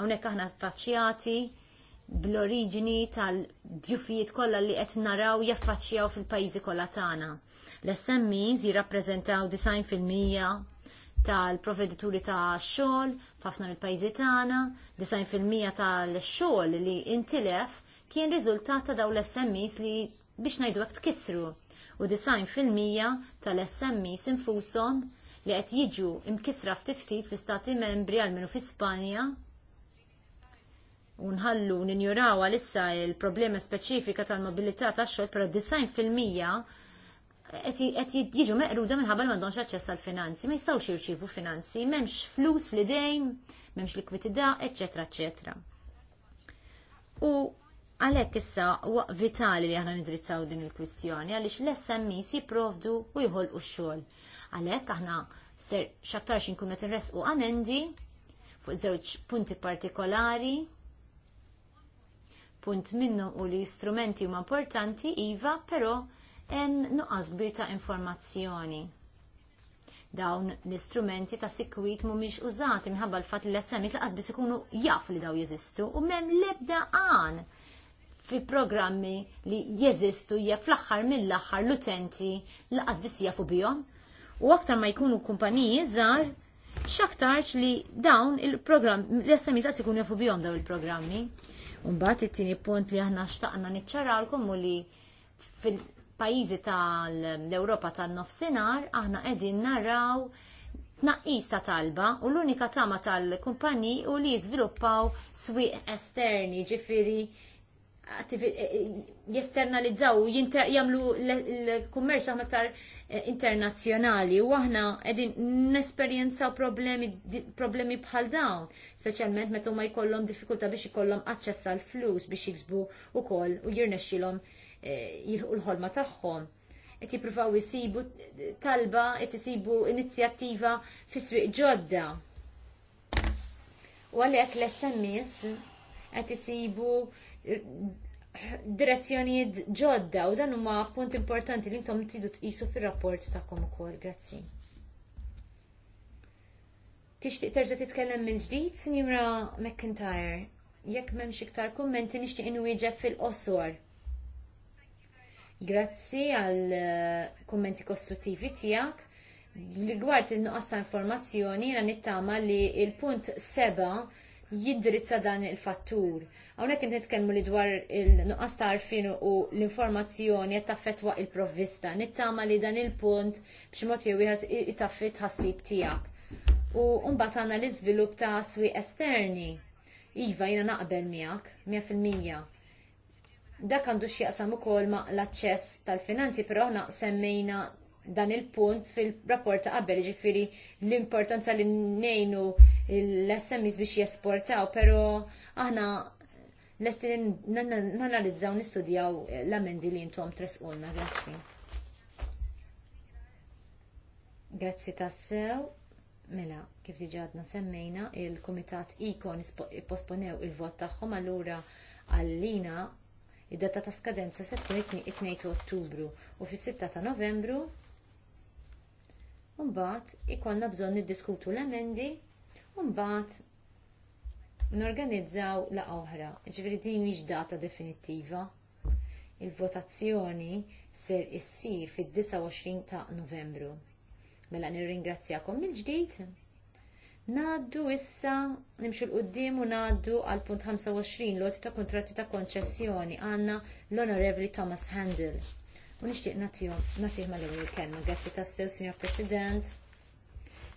Hawnhekk aħna faċċjati bl-oriġini tal-djufijiet kollha li qed naraw jaffaċċjaw fil-pajjiżi kollha tagħna. L-SMEs jirrappreżentaw 90% tal-provedituri ta' xogħol f'ħafna mill-pajjiżi tagħna, 90% tal-xogħol li intilef kien riżultat ta' dawn l-SMEs li biex ngħidu hekk tkissru u 90% fil-mija tal smi infushom li qed jiġu imkisra ftit ftit fl-istati membri għal minu fi ispanja u nħallu ninjuraw għalissa il-problema speċifika tal-mobilità tax-xogħol però 90% fil-mija qed jiġu meqruda minħabba li m'għandhomx aċċess għal finanzi, ma jistgħux jirċievu finanzi, m'hemmx flus fl-idejn, m'hemmx likwidità, eċetera, eċetera. U Għalhekk issa huwa vitali li aħna nidrizzaw din il-kwistjoni għaliex l si e jipprovdu u jħolqu x-xogħol. Għalhekk aħna ser x'aktarx inkun res u amendi fuq żewġ punti partikolari punt minnu u li strumenti huma importanti iva, però hemm nuqqas kbir ta' informazzjoni. Dawn l-istrumenti ta' sikwit mhumiex użati minħabba l-fatt li l-SMI tlaqas biss ikunu jaf li daw jeżistu u m'hemm l-ebda għan fi programmi li jeżistu jekk fl-aħħar mill-aħħar l-utenti laqas biss jafu bihom. U aktar ma jkunu kumpaniji żgħar x'aktarx li dawn il-programm l-SMI saqs ikunu jafu bihom dawn il-programmi. Mbagħad it-tieni punt li aħna xtaqna niċċaralkom u li fil-pajjiżi tal-Ewropa tan-nofsinhar aħna qegħdin naraw tnaqqis ta' talba u l-unika tama tal-kumpani u li jizviluppaw swieq esterni ġifiri Eh, eh, jesternalizzaw, jamlu l-kummerċ għam eh, internazjonali u aħna edin nesperjenzaw problemi, problemi bħal dawn, specialment meta ma jkollhom diffikulta biex jkollhom aċċess l flus biex jiksbu u koll u jirnexxilhom jilħu l-ħolma tagħhom. Qed jippruvaw jisibu talba, qed jisibu inizjattiva fis ġodda. U għalhekk l-SMS qed isibu direzzjonijiet ġodda u dan huma punt importanti li intom tridu tqisu fir-rapport tagħkom ukoll. Grazzi. Tixtieq terġa' titkellem mill-ġdid, Sinjura McIntyre. Jekk m'hemmx iktar kummenti nixtieq inwieġeb fil-qosor. Grazzi għal eh, kummenti kostruttivi tiegħek. Rigward il-nuqqas ta' informazzjoni, jiena nittama li il-punt seba' jindirizza dan il-fattur. Hawnhekk qed nitkellmu li dwar il-nuqqas tarfin u l-informazzjoni qed taffettwa il-provvista. Nittama li dan il-punt b'xi mod jew ieħor itaffi tħassib tiegħek. U mbagħad għandna l-iżvilupp ta' swi esterni. Iva, jiena naqbel miegħek, 100%. Dak għandu x'jaqsam ukoll ma' l-aċċess tal-finanzi, però aħna semmejna dan il-punt fil-rapport ta' qabel, ġifiri l-importanza li nejnu l-SMIs biex jesportaw, pero aħna lesti nanalizzaw nistudjaw l-amendi li jintom tresqulna, grazzi. Grazzi tassew. Mela, kif diġadna semmejna, il kumitat ikon posponew il-vot tagħhom allura għallina id-data ta' skadenza se tkun 2 Ottubru u fis-6 ta' Novembru Mbagħad ikollna bżonn niddiskutu l-emendi Mbagħad norganizzaw la oħra, jiġifieri din mhix data definittiva. Il-votazzjoni ser issir fid-29 ta' Novembru. Mela nirringrazzjakom mill-ġdid. Ngħaddu issa nimxu l-qoddim u ngħaddu għal punt 25 lot ta' kuntratti ta' konċessjoni għandna l-Onorevoli Thomas Handel. U nixtieq nagħtihom nagħtih mal-ewwel kelma. Grazzi tas-sew Signor President.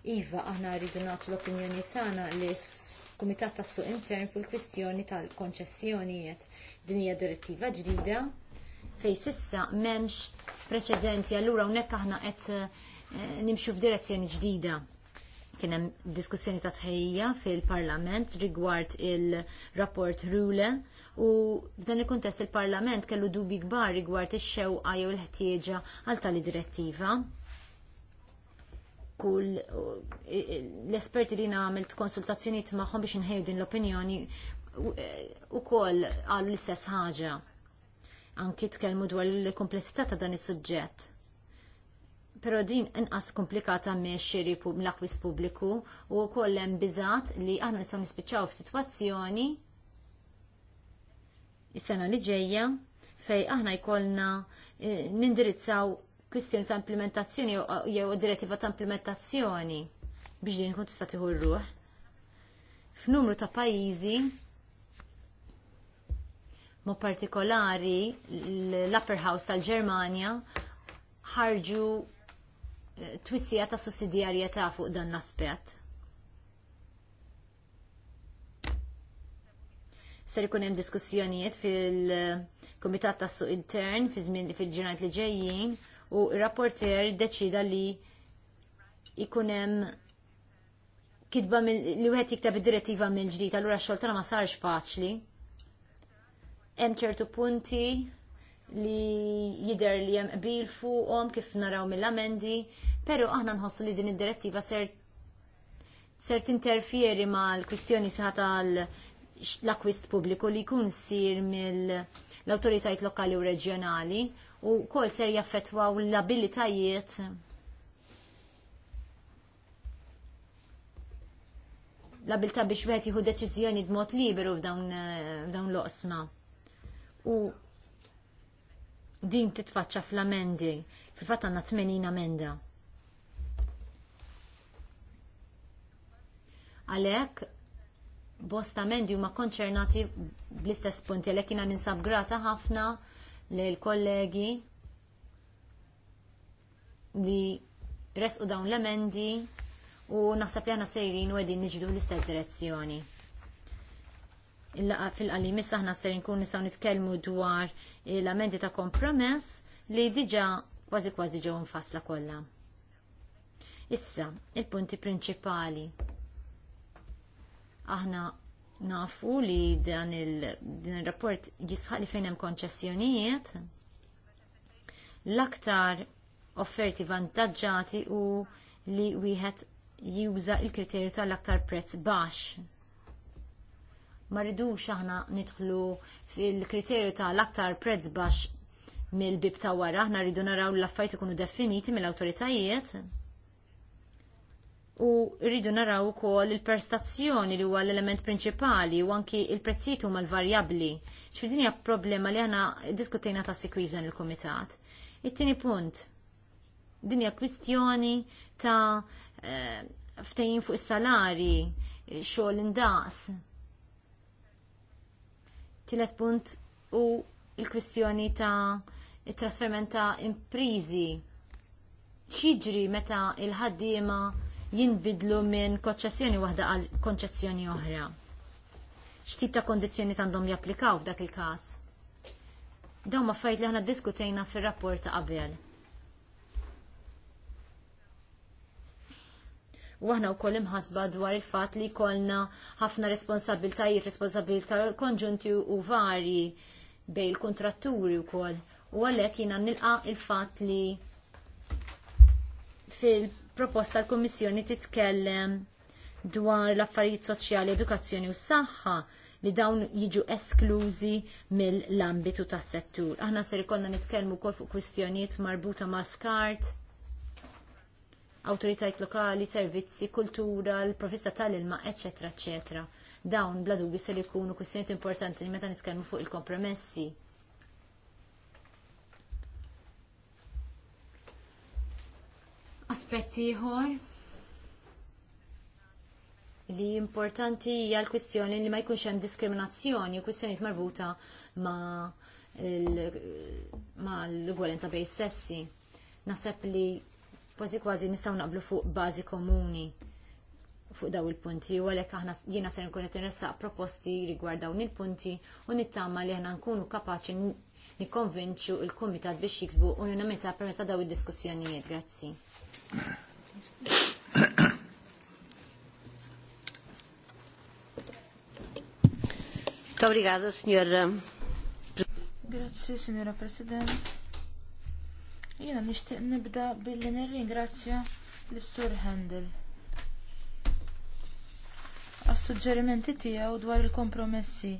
Iva, aħna rridu nagħtu l-opinjoni tagħna li s-Kumitat tas-Suq Intern fil-kwistjoni tal-konċessjonijiet. Din hija direttiva ġdida fejn sissa m'hemmx preċedenti allura hawnhekk aħna qed eh, nimxu f'direzzjoni ġdida. Kien hemm diskussjoni ta' tħejja fil-Parlament rigward il-rapport Rule u f'dan il-kuntest il-Parlament kellu dubi kbar rigward ix-xewqa jew il-ħtieġa għal tali direttiva kull l-esperti li nagħmel konsultazzjonijiet magħhom biex nħejju din l-opinjoni ukoll għal l-istess ħaġa. Anki tkellmu dwar il-komplessità ta' dan is-suġġett. Pero din inqas komplikata me xiri l-akwis pubbliku u wkoll hemm biżat li aħna nistgħu nispiċċaw f'sitwazzjoni is-sena li ġejja fej aħna jkollna eh, nindirizzaw kwistjoni ta' implementazzjoni uh, jew direttiva ta' implementazzjoni biex din kun tista' tieħu r F'numru ta' pajjiżi mo partikolari l-Upper House tal-Ġermanja ħarġu eh, twissija ta' sussidjarjetà fuq dan l-aspett. Ser ikun hemm diskussjonijiet fil-Kumitat tas Suq Intern fil-ġurnat li ġejjin u r-rapporter deċida li ikunem kitba li wieħed jiktab id-direttiva mill-ġdid, allura x-xogħol ma sarx faċli. Hemm ċertu punti li jidher li hemm qbil fuqhom kif naraw mill-amendi, però aħna nħossu li din id-direttiva ser ser tinterfieri mal-kwistjoni sħa tal l-akwist pubbliku li jkun sir mill awtoritajiet lokali u reġjonali u kol ser jaffetwaw l-abilitajiet l-abilta biex wieħed jieħu deċiżjoni b'mod liberu f'dawn eh, l osma U din titfaċċa fl-amendi, fil-fatt għandna 80 amenda. Għalhekk bosta amendi huma konċernati bl-istess punti għalhekk jiena ninsab grata ħafna l-kollegi li resqu dawn l-emendi u naħseb li għana sejrin u għedin niġdu l-istess direzzjoni. Fil-qalli missa ħna ser kun nistaw nitkellmu dwar l-emendi ta' kompromess li diġa kważi kważi ġew fasla kollha. Issa, il-punti prinċipali. Aħna nafu li dan il-rapport il jisħaq li fejn hemm konċessjonijiet l-aktar offerti vantaġġati u li wieħed juża l kriterju tal-aktar prezz baxx. Ma rridux aħna nidħlu fil-kriterju tal-aktar prezz baxx mill-bib ta' wara, aħna rridu naraw l-affarijiet ikunu definiti mill-awtoritajiet u rridu naraw ukoll il-prestazzjoni li huwa l-element prinċipali u anki il-prezzijiet huma l-varjabbli. X'fidin hija problema li għana diskutejna ta' sikwif il-kumitat. It-tieni punt. Din hija kwistjoni ta' eh, ftejn fuq is-salari, xogħol indaqs. Tielet punt u il-kwistjoni ta' it-trasferment ta' imprizi. Xiġri meta il-ħaddiema jinbidlu minn konċessjoni waħda għal konċessjoni oħra. X'tip ta' kondizzjoni għandhom japplikaw f'dak il-każ? Dawn fajt li aħna ddiskutejna fir-rapport ta' qabel. u aħna wkoll imħasba dwar il-fatt li jkollna ħafna responsabiltajiet, responsabilità konġunti u varji bej il-kontratturi wkoll. U għalhekk jiena nilqa il-fatt li fil proposta l-Kummissjoni titkellem dwar l-affarijiet soċjali, edukazzjoni u s-saħħa li dawn jiġu esklużi mill-ambitu tas settur. Aħna ser ikonna nitkellmu wkoll fuq kwistjonijiet marbuta ma' skart, awtoritajiet lokali, servizzi, kultura, l-provista tal-ilma, eċetera, eċetera. Dawn bla dubju se jkunu kwistjonijiet importanti li meta nitkellmu fuq il-kompromessi. Aspetti ieħor li importanti hija l-kwistjoni li ma jkunx hemm diskriminazzjoni u kwistjonijiet marbuta ma l-ugwalenza bejn sessi. Naħseb li kważi kważi nistgħu naqblu fuq bażi komuni fuq daw il-punti u għalhekk aħna jiena se nkun qed nressaq proposti rigward dawn il-punti u nittama li aħna nkunu kapaċi nikkonvinċu l kumitat biex jiksbu unanimità permezz ta' daw id-diskussjonijiet. Grazzi. Obrigada, eh, signora. Grazzi, signora President. Jiena nixtieq nibda billi nirringrazzja lis sur Handel. Għas-suġġerimenti tiegħu dwar il-kompromessi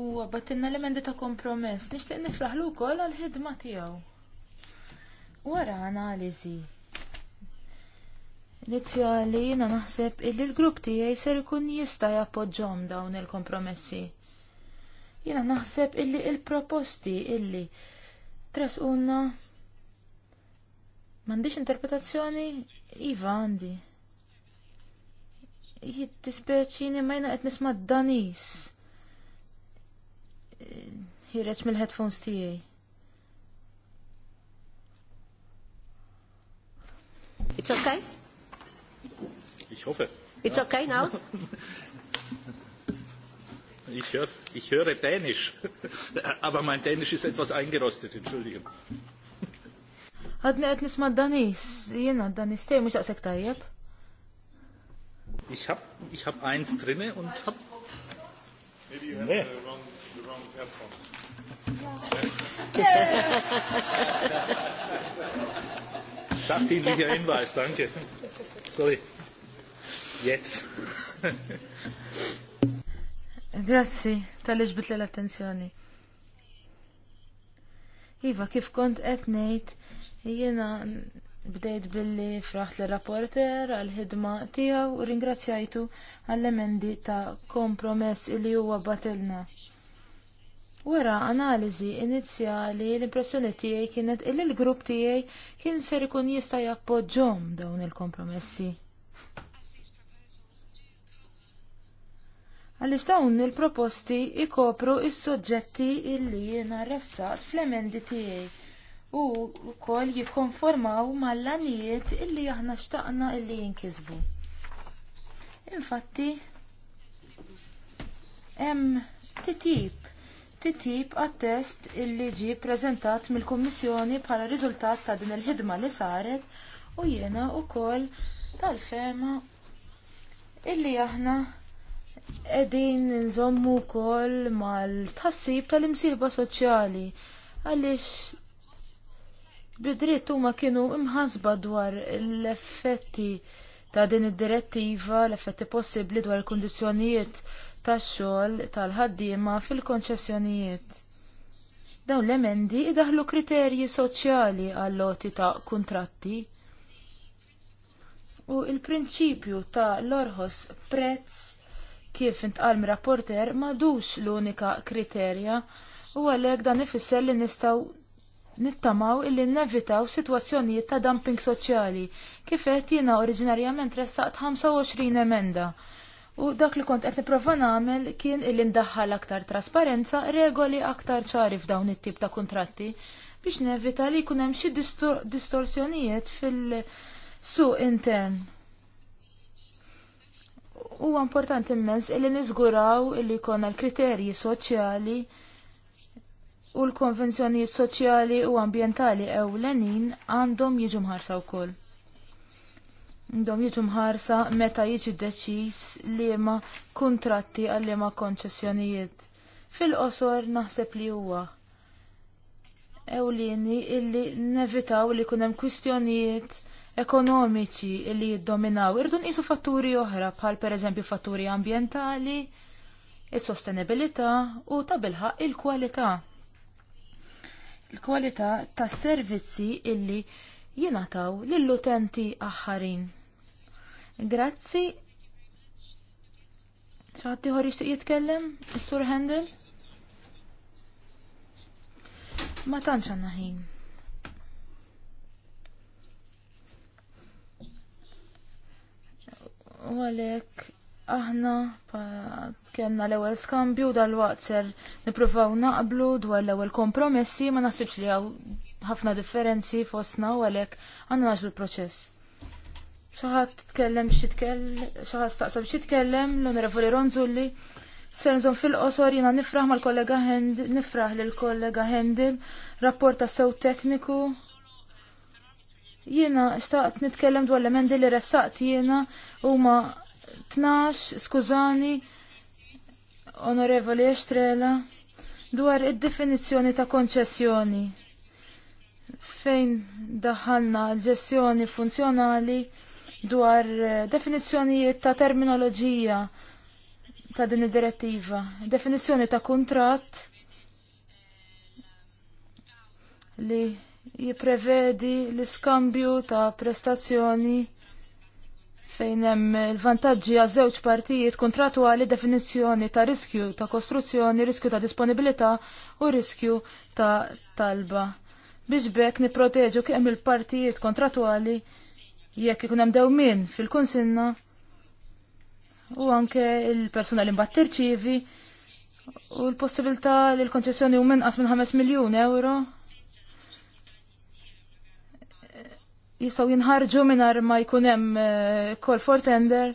u għabbattinna l-emendi ta' kompromess. Nixtieq nifraħlu wkoll għall ħidma tiegħu. Wara analiżi inizjali jiena naħseb illi l-grupp tiegħi ser ikun jista' jappoġġhom dawn il-kompromessi. Jiena naħseb illi il-proposti illi tresqunna m'għandix interpretazzjoni iva għandi. Jiddispjaċini ma jiena qed nisma' danis. Ħireġ mill-headphones tiegħi. It's okay? Ich hoffe. It's okay now? Ich, hör, ich höre Dänisch, aber mein Dänisch ist etwas eingerostet, entschuldigen. Għadni etwas nisma Danis, jena Danis, der muss għasek tajjeb. Ich habe ich hab eins drinne und hab... Maybe you have the wrong, the wrong Sagt Ihnen, Sachdienlicher Hinweis, danke. Sorry. Jetzt. Grazzi tal-iġbit l-attenzjoni. Iva, kif kont etnejt, jiena bdejt billi fraħt l-rapporter għal-ħidma tiegħu u ringrazzjajtu għall-emendi ta' kompromess li huwa batilna. Wara analiżi inizjali l-impressjoni tiegħi kienet il grupp tiegħi kien ser ikun jista' jappoġġom dawn il-kompromessi. Għaliex dawn il-proposti ikopru s soġġetti illi jiena ressaqt fl-emendi tiegħi u wkoll jikkonformaw mal-lanijiet illi aħna xtaqna illi jinkisbu. Infatti, hemm titjib titjib għat-test illi ġie ppreżentat mill kummissjoni bħala riżultat ta' din il-ħidma li saret u jiena wkoll tal-fema illi aħna edin nżommu kol mal-tassib tal-imsiħba soċjali għalix bidritt huma kienu imħasba dwar l-effetti ta' din id-direttiva, l-effetti possibli dwar il-kondizjonijiet tax-xogħol tal-ħaddiema fil-konċessjonijiet. Dawn l-emendi idaħlu kriterji soċjali għall-loti ta' kuntratti u il-prinċipju ta' l-orħos prezz kif intqal mir-rapporter m'għadux l-unika kriterja u għalhekk dan ifisser li nistgħu nittamaw illi nevitaw sitwazzjonijiet ta' dumping soċjali kif qed jiena oriġinarjament ressaqt 25 emenda. U dak li kont qed nipprova nagħmel kien illi ndaħħal aktar trasparenza, regoli aktar ċari f'dawn it-tip ta' kuntratti biex nevita li jkun hemm xi distorsjonijiet fil-suq intern huwa importanti immens li niżguraw li jkollna l-kriterji soċjali u l-konvenzjonijiet soċjali u ambjentali ewlenin għandhom jiġu mħarsa wkoll. Għandhom jiġu mħarsa meta jiġi deċiż liema kuntratti għal liema konċessjonijiet. Fil-qosor naħseb li huwa ewlieni illi nevitaw li kunem kwistjonijiet ekonomiċi li jiddominaw, irdu nqisu fatturi oħra bħal pereżempju fatturi ambjentali, is-sostenibilità u ta' bilħaq il-kwalità. Il-kwalità tas servizzi illi jingħataw lill-utenti aħħarin. Grazzi. ċaħti ħor jitkellem, is-Sur Handel? Ma tantx għandna ħin. U għalhekk aħna kellna l-ewwel skambju dal-waqt ser nippruvaw naqblu dwar l-ewwel kompromessi ma naħsibx li hawn ħafna differenzi fostna u għalhekk għanna naġlu l-proċess. Xaħat tkellem xitkellem, xaħat staqsab xitkellem l-onorevoli Ronzulli. Senżon fil-qosor jina nifraħ mal kollega Hendil, nifraħ l kollega Hendil, rapport ta' sew tekniku Jiena xtaqt nitkellem dwar l-emendi li ressaqt jiena huma tnax, skużani, onorevoli Estrela, dwar id-definizzjoni ta' konċessjoni fejn daħalna l-ġestjoni funzjonali dwar eh, definizzjonijiet ta' terminoloġija ta' din id-direttiva. Definizzjoni ta' kuntratt li jiprevedi l-iskambju ta' prestazzjoni fejn hemm il-vantaġġi għaż żewġ partijiet kontratwali definizzjoni ta' riskju ta' kostruzzjoni, riskju ta' disponibilità u riskju ta' talba. Biex bekk nipproteġu kemm il-partijiet kontratwali jekk ikun hemm dewmien fil-kunsinna u anke il personali li mbagħad u l-possibilità li l-konċessjoni hu minqas minn 5 miljun euro jistaw jinħarġu minar ma jkunem eh, call for tender.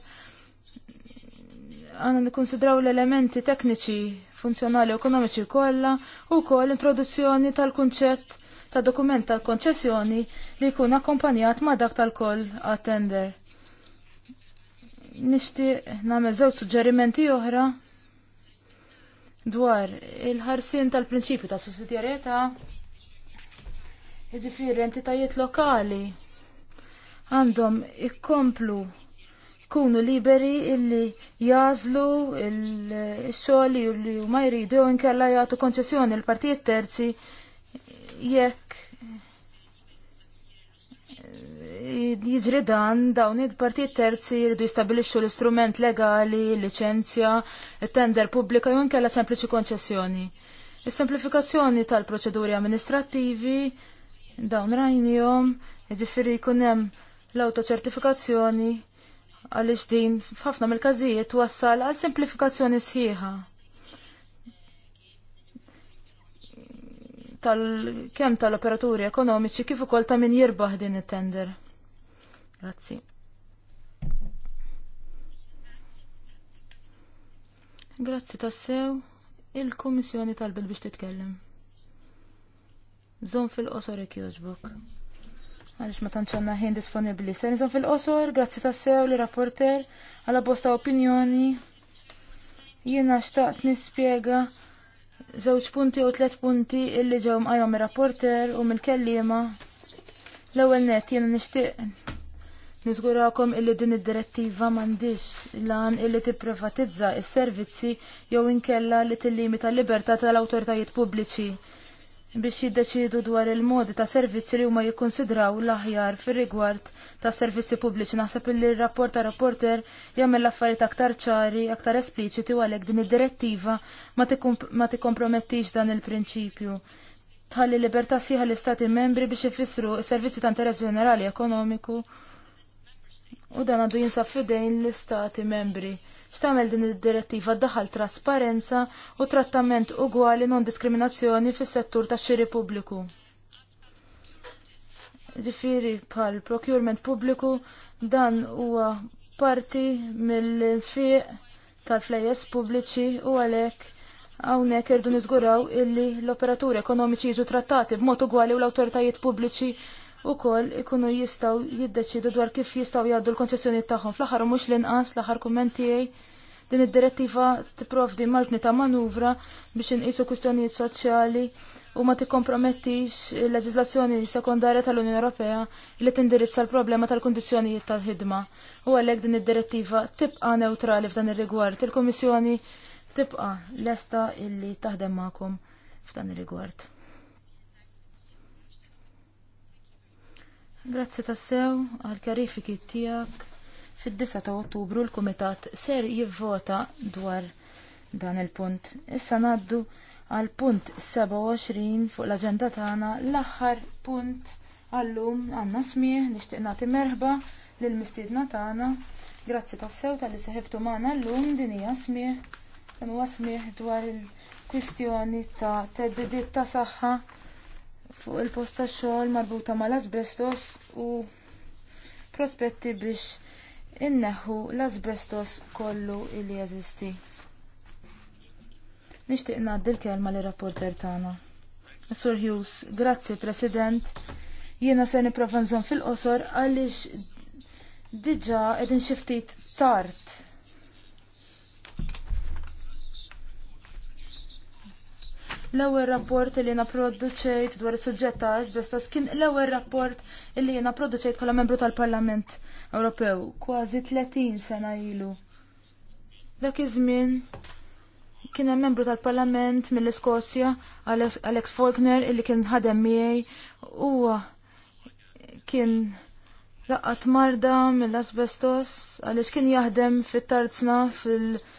Għana nikonsidraw l-elementi tekniċi, funzjonali, ekonomiċi kolla u koll introduzzjoni tal-kunċett ta' dokument tal-konċessjoni li jkun akkompanjat ma' dak tal-koll għat-tender. namel zewġ suġġerimenti oħra dwar il-ħarsin tal-prinċipju ta' sussidjarjetà, jiġifieri entitajiet lokali għandhom ikkomplu kunu liberi illi jazlu il-xoli u li ma jridu nkella jgħatu konċessjoni l-partijiet terzi jekk jiġri dan dawn il-partijiet terzi jridu jistabilixxu l-istrument legali, licenzja, tender pubblika u nkella sempliċi konċessjoni. Is-semplifikazzjoni tal-proċeduri amministrattivi dawn rajnijom, jiġifieri jkun hemm l-autoċertifikazzjoni għaliex din f'ħafna mill-każijiet wassal għal simplifikazzjoni sħiħa. tal kemm tal-operaturi ekonomiċi kif ukoll ta' min jirbaħ din it-tender. Grazzi. Grazzi tassew il-Kummissjoni tal-bil biex titkellem. Zon fil-qosor jek joġbok għalix ma tanċanna ħin disponibli. Se nizom fil-qosor, grazzi ta' sew li rapporter għala bosta opinjoni. Jiena xtaqt nispiega żewġ punti u tlet punti illi ġew għajom ir-rapporter u mill-kellima. L-ewwel net jiena nixtieq Nizgurakom illi din id-direttiva m'għandix lan illi tipprivatizza s-servizzi jew inkella li tillimita l-libertà tal-awtoritajiet pubbliċi biex jiddeċidu dwar il-modi ta' servizzi li huma jikkonsidraw l-aħjar fir-rigward ta' servizzi pubbliċi. Naħseb li r-rapport ta' rapporter jagħmel l-affarijiet aktar ċari, aktar espliċiti u għalhekk din id-direttiva ma tikkompromettix dan il-prinċipju. Tħalli libertà sieħa l-Istati membri biex ifissru s-servizzi ta' interess ġenerali ekonomiku u dan għadu jinsab fidejn l-istati membri. X'tagħmel din id-direttiva daħal trasparenza u trattament ugwali non diskriminazzjoni fis-settur tax-xiri pubbliku. Ġifiri bħal procurement pubbliku dan huwa parti mill-infiq tal-flejjes pubbliċi u għalhekk Hawnhekk irdu niżguraw illi l-operaturi ekonomiċi jiġu trattati b'mod ugwali u l-awtoritajiet pubbliċi u koll ikunu jistaw jiddeċidu dwar kif jistaw jgħaddu l-konċessjoni tagħhom. Fl-aħħar mhux l-inqas l-aħħar tiegħi: din id-direttiva tipprovdi marġni ta' manuvra biex inqisu kwistjonijiet soċjali u ma tikkompromettix il-leġislazzjoni sekondarja tal-Unjoni Ewropea li tindirizza l-problema tal-kundizzjonijiet tal-ħidma. U għalhekk din id-direttiva tibqa' neutrali f'dan ir-rigward. Il-Kummissjoni tibqa' lesta illi taħdem magħkom f'dan ir-rigward. Grazzi tassew għal karifiki tijak. Fid-9 ta' ottubru l-Kumitat ser jivvota dwar dan il-punt. Issa naddu għal punt 27 fuq l-agenda tagħna l-aħħar punt għallum għanna smieħ nixtieq nagħti merħba lil mistiedna tagħna. Grazzi tassew tal-li seħibtu magħna llum din hija smieħ. kien huwa smieħ dwar il-kwistjoni ta' teddidiet ta' saħħa fuq il-post ta' xogħol marbuta mal-asbestos u prospetti biex inneħħu l-asbestos kollu li jeżisti. Nixtieq ngħaddi l-kelma li rapporter tagħna. Sur Hughes, grazzi President. Jiena se nipprova nżomm fil-qosor għaliex diġà qegħdin xi ftit tard L-ewwel rapport li jiena produċejt dwar is-suġġett ta' asbestos kien l-ewwel rapport li jiena produċejt bħala membru tal-Parlament Ewropew kważi 30 sena ilu. Dak iż-żmien kien hemm membru tal-Parlament mill-Iskozja Alex Faulkner illi kien ħadem miegħi huwa kien laqat marda mill-asbestos għaliex kien jaħdem fit-tarzna fil-, -tarzna, fil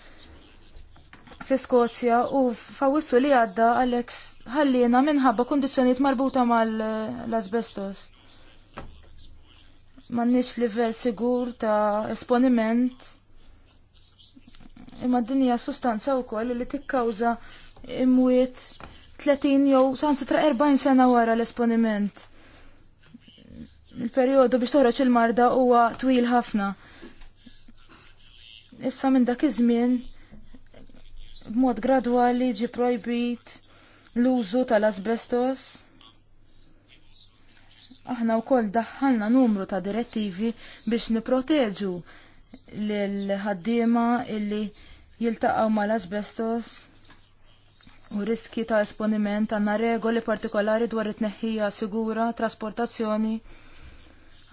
fi Skozja u fawissu li għadda Alex ħallina minħabba kondizjoniet marbuta mal-asbestos. Mannix livell sigur ta' esponiment. Imma dinja sustanza u koll li tikkawza imwiet 30 jew sansi tra 40 sena wara l-esponiment. Il-periodu biex toħroġ il-marda huwa twil ħafna. Issa minn dak iż-żmien b'mod gradwali ġi projbit l-użu tal-asbestos. Aħna wkoll daħħalna numru ta' direttivi biex niproteġu l-ħaddiema illi jiltaqgħu mal-asbestos u riski ta' esponiment għandna regoli partikolari dwar it-tneħħija sigura, trasportazzjoni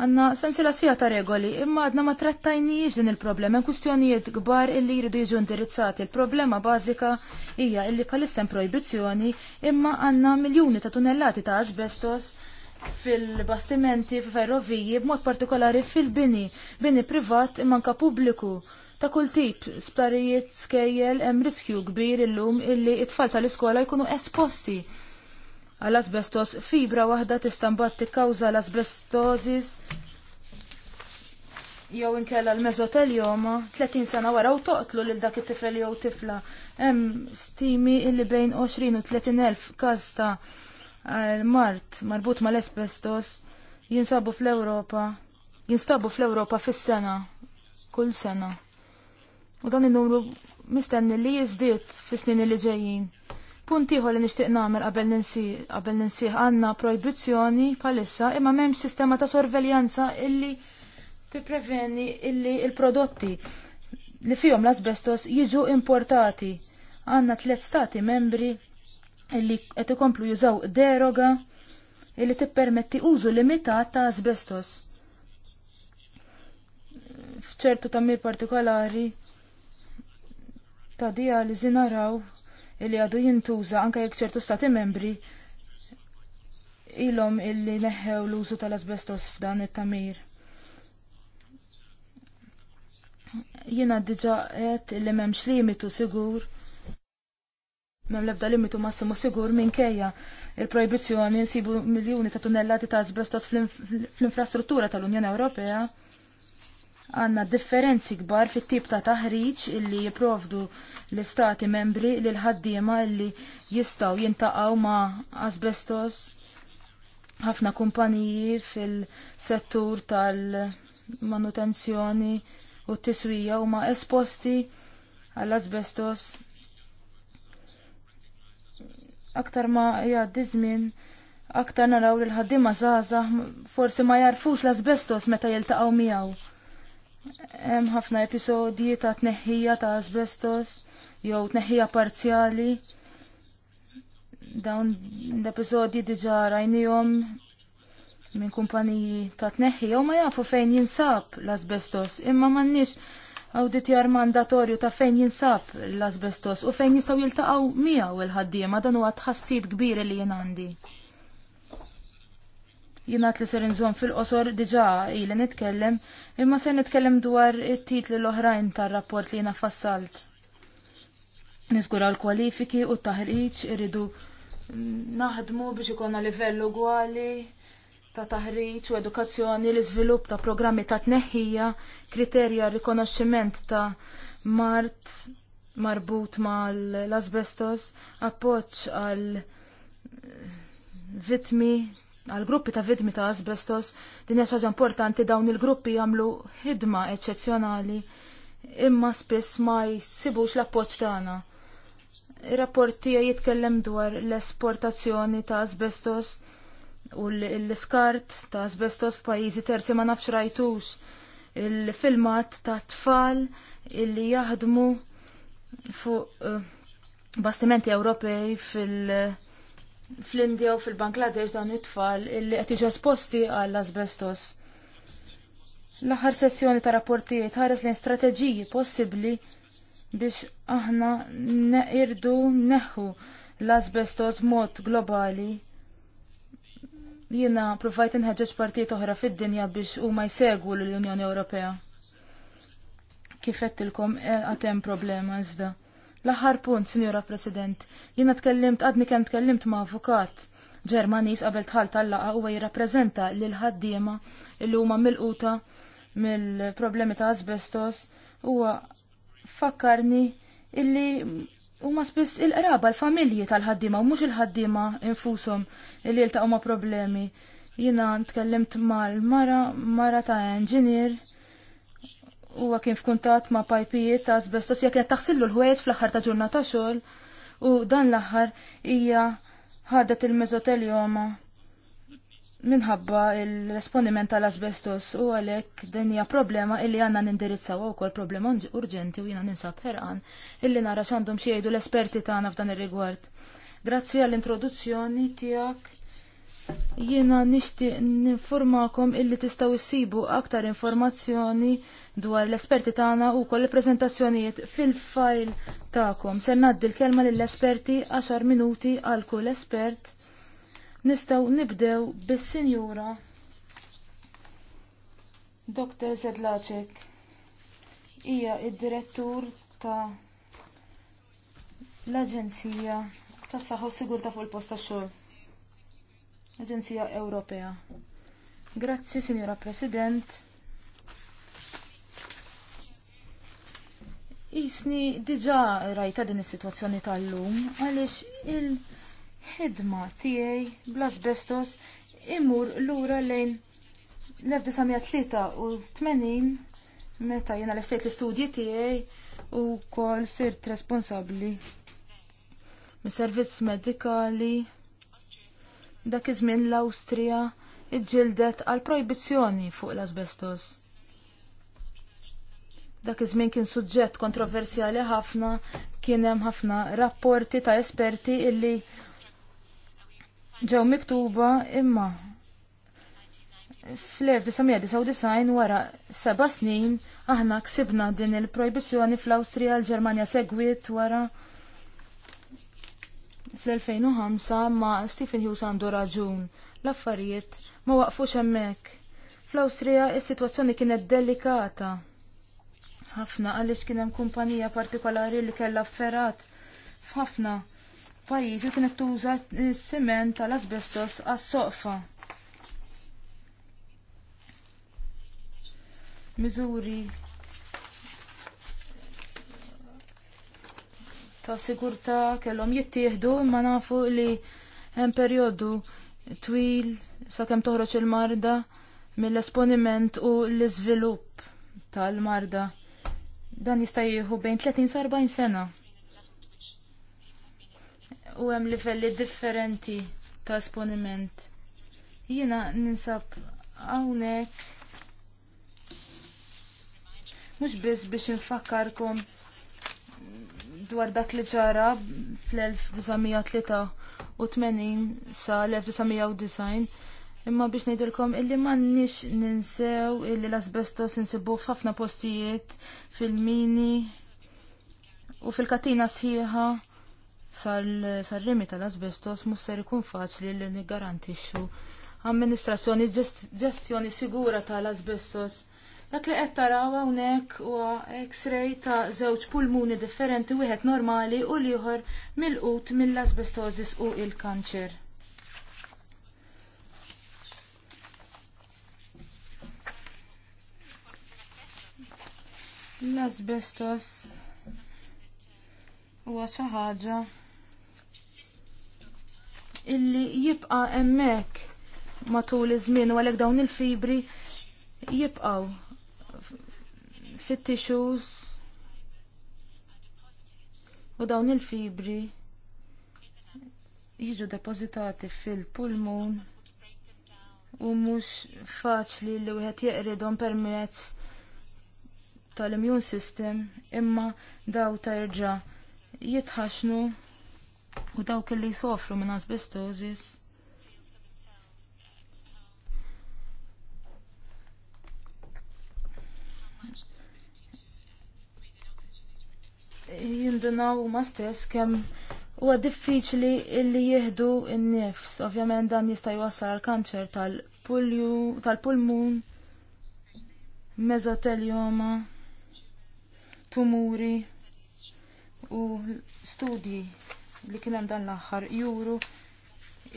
Għanna sensila sija ta' regoli, imma għadna ma trattajniex din il-problema, kustjonijiet gbar illi jridu jiġu indirizzati. Il-problema bażika hija illi bħalissem projbizzjoni, imma għanna miljoni ta' tunnellati ta' asbestos fil-bastimenti, fil-ferroviji, b'mod partikolari fil-bini, bini privat imma anka pubbliku. Ta' kull tip, sparijiet, skejjel, hemm riskju kbir illum illi it-tfal tal-iskola jkunu esposti għal-asbestos. Fibra waħda tista' mbagħad tikkawża l-asbestosis jew inkella l-mezotelioma 30 sena wara u toqtlu lil dak it-tifel jew tifla. Hemm stimi illi bejn 20 u 30 elf każ ta' mart marbut mal-asbestos jinsabu fl-Ewropa jinstabu fl-Ewropa fis-sena kull sena. U dan in-numru mistenni li jiżdied fis-snin li ġejjin. Punti li nishtiq namel qabel ninsih għanna proibizzjoni palissa imma memx sistema ta' sorveljanza illi tippreveni illi il-prodotti li fihom l-asbestos jiġu importati. Għanna tliet stati membri illi qed ikomplu jużaw deroga illi tippermetti użu limitat ta' asbestos. F'ċertu tammir partikolari ta' dijaliżi naraw li għadu jintuża anke jekk ċertu stati membri ilhom illi neħew l-użu tal-asbestos f'dan it-tamir. Jiena diġa qed li m'hemmx limitu sigur Mem lebda limitu massimu sigur minkejja il-projbizzjoni nsibu miljoni ta' tunnellati ta' asbestos fl-infrastruttura tal-Unjoni Ewropea għanna differenzi kbar fit-tip ta' taħriġ illi jiprovdu l-istati membri li l-ħaddiema illi jistaw jintaqaw ma' asbestos ħafna kumpaniji fil-settur tal-manutenzjoni u t-tiswija u ma' esposti għall-asbestos aktar ma jgħaddi żmien aktar naraw li l-ħaddiema żgħażagħ forsi ma jarfux l-asbestos meta jiltaqgħu miegħu. Hemm ħafna episodji ta' tneħħija ta' asbestos jew tneħħija parzjali. Dawn l-episodji diġà rajnihom minn kumpaniji ta' tneħħi, jew ma jafu fejn jinsab l-asbestos imma m'għandniex awditjar mandatorju ta' fejn jinsab l-asbestos u fejn jistgħu jiltaqgħu miegħu il-ħaddiema dan huwa tħassib kbir li jien għandi jina li ser nżom fil-qosor diġa ili nitkellem, imma ser nitkellem dwar it-titli l-oħrajn tar-rapport li jina fassalt. Niżgura l-kwalifiki u t-taħriċ irridu naħdmu biex ikonna livell ugwali ta' taħriġ u edukazzjoni l-iżvilupp ta' programmi ta' tneħħija, kriterja rikonoxximent ta' mart marbut mal-asbestos, appoġġ għal vitmi għal gruppi ta' vidmi ta' asbestos din hija importanti dawn il-gruppi jagħmlu ħidma eċċezzjonali imma spiss ma jsibux l-appoġġ tagħna. Ir-rapport tiegħi jitkellem dwar l-esportazzjoni ta' asbestos u l-iskart ta' asbestos f'pajjiżi terzi ma nafx rajtux il-filmat ta' tfal illi jaħdmu fuq eh, bastimenti Ewropej fil- uh, fl-Indja u fil-Bangladesh dawn it-tfal illi qed jiġu esposti għall asbestos L-aħħar sessjoni ta' rapportijiet ħares lejn strateġiji possibbli biex aħna neqirdu neħu l-asbestos mod globali. Jiena provajt inħeġġeġ partijiet oħra fid-dinja biex huma jsegwu l-Unjoni Ewropea. Kif qedtilkom eh, għatem problema iżda. L-aħħar punt, Sinjora President, jiena tkellimt għadni kemm tkellimt ma' avukat Ġermanis qabel tħall tal-laqa huwa jirrappreżenta lil ħaddiema li huma milquta mill-problemi ta' asbestos huwa fakkarni illi huma spiss il-qraba l-familji tal-ħaddiema u mhux il-ħaddiema infushom illi jiltaqgħu ma' problemi. Jiena tkellimt mal-mara, mara ta' enġinier huwa kien fkuntat ma' pajpijiet ta' asbestos jekk qed taħsillu l ħwejt fl-aħħar ta' ġurnata xogħol u dan l-aħħar hija ħadet il-mezotelioma minħabba l-esponiment tal-asbestos u għalhekk din hija problema illi għandna nindirizzaw kol problema urġenti u jiena ninsab herqan illi nara x'għandhom xiejdu jgħidu l-esperti tagħna f'dan ir-rigward. Grazzi għall-introduzzjoni tiegħek. Jiena nixtieq ninformakom illi tistgħu issibu aktar informazzjoni dwar l-esperti tagħna u koll prezentazzjonijiet fil file tagħkom. Ser naddi l-kelma lill-esperti 10 minuti għal kull espert. Nistgħu nibdew bis-Sinjura Dr. Zedlaċek. Hija id-direttur ta' l-Aġenzija tas saħħa Sigurta fuq il-post tax-xogħol. Aġenzija Ewropea. Grazzi, Signora President. Isni diġa rajta din is-sitwazzjoni tal-lum għaliex il-ħidma tiegħi bl-asbestos imur lura lejn l-1983 meta jiena l l-istudji tiegħi u kol sirt responsabbli mis servizz medikali dak iż-żmien l-Awstrija iġġildet għal projbizzjoni fuq l-asbestos. Dak iż-żmien kien suġġett kontroversjali ħafna, kien hemm ħafna rapporti ta' esperti illi ġew miktuba imma fl-1999 wara seba' snin aħna ksibna din il-projbizzjoni fl-Awstrija l-Ġermanja segwiet wara fl-2005 ma Stephen Hughes għandu raġun. L-affarijiet ma waqfux hemmhekk. Fl-Awstrija is-sitwazzjoni kienet delikata ħafna għaliex kien hemm kumpanija partikolari li kellha afferrat f'ħafna pajjiżi kienet tuża s-siment tal-asbestos għas-soqfa. Miżuri ta' sigurtà kellhom jittieħdu imma nafu li hemm perjodu twil sakemm toħroġ il-marda mill-esponiment u l-iżvilupp tal-marda. Dan jista' jieħu bejn 30 sa 40 sena. U hemm livelli differenti ta' esponiment. Jiena ninsab hawnhekk mhux biss biex infakkarkom dwar dak li ġara fl-1983 sa l-1990 Imma biex ngħidilkom illi m'għandniex ninsew illi l-asbestos ninsibu f'ħafna postijiet fil-mini u fil-katina sħiħa sal-rimi tal-asbestos mhux ser ikun faċli li niggarantixxu amministrazzjoni ġestjoni sigura tal-asbestos. Dak li qed taraw hawnhekk huwa X-ray ta' żewġ pulmuni differenti wieħed normali u l-ieħor mill-qut mill-asbestosis u il-kanċer. L-asbestos huwa xi ħaġa illi jibqa' hemmhekk matul iż-żmien u għalhekk dawn il-fibri jibqgħu fit tissues u dawn il-fibri jiġu depożitati fil-pulmun u mhux faċli li wieħed jeqridhom permezz tal-immune system imma daw ta' irġa jitħaxnu u dawk li jsofru minn asbestosis. Jindunaw ma stess kemm huwa diffiċli illi jieħdu n-nifs. Ovvjament dan jista' jwassal għal kanċer tal-pulmun, tal-pulmun, mezotelioma tumuri u studji li kien hemm dan l-aħħar juru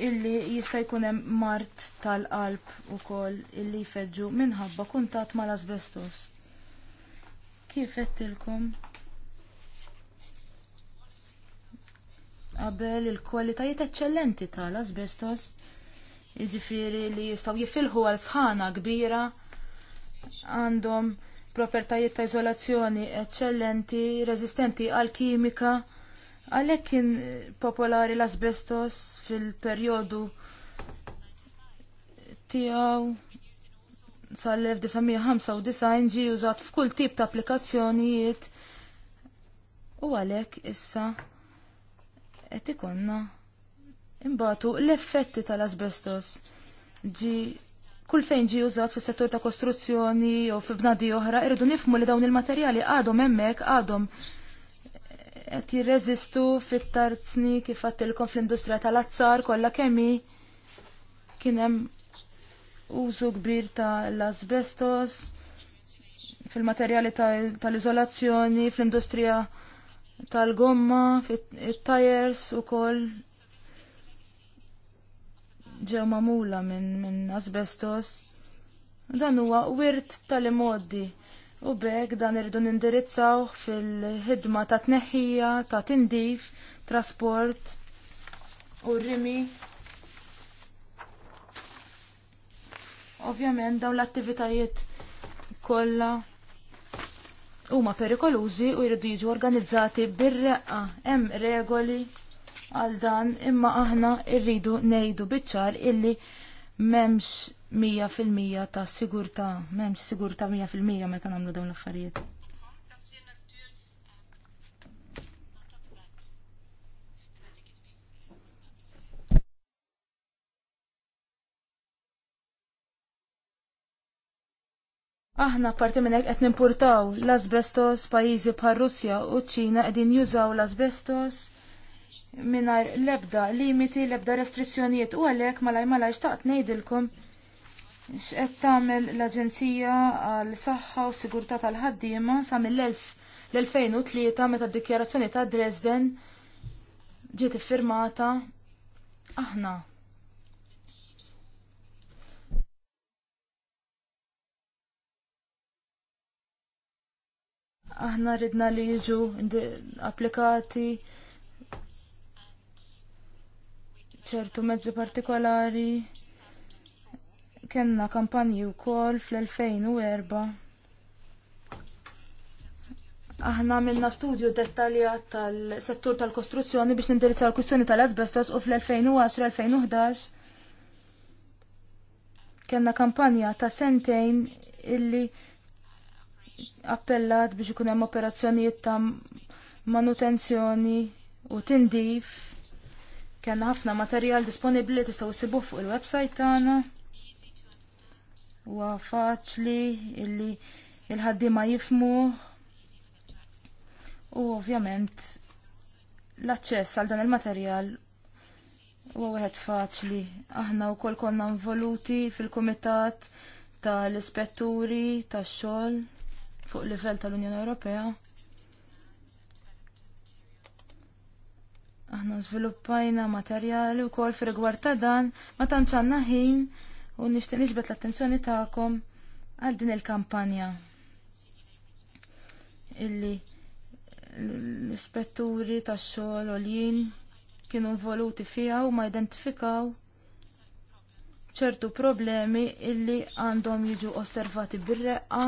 illi jista' jkun hemm mart tal-qalb ukoll illi jfedġu minħabba ma l asbestos Kif ettilkom? Qabel il-kwalitajiet eċċellenti tal-asbestos jiġifieri li jistgħu jifilħu għal sħana kbira għandhom propertajiet ta' izolazzjoni eccellenti, resistenti għal kimika, għalhekk kien popolari l-asbestos fil-perjodu tiegħu sal-1995 ġie użat f'kull tip ta' applikazzjonijiet u għalhekk issa qed ikonna imbagħtu l-effetti tal-asbestos ġi kull fejn ġi użat fis settur ta' kostruzzjoni u fi bnadi oħra, irridu nifmu li dawn il-materjali għadhom hemmhekk għadhom qed jirreżistu fit-tarzni kif għattilkom fl-industrija tal-azzar kollha kemmi kien hemm użu kbir tal-asbestos fil-materjali tal-iżolazzjoni fl-industrija tal-gomma, fit-tires ukoll ġew magħmula minn min asbestos. Dan huwa wirt tal-imoddi u bek dan irridu nindirizzaw fil-ħidma ta' tneħħija, ta' tindif, trasport u rimi. Ovvjament dawn l-attivitajiet kollha huma perikolużi u jridu jiġu organizzati bir-reqqa hemm regoli għal dan imma aħna rridu ngħidu biċ-ċar illi m'hemmx mija fil-mija ta' sigurtà, m'hemmx sigurtà 100% meta nagħmlu dawn l-affarijiet. Aħna parti minn hekk qed nimpurtaw l-asbestos pajjiżi bħal Russja u ċina qegħdin jużaw l-asbestos minar lebda limiti, lebda restrizzjonijiet u għalek malaj malaj xtaqt nejdilkom xqed tagħmel l-Aġenzija għal saħħa u Sigurtà tal-ħaddiema sa mill-2003 meta d-dikjarazzjoni ta' Dresden ġiet iffirmata aħna. Aħna ridna li jiġu applikati ċertu mezzi partikolari kellna kampanji wkoll fl-2004. Aħna minna studju dettaljat tal-settur tal-kostruzzjoni biex nindirizza l-kustjoni tal-asbestos u fl-2010-2011 kellna kampanja ta' sentejn illi appellat biex ikun hemm operazzjonijiet ta' manutenzjoni u tindif Kenna ħafna materjal disponibli tistaw ssibuh fuq il-website tagħna. Huwa faċli illi il-ħaddiema jifmu u ovvjament l-aċċess għal dan il-materjal huwa wieħed faċli. Aħna wkoll konna involuti fil-kumitat tal-ispetturi tax-xogħol fuq livell tal-Unjoni Ewropea. Aħna żviluppajna materjali wkoll fil rigward ta' dan ma tantx għandna ħin u nishtin niġbed l-attenzjoni tagħkom għal din il-kampanja illi l-ispetturi tax-xogħol jien kienu involuti fija u ma identifikaw ċertu problemi illi għandhom jiġu osservati bir-reqqa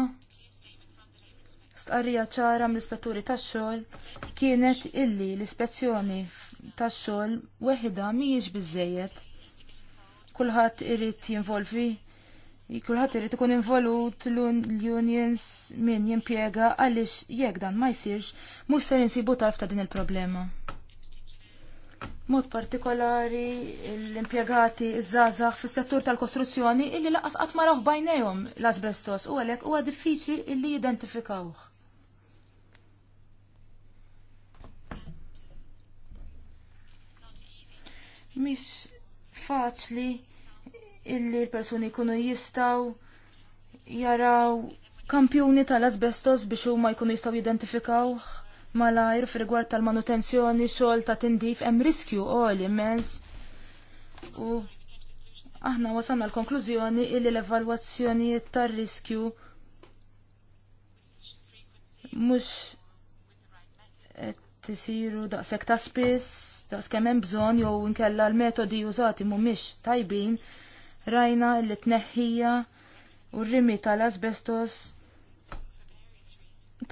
Stqarrija ċara mill-ispetturi tax-xogħol kienet illi l-ispezzjoni tax-xogħol weħda mhijiex biżejjed. Kulħadd irid jinvolvi kulħadd irid ikun involut l-unions min jimpjega għaliex jekk dan ma jsirx mhux se insibu tarf ta' din il-problema mod partikolari l-impjegati iż-żazax fis-settur tal-kostruzzjoni illi laqas qatt ma raw bajnejhom l-asbestos u għalhekk huwa diffiċli illi jidentifikawh. Mhix faċli illi l-persuni jkunu jistaw jaraw kampjuni tal-asbestos biex huma jkunu jistaw jidentifikawh malajr f'rigward tal-manutenzjoni xogħol ta' tindif hemm riskju għol immens. U aħna wasanna l-konklużjoni illi l-evalwazzjonijiet tar-riskju mhux qed isiru daqshekk ta' spiss, daqskemm hemm bżonn jew inkella l-metodi użati mhumiex tajbin, rajna li tneħħija u r-rimi tal-asbestos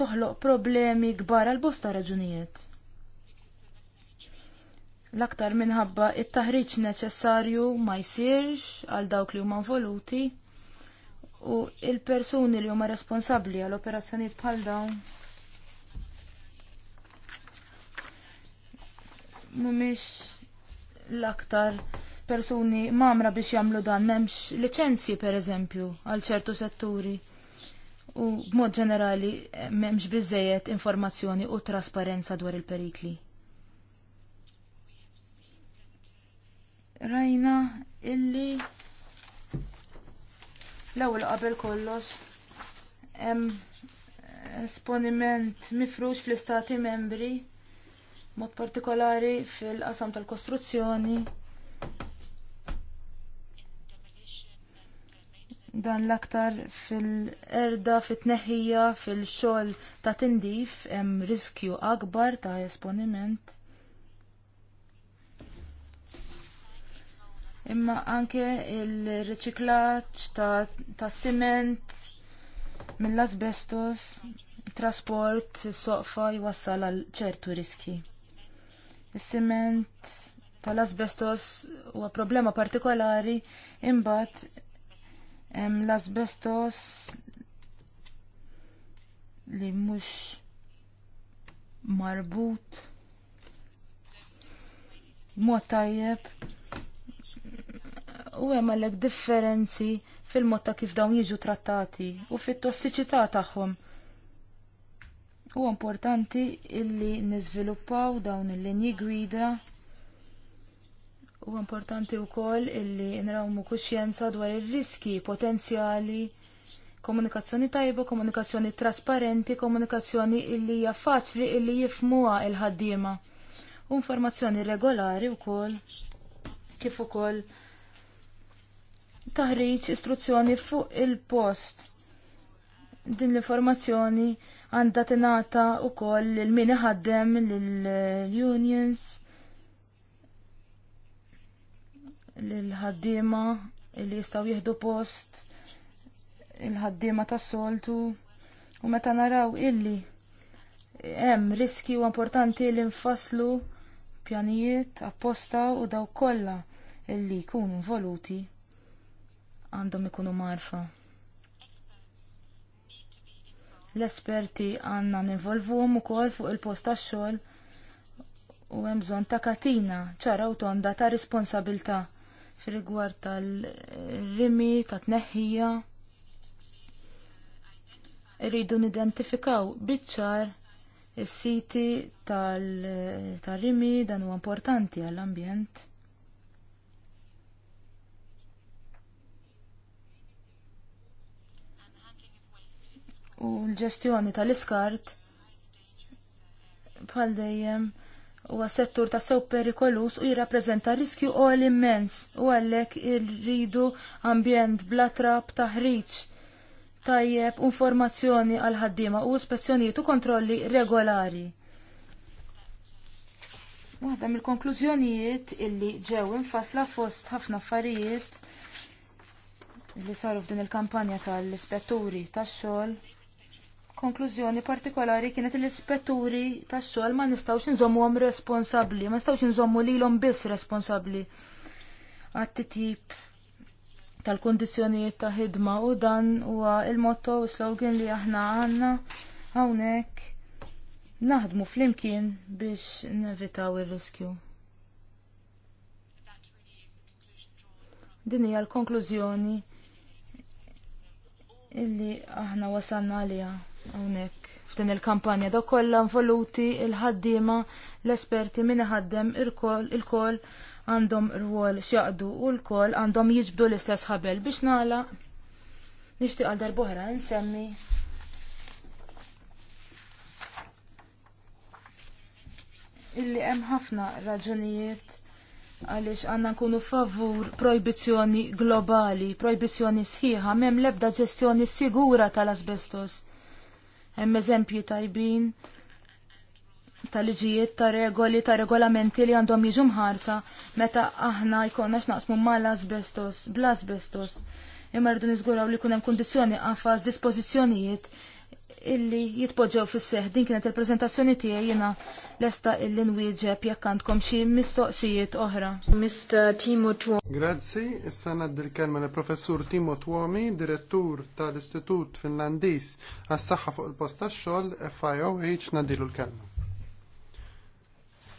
toħloq problemi kbar għal bosta raġunijiet. L-aktar minħabba it-taħriġ neċessarju ma jsirx għal dawk li huma involuti u il-persuni li huma responsabbli għal operazzjonijiet bħal dawn mhumiex l-aktar persuni mamra biex jagħmlu dan m'hemmx liċenzji pereżempju għal ċertu setturi u b'mod ġenerali eh, m'hemmx bizzejet informazzjoni u trasparenza dwar il-perikli. Rajna illi l-ewwel qabel kollox hemm esponiment mifrux fl-istati membri mod partikolari fil-qasam tal-kostruzzjoni dan l-aktar fil-erda, fit-neħija, fil-xol ta' tindif, hemm riskju akbar ta' esponiment. Imma anke il reċiklaċ ta', ta siment, mill-asbestos, trasport, soqfa jwassal għal ċertu riski. Is-siment tal-asbestos huwa problema partikolari imbagħad L-asbestos li mhux marbut mod tajjeb u hemm għalhekk differenzi fil-mod ta' kif dawn jiġu trattati u fit-tossiċità tagħhom. Huwa importanti illi niżviluppaw dawn il-linji gwida U importanti wkoll illi nrawmu kuxjenza dwar ir riski potenzjali, komunikazzjoni tajba, komunikazzjoni trasparenti, komunikazzjoni illi hija faċli illi jifmuha il-ħaddiema. Informazzjoni regolari wkoll kif ukoll taħriġ istruzzjoni fuq il-post. Din l-informazzjoni għandha tingħata wkoll lil min iħaddem lill-unions l-ħaddima li jistaw jihdu post il-ħaddima tas soltu u meta naraw illi hemm riski u importanti li nfasslu pjanijiet apposta u daw kollha illi jkunu involuti għandhom ikunu marfa. L-esperti għandna nivolvuhom ukoll fuq il-post tax-xogħol u hemm bżonn ta' katina ċara u tonda ta' responsabilità fil-rigward tal-rimi, ta' tneħħija. Irridu nidentifikaw biċċar is-siti tal-rimi dan huwa importanti għall-ambjent. U l-ġestjoni tal-iskart bħal dejjem huwa settur ta' sew perikolus u jirrappreżenta riskju għal immens u għalhekk irridu ambjent bla trab ta' ħriġ tajjeb informazzjoni għal ħaddiema u ispezzjonijiet u kontrolli regolari. Waħda mill-konklużjonijiet illi ġew infasla fost ħafna affarijiet li saru f'din il-kampanja tal-ispetturi tax-xogħol konklużjoni partikolari kienet l-ispetturi tax-xogħol ma nistgħux inżommuhom responsabbli, ma nistgħux inżommu lilhom biss responsabbli għat-titjib tal kundizzjonijiet ta' ħidma u dan huwa il-motto u slogan li aħna għandna hawnhekk naħdmu flimkien biex nevitaw ir-riskju. Din hija l-konklużjoni illi aħna wasalna għaliha. Hawnhekk f'din il-kampanja da kollha involuti il-ħaddiema l-esperti min ħaddem il-kol għandhom rwol x'jaqdu u l-kol għandhom jiġbdu l-istess ħabel biex nagħlaq nixtieq għal darbohra nsemmi illi hemm ħafna raġunijiet għaliex għandna nkunu favur projbizzjoni globali, projbizzjoni sħiħa, m'hemm l-ebda ġestjoni sigura tal-asbestos. Hemm eżempji tajbin ta' liġijiet, ta' regoli, ta' regolamenti li għandhom jiġu mħarsa meta aħna jkollna x'naqsmu mal-asbestos, bl-asbestos. Imma rridu niżguraw li jkun hemm kundizzjoni qafas dispożizzjonijiet illi jitpoġġew fis-seħ. Din kienet il-preżentazzjoni tiegħi jiena lesta illi nwieġeb jekk għandkom xi mistoqsijiet oħra. Mr. Timo Tuomi. Grazzi, issa ngħaddi l-kelma lill professur Timo Tuomi, direttur tal-Istitut Finlandiż għas-Saħħa fuq il-Post tax-xogħol FIOH nadilu l-kelma.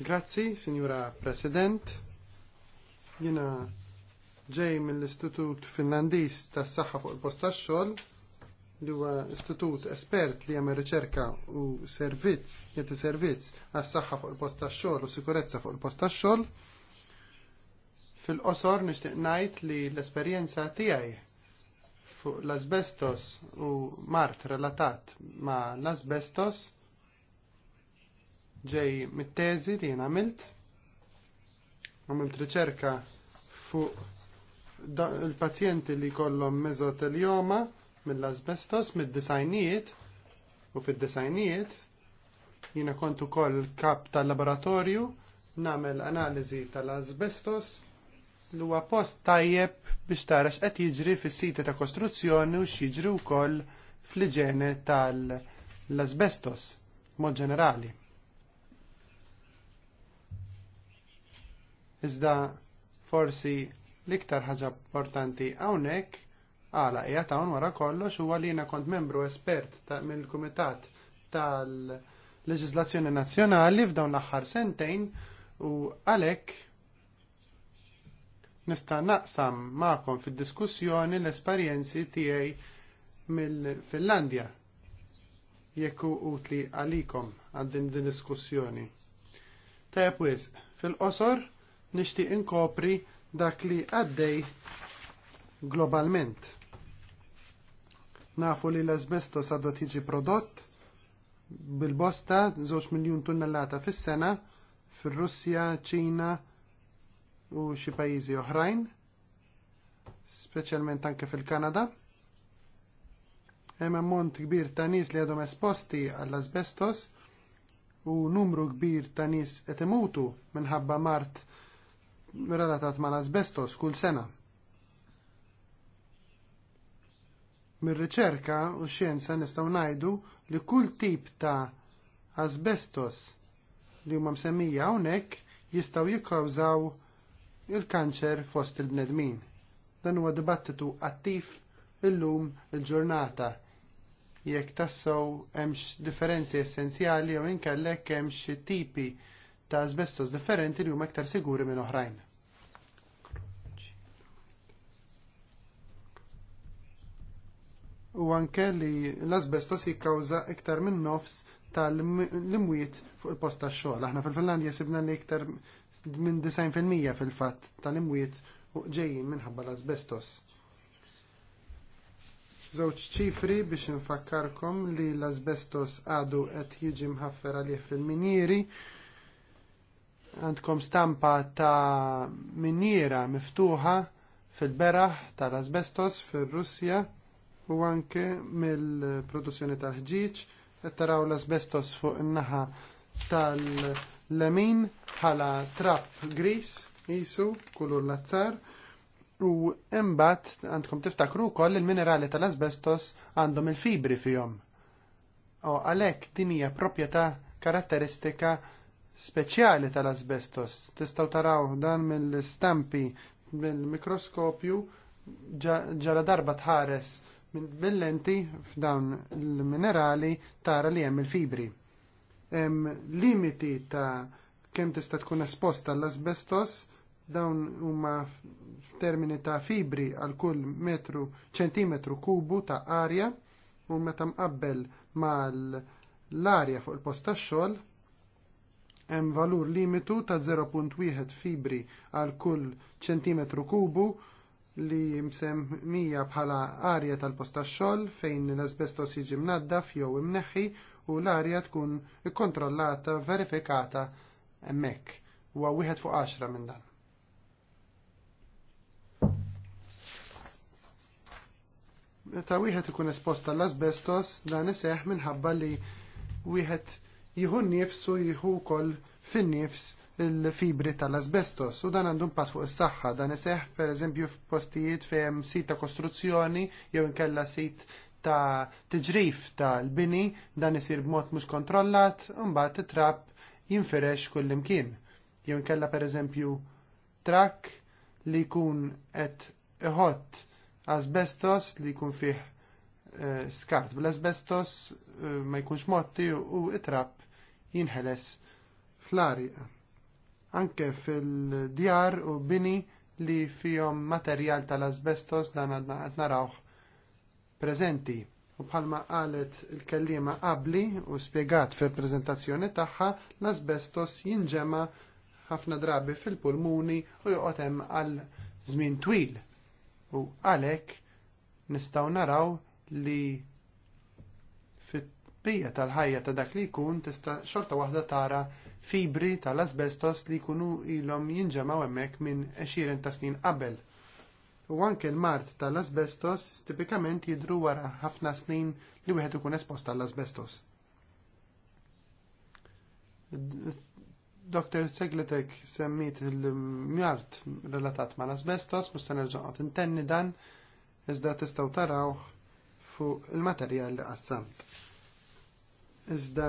Grazzi, Signora President. Jiena ġej mill-Istitut Finlandiż tas-Saħħa fuq il-Post tax-xogħol li huwa istitut espert li jagħmel riċerka u servizz jagħti servizz għas-saħħa fuq il-post tax-xogħol u sikurezza fuq il-post tax-xogħol. Fil-qosor nixtieq ngħid li l-esperjenza tiegħi fuq l-asbestos u mart relatat ma' l-asbestos ġej mit-teżi li jien għamilt. Għamilt riċerka fuq il-pazjenti li kollhom mezotelioma mill-asbestos mid-disajnijiet u fid-disajnijiet jiena kontu kol kap tal-laboratorju nagħmel analiżi tal-asbestos li huwa post tajjeb biex tara x'qed jiġri fis-siti ta' kostruzzjoni u x'jiġri wkoll fl-iġene tal-asbestos mod ġenerali. Iżda forsi l-iktar ħaġa importanti hawnhekk għala ija ta' wara kollox u għalina kont membru espert mill-Kumitat tal leġizlazzjoni Nazzjonali f'dawn l-aħħar sentejn u għalhekk nista' naqsam magħkom fid-diskussjoni l-esperjenzi tiegħi mill-Finlandja jekk utli għalikom għaddin din diskussjoni. Tajab wis, fil-qosor nixtieq inkopri dak li għaddej globalment. Nafu li l-azbestos għaddu tiġi prodott bil-bosta zoċ miljun tunnellata fis-sena fir-Russja, Ċina u xi pajjiżi oħrajn, speċjalment anke fil-Kanada. Hemm ammont kbir ta' nies li għadhom esposti għall-asbestos u numru kbir ta' nies qed imutu minħabba mart relatat mal-asbestos kull sena. Mir-riċerka u xjenza nistgħu ngħidu li kull tip ta' asbestos li huma msemmija hawnhekk jistgħu jikkawżaw il-kanċer fost il-bnedmin. Dan huwa dibattitu attiv illum il-ġurnata jekk tassew hemmx differenzi essenzjali jew inkellek hemm xi tipi ta' asbestos differenti li huma iktar siguri minn oħrajn. u anke li l-asbestos jikkawża iktar minn nofs tal-imwiet fuq il-post tax-xogħol. Aħna fil-Finlandja sibna li iktar minn 90% fil-fatt tal-imwiet ġejjin minħabba l-asbestos. Żewġ ċifri biex infakkarkom li l-asbestos għadu qed jiġi mħaffer għalih fil-minjeri. Għandkom stampa ta' minjera miftuħa fil-beraħ tal-asbestos fir russja u anke mill-produzzjoni tal-ħġiġ, qed taraw l-asbestos fuq in-naħa tal-lemin bħala trapp gris qisu kulur l-azzar u imbagħad għandkom tiftakru wkoll il-minerali tal-asbestos għandhom il-fibri fihom. U għalhekk din hija proprjetà karatteristika speċjali tal-asbestos. Tistgħu taraw dan mill-stampi mill-mikroskopju ġala darba tħares mill-lenti f'dawn il-minerali tara li hemm il-fibri. Hemm limiti ta' kemm tista' tkun esposta l-asbestos dawn huma f'termini ta' fibri għal kull metru ċentimetru kubu ta' arja u meta mqabbel mal l-arja fuq il-post tax-xogħol hemm valur limitu ta' 0.1 fibri għal kull ċentimetru kubu li jimsem mija bħala arja tal-post tax-xogħol fejn l-asbestos jiġi mnaddaf jew imneħħi u l-arja tkun ikkontrollata, verifikata hemmhekk. Huwa wieħed fuq għaxra minn dan. Meta wieħed ikun espost għall asbestos dan iseħħ minħabba li wieħed jieħu nnifsu jieħu wkoll fin-nifs il-fibri tal-asbestos u dan għandu impatt fuq is-saħħa dan iseħħ pereżempju f'postijiet fejn sit ta' kostruzzjoni jew inkella sit ta' tiġrif tal-bini dan isir b'mod mhux kontrollat u mbagħad titrab jinfirex kullimkien. Jew inkella pereżempju trakk li jkun qed iħott asbestos li jkun fih eh, skart bl-asbestos eh, ma jkunx motti u, it itrab jinħeles fl arja anke fil-djar u bini li fihom materjal tal-asbestos dan għadna qed narawh U bħalma qalet il kelliema qabli u spjegat fil-preżentazzjoni tagħha l-asbestos jinġema ħafna drabi fil-pulmuni u joqgħod hemm għal żmien twil. U għalhekk nistgħu naraw li fit-bija tal-ħajja ta' dak li jkun tista' xorta waħda tara fibri tal-asbestos li jkunu ilhom jinġemaw hemmhekk minn 20 ta' snin qabel. U anke l-mart tal-asbestos tipikament jidhru wara ħafna snin li wieħed ikun espost tal-asbestos. Dr. Segletek semmit il mjart relatat l asbestos musta nerġaqot intenni dan, iżda tistgħu taraw fuq il-materjal li qassamt. Iżda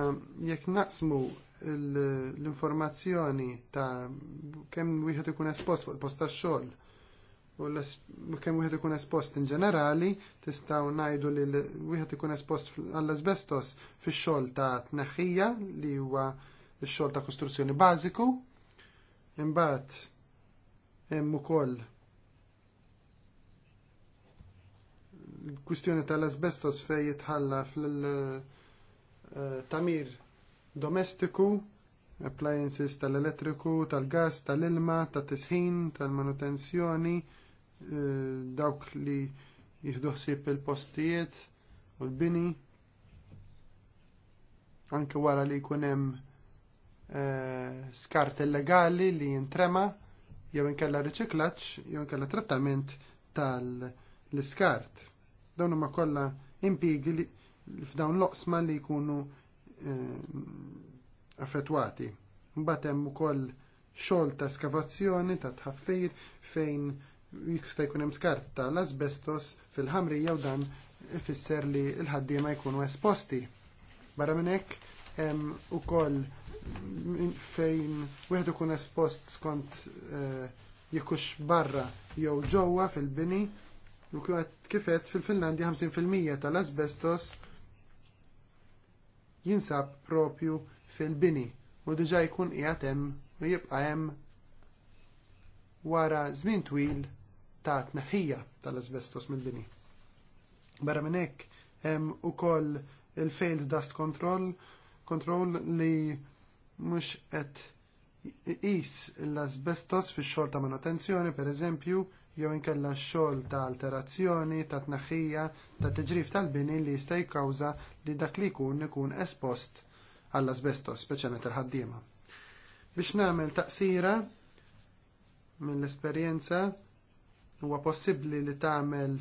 jekk naqsmu l-informazzjoni ta' kemm wieħed ikun espost fuq il-post tax-xogħol u kemm wieħed ikun espost in ġenerali tistgħu ngħidu li wieħed ikun espost għall-asbestos fix-xogħol ta' tneħħija li huwa x-xogħol ta' kostruzzjoni bażiku. Imbagħad hemm ukoll kwistjoni tal-asbestos fej jitħalla fil-tamir eh, domestiku, appliances tal-elettriku, tal-gas, tal-ilma, tat-tisħin, tal-manutenzjoni, eh, dawk li jieħdu ħsieb il-postijiet u l-bini, anke wara li jkun hemm eh, skart illegali li jintrema jew inkella riċiklaġġ jew inkella trattament tal-iskart. Dawn huma kollha impigi f'dawn l-oqsma li jkunu Eh, affettwati. Mbagħad hemm ukoll xogħol ta' skavazzjoni ta' tħaffir fejn jista' jkun hemm skart ta' asbestos fil ħamri jew dan ifisser li l-ħaddiema jkunu esposti. Barra minn hekk hemm ukoll fejn wieħed ikun espost skont eh, jikux barra jew ġewwa fil-bini u kif qed fil-Finlandja 50% tal-asbestos jinsab propju fil-bini u diġà jkun qiegħed hemm u jibqa' hemm wara żmien twil ta' tneħħija tal-asbestos mill-bini. Barra minn hekk hemm ukoll il-failed dust control control li mhux qed iqis l-asbestos fix-xogħol ta' manutenzjoni pereżempju jew inkella x-xogħol ta' alterazzjoni, ta' tnaħħija, ta' tiġrif tal-bini li jista' jikkawża li dak li jkun ikun espost għall-asbestos, speċjalment il-ħaddiema. Biex nagħmel taqsira mill-esperjenza huwa possibbli li tagħmel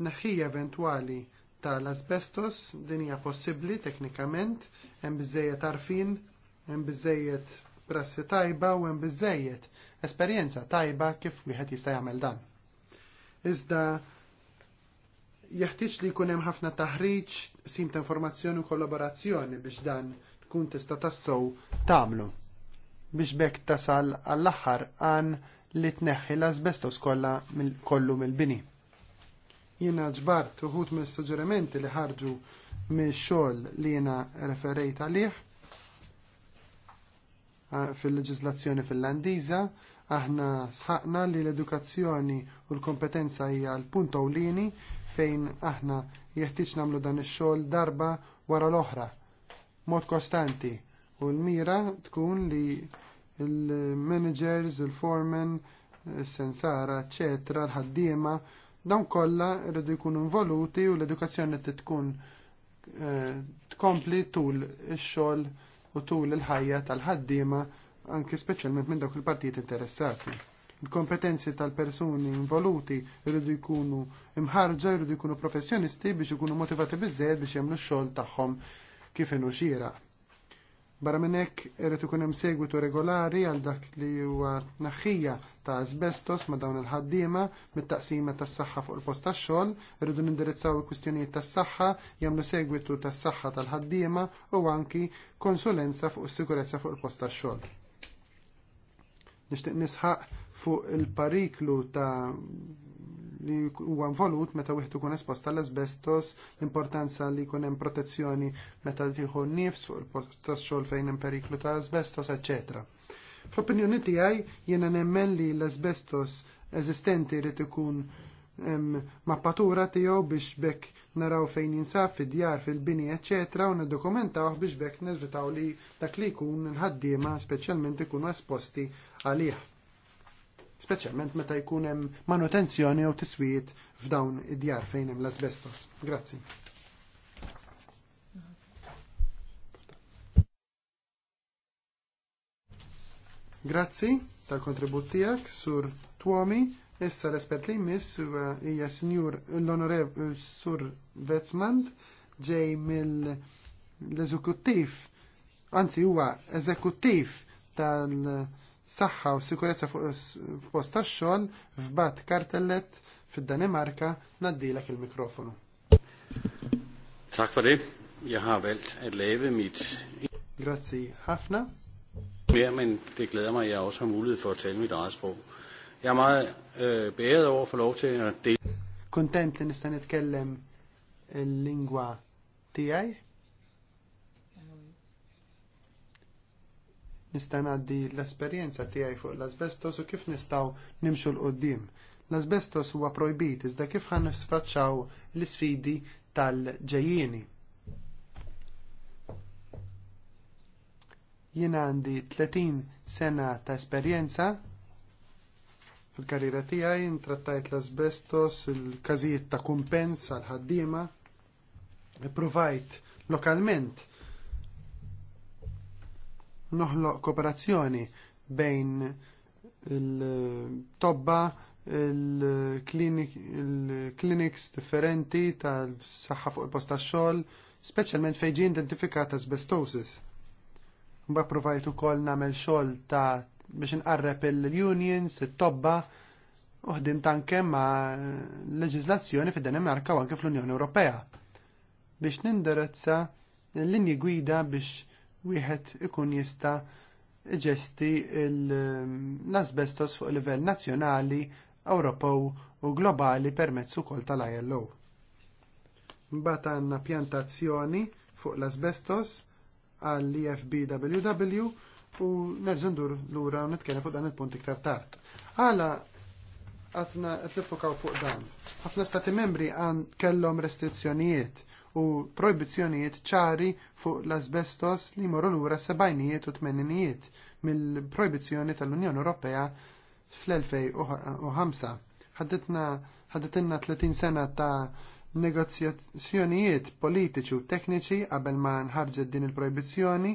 tneħħija eventwali tal-asbestos din hija possibbli teknikament hemm biżżejjed tarfin, hemm biżżejjed prassi tajba u hemm biżżejjed esperjenza tajba kif wieħed jista' jagħmel dan. Iżda jeħtieġ li jkun hemm ħafna taħriġ, sim ta' informazzjoni u kollaborazzjoni biex dan tkun tista' tassow tagħmlu. Biex bekk tasal għall-aħħar għan li tneħħi l-asbestos kollha kollu mill-bini. Jiena ġbart uħut mis-suġġerimenti li ħarġu mill-xogħol li jiena referejt għalih fil-leġislazzjoni finlandiża Aħna sħaqna li l-edukazzjoni u l-kompetenza hija l-punt ewlieni fejn aħna jeħtieġ nagħmlu dan ix-xogħol darba wara l-oħra mod kostanti u l-mira tkun li l managers il-foremen, il-sensara, eccetera, l-ħaddiema, dawn kollha rridu jkunu involuti u l-edukazzjoni tkun eh, tkompli tul ix-xogħol u tul il-ħajja tal-ħaddiema anke speċjalment minn dawk il-partijiet interessati. Il-kompetenzi tal-persuni involuti jridu jkunu imħarġa, jridu jkunu professjonisti biex ikunu motivati biżżejjed biex jagħmlu x-xogħol tagħhom kif inhu xieraq. Barra minn hekk irid ikun hemm segwitu regolari għal dak li huwa naħħija ta' asbestos ma' dawn il-ħaddiema mit-taqsima tas-saħħa fuq il-post tax-xogħol, irridu nindirizzaw il-kwistjonijiet tas-saħħa, jagħmlu segwitu tas-saħħa tal-ħaddiema u anki konsulenza fuq is-sikurezza fuq il-post tax-xogħol. Nixtieq nisħaq fuq il-pariklu ta' li huwa involut meta wieħed ikun espost tal-asbestos, l-importanza li jkun hemm protezzjoni meta tieħu nnifs fuq il-post tax-xogħol fejn hemm periklu ta' asbestos, eċetera. F'opinjoni tiegħi jiena nemmen li l-asbestos eżistenti jrid ikun mappatura tiegħu biex bekk naraw fejn jinsab fid-djar fil-bini eċetera u niddokumentawh biex bekk nilvitaw li dak li jkun il-ħaddiema speċjalment ikunu esposti għalih. Speċjalment meta jkun hemm manutenzjoni jew tiswiet f'dawn id-djar fejn hemm l-asbestos. Grazzi. Grazzi tal-kontribut tiegħek sur Tuomi. Issa l-espert li jmiss hija sinjur l-onorev sur Vetzmand ġej mill-eżekuttiv, anzi huwa eżekuttiv tal- saħħa u sikurezza fuq post tax-xogħol f'Bat Kartellet fid-Danimarka naddilek il-mikrofonu. Tak for det. Jeg har mit... Grazzi ħafna. Ja, men det glæder mig, at jeg også har mulighed for at tale mit eget sprog. Jeg er meget øh, beæret over at få lov til at dele... Kontent, at jeg nitkellem lingua tiegħi nista' ngħaddi l-esperjenza tiegħi fuq l-asbestos u kif nistgħu nimxu l qudiem L-asbestos huwa projbit iżda kif ħan nisfaċċaw l-isfidi tal-ġejjieni. Jien għandi 30 sena ta' esperjenza fil-karriera tiegħi intrattajt l-asbestos, il-każijiet ta' kumpens għal ħaddiema, e provajt lokalment noħloq kooperazzjoni bejn il-tobba, il-kliniks differenti tal-saħħa fuq il-posta xogħol, speċjalment fejn ġie identifikata asbestosis. Mbagħad provajt ukoll nagħmel xogħol ta' biex inqarreb il-unions, it-tobba, uħdim tanke ma' leġiżlazzjoni fid-Danimarka u anke fl-Unjoni Ewropea biex ninderezza l-linji gwida biex wieħed ikun jista' ġesti l-asbestos fuq livell nazzjonali, Ewropew u globali permezz ukoll tal-ILO. Mbagħad għandna pjantazzjoni fuq l-asbestos għall-EFBWW u nerġa' ndur lura u nitkellem fuq dan il-punt iktar tard. Għala għatna t fuq dan. ħafna stati membri għan kellhom restrizzjonijiet u projbizzjonijiet ċari fuq l-asbestos li moru lura sebajnijiet u tmeninijiet mill-projbizzjoni tal-Unjoni Ewropea fl-2005. ħaddetna 30 sena ta' negozjazzjonijiet politiċi u tekniċi qabel ma nħarġet din il-projbizzjoni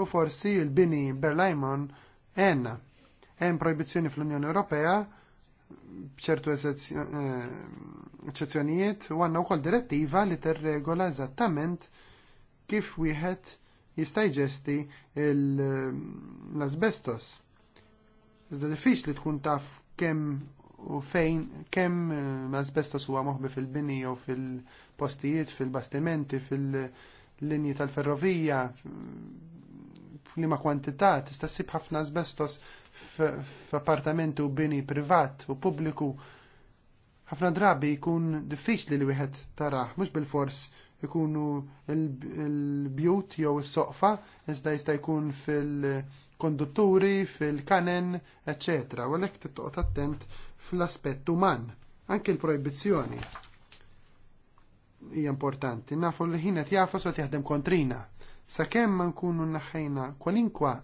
u forsi l-bini Berlaymon għenna. Hemm projbizzjoni fl-Unjoni Ewropea bċertu eċezzjonijiet eh, u għanna wkoll direttiva li terregola eżattament kif wieħed jista' jġesti l-asbestos. Iżda diffiċli tkun taf kemm u fejn kemm eh, l-asbestos huwa moħbi fil-bini jew fil-postijiet, fil-bastimenti, fil-linji tal-ferrovija, f'liema mm, kwantità tista' ssib ħafna asbestos f'appartamentu bini privat u pubbliku ħafna drabi jkun diffiċli li wieħed taraħ, mhux bil-fors ikunu l-bjut jew is-soqfa, iżda jista' jkun fil-kondutturi, fil-kanen, eċetera, Walek għalhekk tittoqgħod attent fl-aspett uman. Anke l-projbizzjoni hija importanti, nafu li ħin qed jafas jaħdem kontrina. Sakemm ma nkunu naħejna kwalinkwa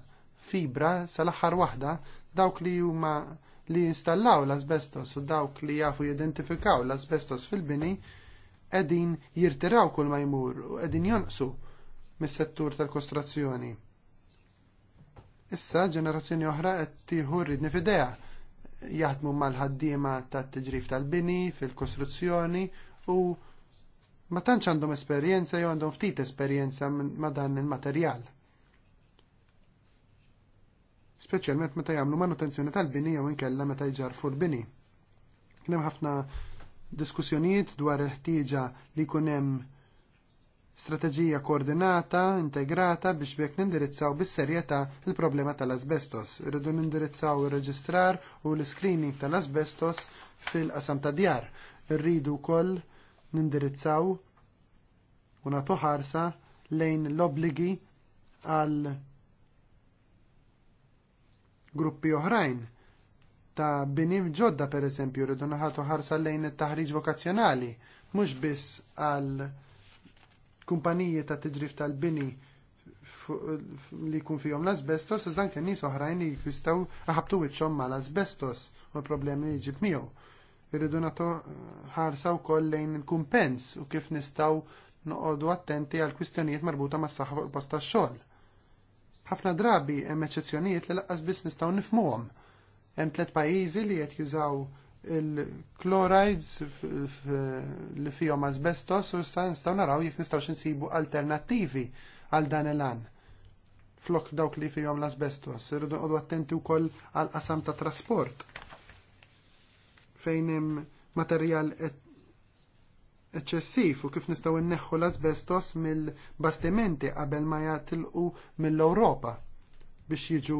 fibra sal-aħħar waħda dawk li huma li jinstallaw l-asbestos u dawk li jafu jidentifikaw l-asbestos fil-bini qegħdin jirtiraw kull ma jmur u qegħdin jonqsu mis-settur tal-kostrazzjoni. Issa ġenerazzjoni oħra qed tieħu rridni f'idea jaħdmu mal-ħaddiema tat-tiġrif tal-bini fil-kostruzzjoni u ma tantx għandhom esperjenza jew għandhom ftit esperjenza ma' dan il-materjal speċjalment meta jagħmlu manutenzjoni tal-bini jew inkella meta jġarfu l-bini. Kien hemm ħafna diskussjonijiet dwar il-ħtieġa li jkun hemm strateġija koordinata, integrata biex bjek nindirizzaw bis-serjetà il-problema tal-asbestos. Irridu nindirizzaw il reġistrar u l-screening tal-asbestos fil-qasam ta' djar. Irridu wkoll nindirizzaw u nagħtu ħarsa lejn l obligi għal gruppi oħrajn ta' binim ġodda per eżempju rridu naħatu ħarsa lejn it-taħriġ vokazzjonali, mhux biss għal kumpaniji ta' tiġrif tal-bini li jkun fihom l-asbestos, iżda anke nies oħrajn li jistgħu aħabtu wiċċhom mal-asbestos u l-problemi li jġib miegħu. Irridu nagħtu ħarsa wkoll lejn il-kumpens u kif nistgħu noqogħdu attenti għal kwistjonijiet marbuta mas-saħħa fuq il-post tax-xogħol Ħafna drabi hemm eċċezzjonijiet li laqqas biss nistgħu nifhmuhom. Hemm tliet pajjiżi li qed jużaw il-chlorides li fihom asbestos u sa nistgħu naraw jekk nistgħux insibu alternattivi għal dan il-an flok dawk li fihom l-asbestos. Irridu għodu attenti wkoll għall qasam ta' trasport fejn hemm materjal eċċessiv u kif nistgħu nneħħu l-asbestos mill-bastimenti qabel ma jatilqu mill-Ewropa biex jiġu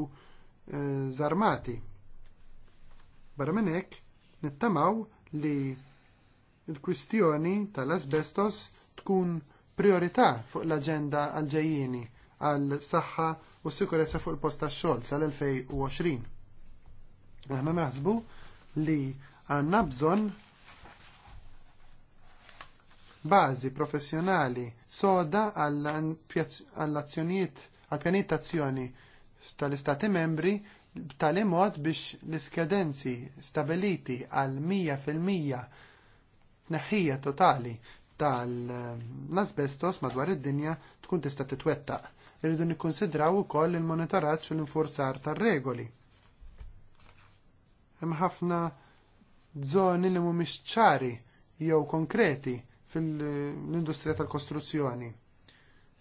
żarmati. Eh, Barra minn hekk nittamaw li l-kwistjoni tal-asbestos tkun priorità fuq l-aġenda għal-ġejjini għal saħħa u sikurezza fuq il-post tax-xogħol sal-2020. Aħna naħsbu li għandna bżonn bażi professjonali soda għall-azzjonijiet għall pjanit azzjoni tal-Istati membri b'tali mod biex l-iskedenzi stabiliti għal 100% tneħħija totali tal-asbestos madwar id-dinja tkun tista' titwettaq. Irridu nikkonsidraw ukoll il-monitoraġġ u l-infurzar tar-regoli. Hemm ħafna żoni li mhumiex ċari jew konkreti fil-industrija tal-kostruzzjoni.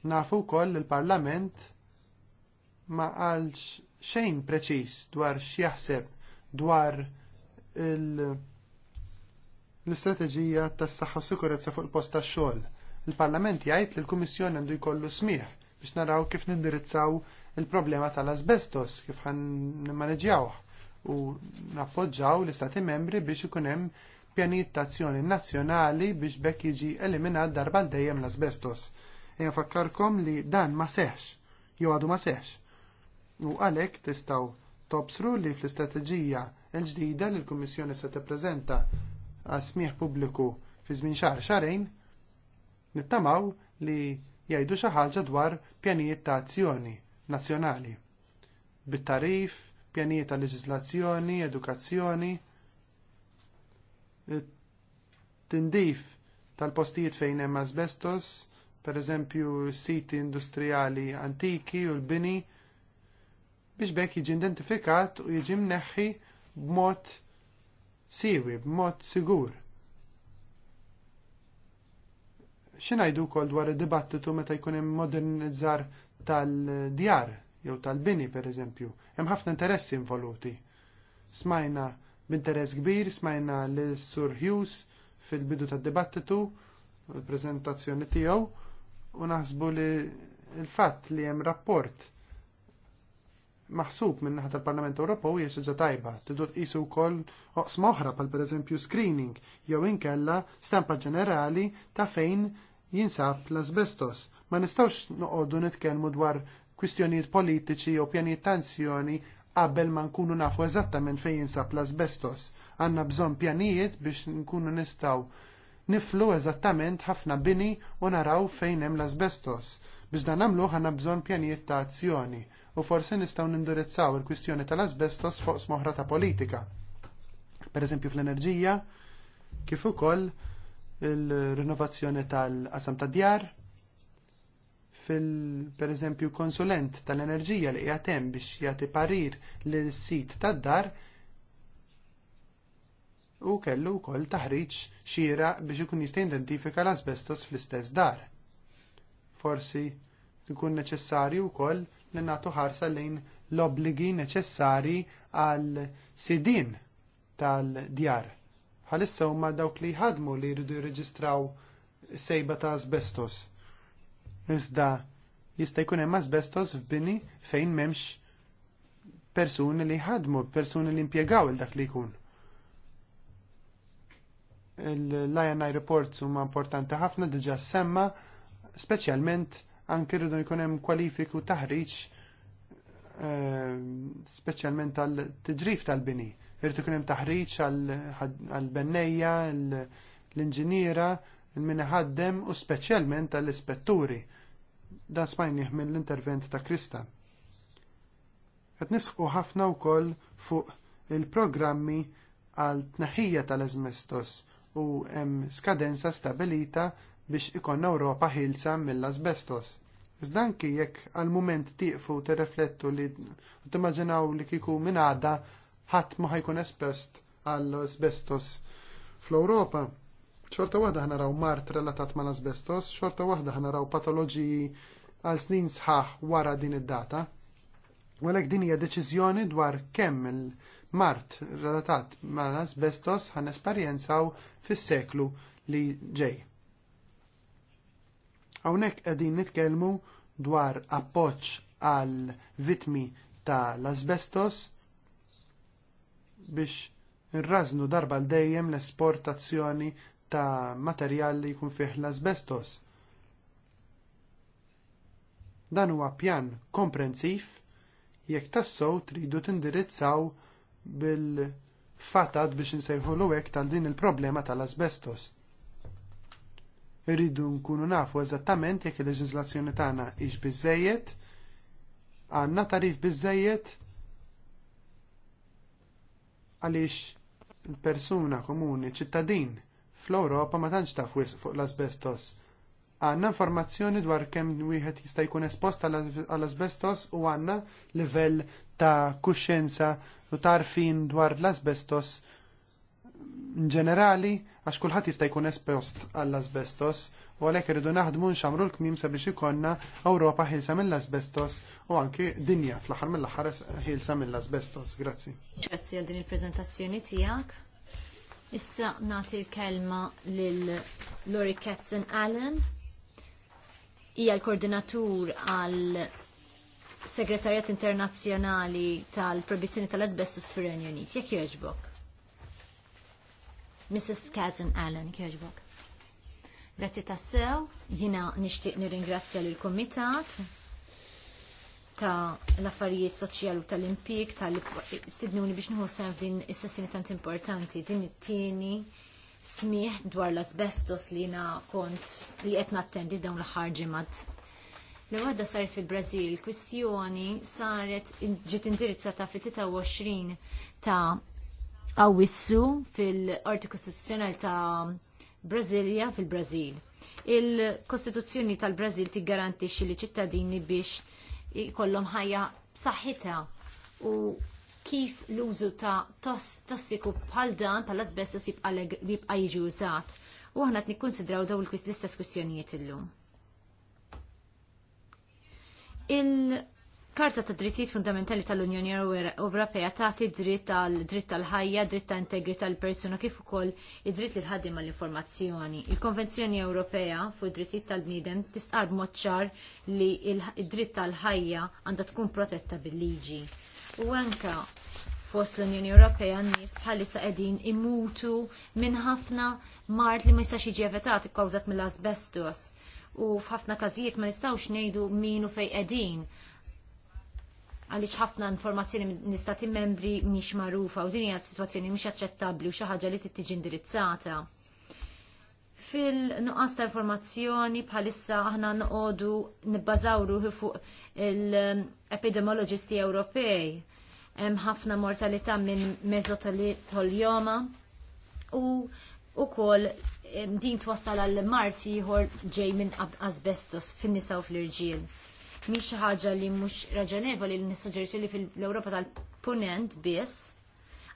Nafu wkoll il parlament ma qalx xejn preċiż dwar x'jaħseb dwar l-istrateġija tas-saħħa u sikurezza fuq il-post tax-xogħol. Il-Parlament jgħid li l-Kummissjoni għandu jkollu smih biex naraw kif nindirizzaw il-problema tal-asbestos kif ħan nimmaneġjawh u nappoġġaw l-istati membri biex ikun hemm pjanijiet ta' azzjoni nazzjonali biex bekk jiġi eliminat darba dejjem l-asbestos. Ejja fakkarkom li dan ma seħx, jew għadu ma seħx. U għalhekk tistaw tobsru li fl-istrateġija l-ġdida li l-Kummissjoni se tippreżenta għasmiħ pubbliku fi żmien xahar xarejn, nittamaw li jgħidu xi ħaġa dwar pjanijiet ta' azzjoni nazzjonali. Bit-tarif, pjanijiet ta' leġislazzjoni, edukazzjoni, tindif tal-postijiet fejn hemm asbestos, pereżempju siti industrijali antiki u l-bini, biex bekk jiġi identifikat u jiġi mneħħi b'mod siwi, b'mod sigur. Xinajdu kol dwar id-dibattitu meta jkun hemm modernizzar tal-djar jew tal-bini pereżempju, hemm ħafna interessi involuti. Smajna B'interess kbir smajna lil sur Hughes fil-bidu tad dibattitu l prezentazzjoni tiegħu u naħsbu li l-fatt li hemm rapport maħsub minn naħa tal-Parlament Ewropew hija xi tajba, tidu tqisu wkoll oqsma oħra bħal pereżempju screening jew inkella stampa ġenerali ta' fejn jinsab l-asbestos. Ma nistgħux noqogħdu nitkellmu dwar kwistjonijiet politiċi jew pjanijiet tensjoni qabel ma nkunu nafu eżattament fejn jinsab l-asbestos. Għandna bżonn pjanijiet biex nkunu nistgħu niflu eżattament ħafna bini u naraw fejn hemm l-asbestos. Biex dan nagħmlu għandna bżonn pjanijiet ta' azzjoni u forsi nistgħu nindirizzaw il-kwistjoni tal-asbestos fuq smoħra ta' politika. Pereżempju fl-enerġija, kif ukoll il-rinnovazzjoni tal-qasam tad djar, fil per eżempju konsulent tal-enerġija li hemm biex jagħti parir lis sit tad-dar u kellu wkoll taħriġ xieraq biex ikun jista' jidentifika l-asbestos fl-istess dar. Forsi ikun neċessarju wkoll li nagħtu ħarsa lejn l-obbligi neċessari għal sidin tal-djar. Bħalissa huma dawk li jħadmu li jridu jirreġistraw sejba ta' asbestos Iżda jista' jkun hemm asbestos f'bini fejn m'hemmx persuni li ħadmu, persuni li impjegaw il dak li jkun. Il-INI reports huma importanti ħafna diġà semma, speċjalment anke rridu jkun hemm kwalifiku taħriġ eh, speċjalment tal-tiġrif tal-bini. Irridu jkun hemm taħriġ għall-bennejja, l-inġiniera, il ħaddem u speċjalment tal-ispetturi da smajnieh mill intervent ta' Krista. Qed nisħu ħafna wkoll fuq il-programmi għal tnaħija tal-azbestos u hemm skadenza stabilita biex ikonna Ewropa ħilsa mill-azbestos. Iżda anki jekk għal mument tieqfu tirreflettu li timmaġinaw li kieku minn għadda ħadd ma ħajkun espest għall-asbestos fl-Ewropa. Xorta waħda ħna raw mart relatat mal asbestos xorta waħda ħna raw patoloġiji għal snin sħaħ wara din id-data. U għalhekk din hija deċiżjoni dwar kemm il-mart relatat ma' l-asbestos ħan esperjenzaw fis-seklu li ġej. Hawnhekk qegħdin nitkellmu dwar appoġġ għal vitmi ta' l-asbestos biex nraznu darba l-dejjem l-esportazzjoni ta' materjal li jkun fih l-asbestos Dan huwa pjan komprensiv jekk tassew tridu tindirizzaw bil-fatat biex insejħulu hekk tal din il-problema tal-asbestos. Irridu nkunu nafu eżattament jekk il-leġiżlazzjoni tagħna hix biżejjed, għandna tarif biżejjed għaliex il-persuna komuni ċittadin fl-Ewropa ma tantx taf wisq fuq l-asbestos. Għanna informazzjoni dwar kemm wieħed jista' jkun espost għall-asbestos u għanna livell ta' kuxjenza u tarfin dwar l-asbestos ġenerali għax kulħadd jista' jkun espost għall-asbestos u għalhekk irridu naħdmu nxamru l-kmim sabiex ikonna Ewropa ħilsa mill-asbestos u anke dinja fl-aħħar mill-aħħar ħilsa mill-asbestos. Grazzi. Grazzi għal din il-preżentazzjoni tiegħek. Issa nagħti l-kelma lil Lori Katzen Allen hija l-koordinatur għal Segretarjat Internazzjonali tal-Proibizzjoni tal-Asbestos fir-Renju Unit. Jekk jogħġbok? Mrs. Kazan Allen, jogħġbok. Grazzi tassew, jina nixtieq nirringrazzja lill kumitat ta' l-affarijiet soċjali u tal-impik, tal-istidnuni biex nħu sem f'din is-sessjoni tant importanti, din it-tieni smieħ dwar l-asbestos li na kont li qed nattendi dawn l-aħħar ġimgħat. L-għadda saret fil-Brazil, kwistjoni saret ġiet indirizzata fit-23 ta' għawissu fil-Qorti Kostituzzjonali ta' Brazilja fil-Brazil. Il-Kostituzzjoni tal-Brazil tiggarantixxi li ċittadini biex jkollhom ħajja b'saħħitha u kif l-użu ta' tossiku bħal dan tal asbestos jibqa' jiġi użat. U aħna qed nikkonsidraw dawn l-istess kwistjonijiet illum. Il-Karta ta' Drittijiet Fundamentali tal-Unjoni Ewropea tagħti dritt għal dritt tal-ħajja, dritt ta' integrità tal persuna kif ukoll id-dritt li ħaddim mal informazzjoni Il-Konvenzjoni Ewropea fuq id-drittijiet tal-bniedem tistqar b'mod ċar li id-dritt tal-ħajja għandha tkun protetta bil-liġi u anka fost l-Unjoni Ewropea n-nies bħalissa qegħdin imutu minn ħafna mart li ma jistax jiġi evitat ikkawżat mill-asbestos. U f'ħafna każijiet ma nistawx ngħidu min u fejn qegħdin. Għaliex ħafna informazzjoni minn istati membri mhix magħrufa u din hija sitwazzjoni mhix aċċettabbli u xi ħaġa li tiġi indirizzata. Fil-nuqqas ta' informazzjoni bħalissa aħna noqogħdu nibbażawru fuq l-epidemioloġisti Ewropej. Hemm ħafna mortalità minn mezotolioma u wkoll din twassal għal mart ieħor ġej minn asbestos fin-nisa u fl-irġiel. Mhix xi ħaġa li mhux raġonevoli li nissuġġerixxi li fl-Ewropa tal-Punent biss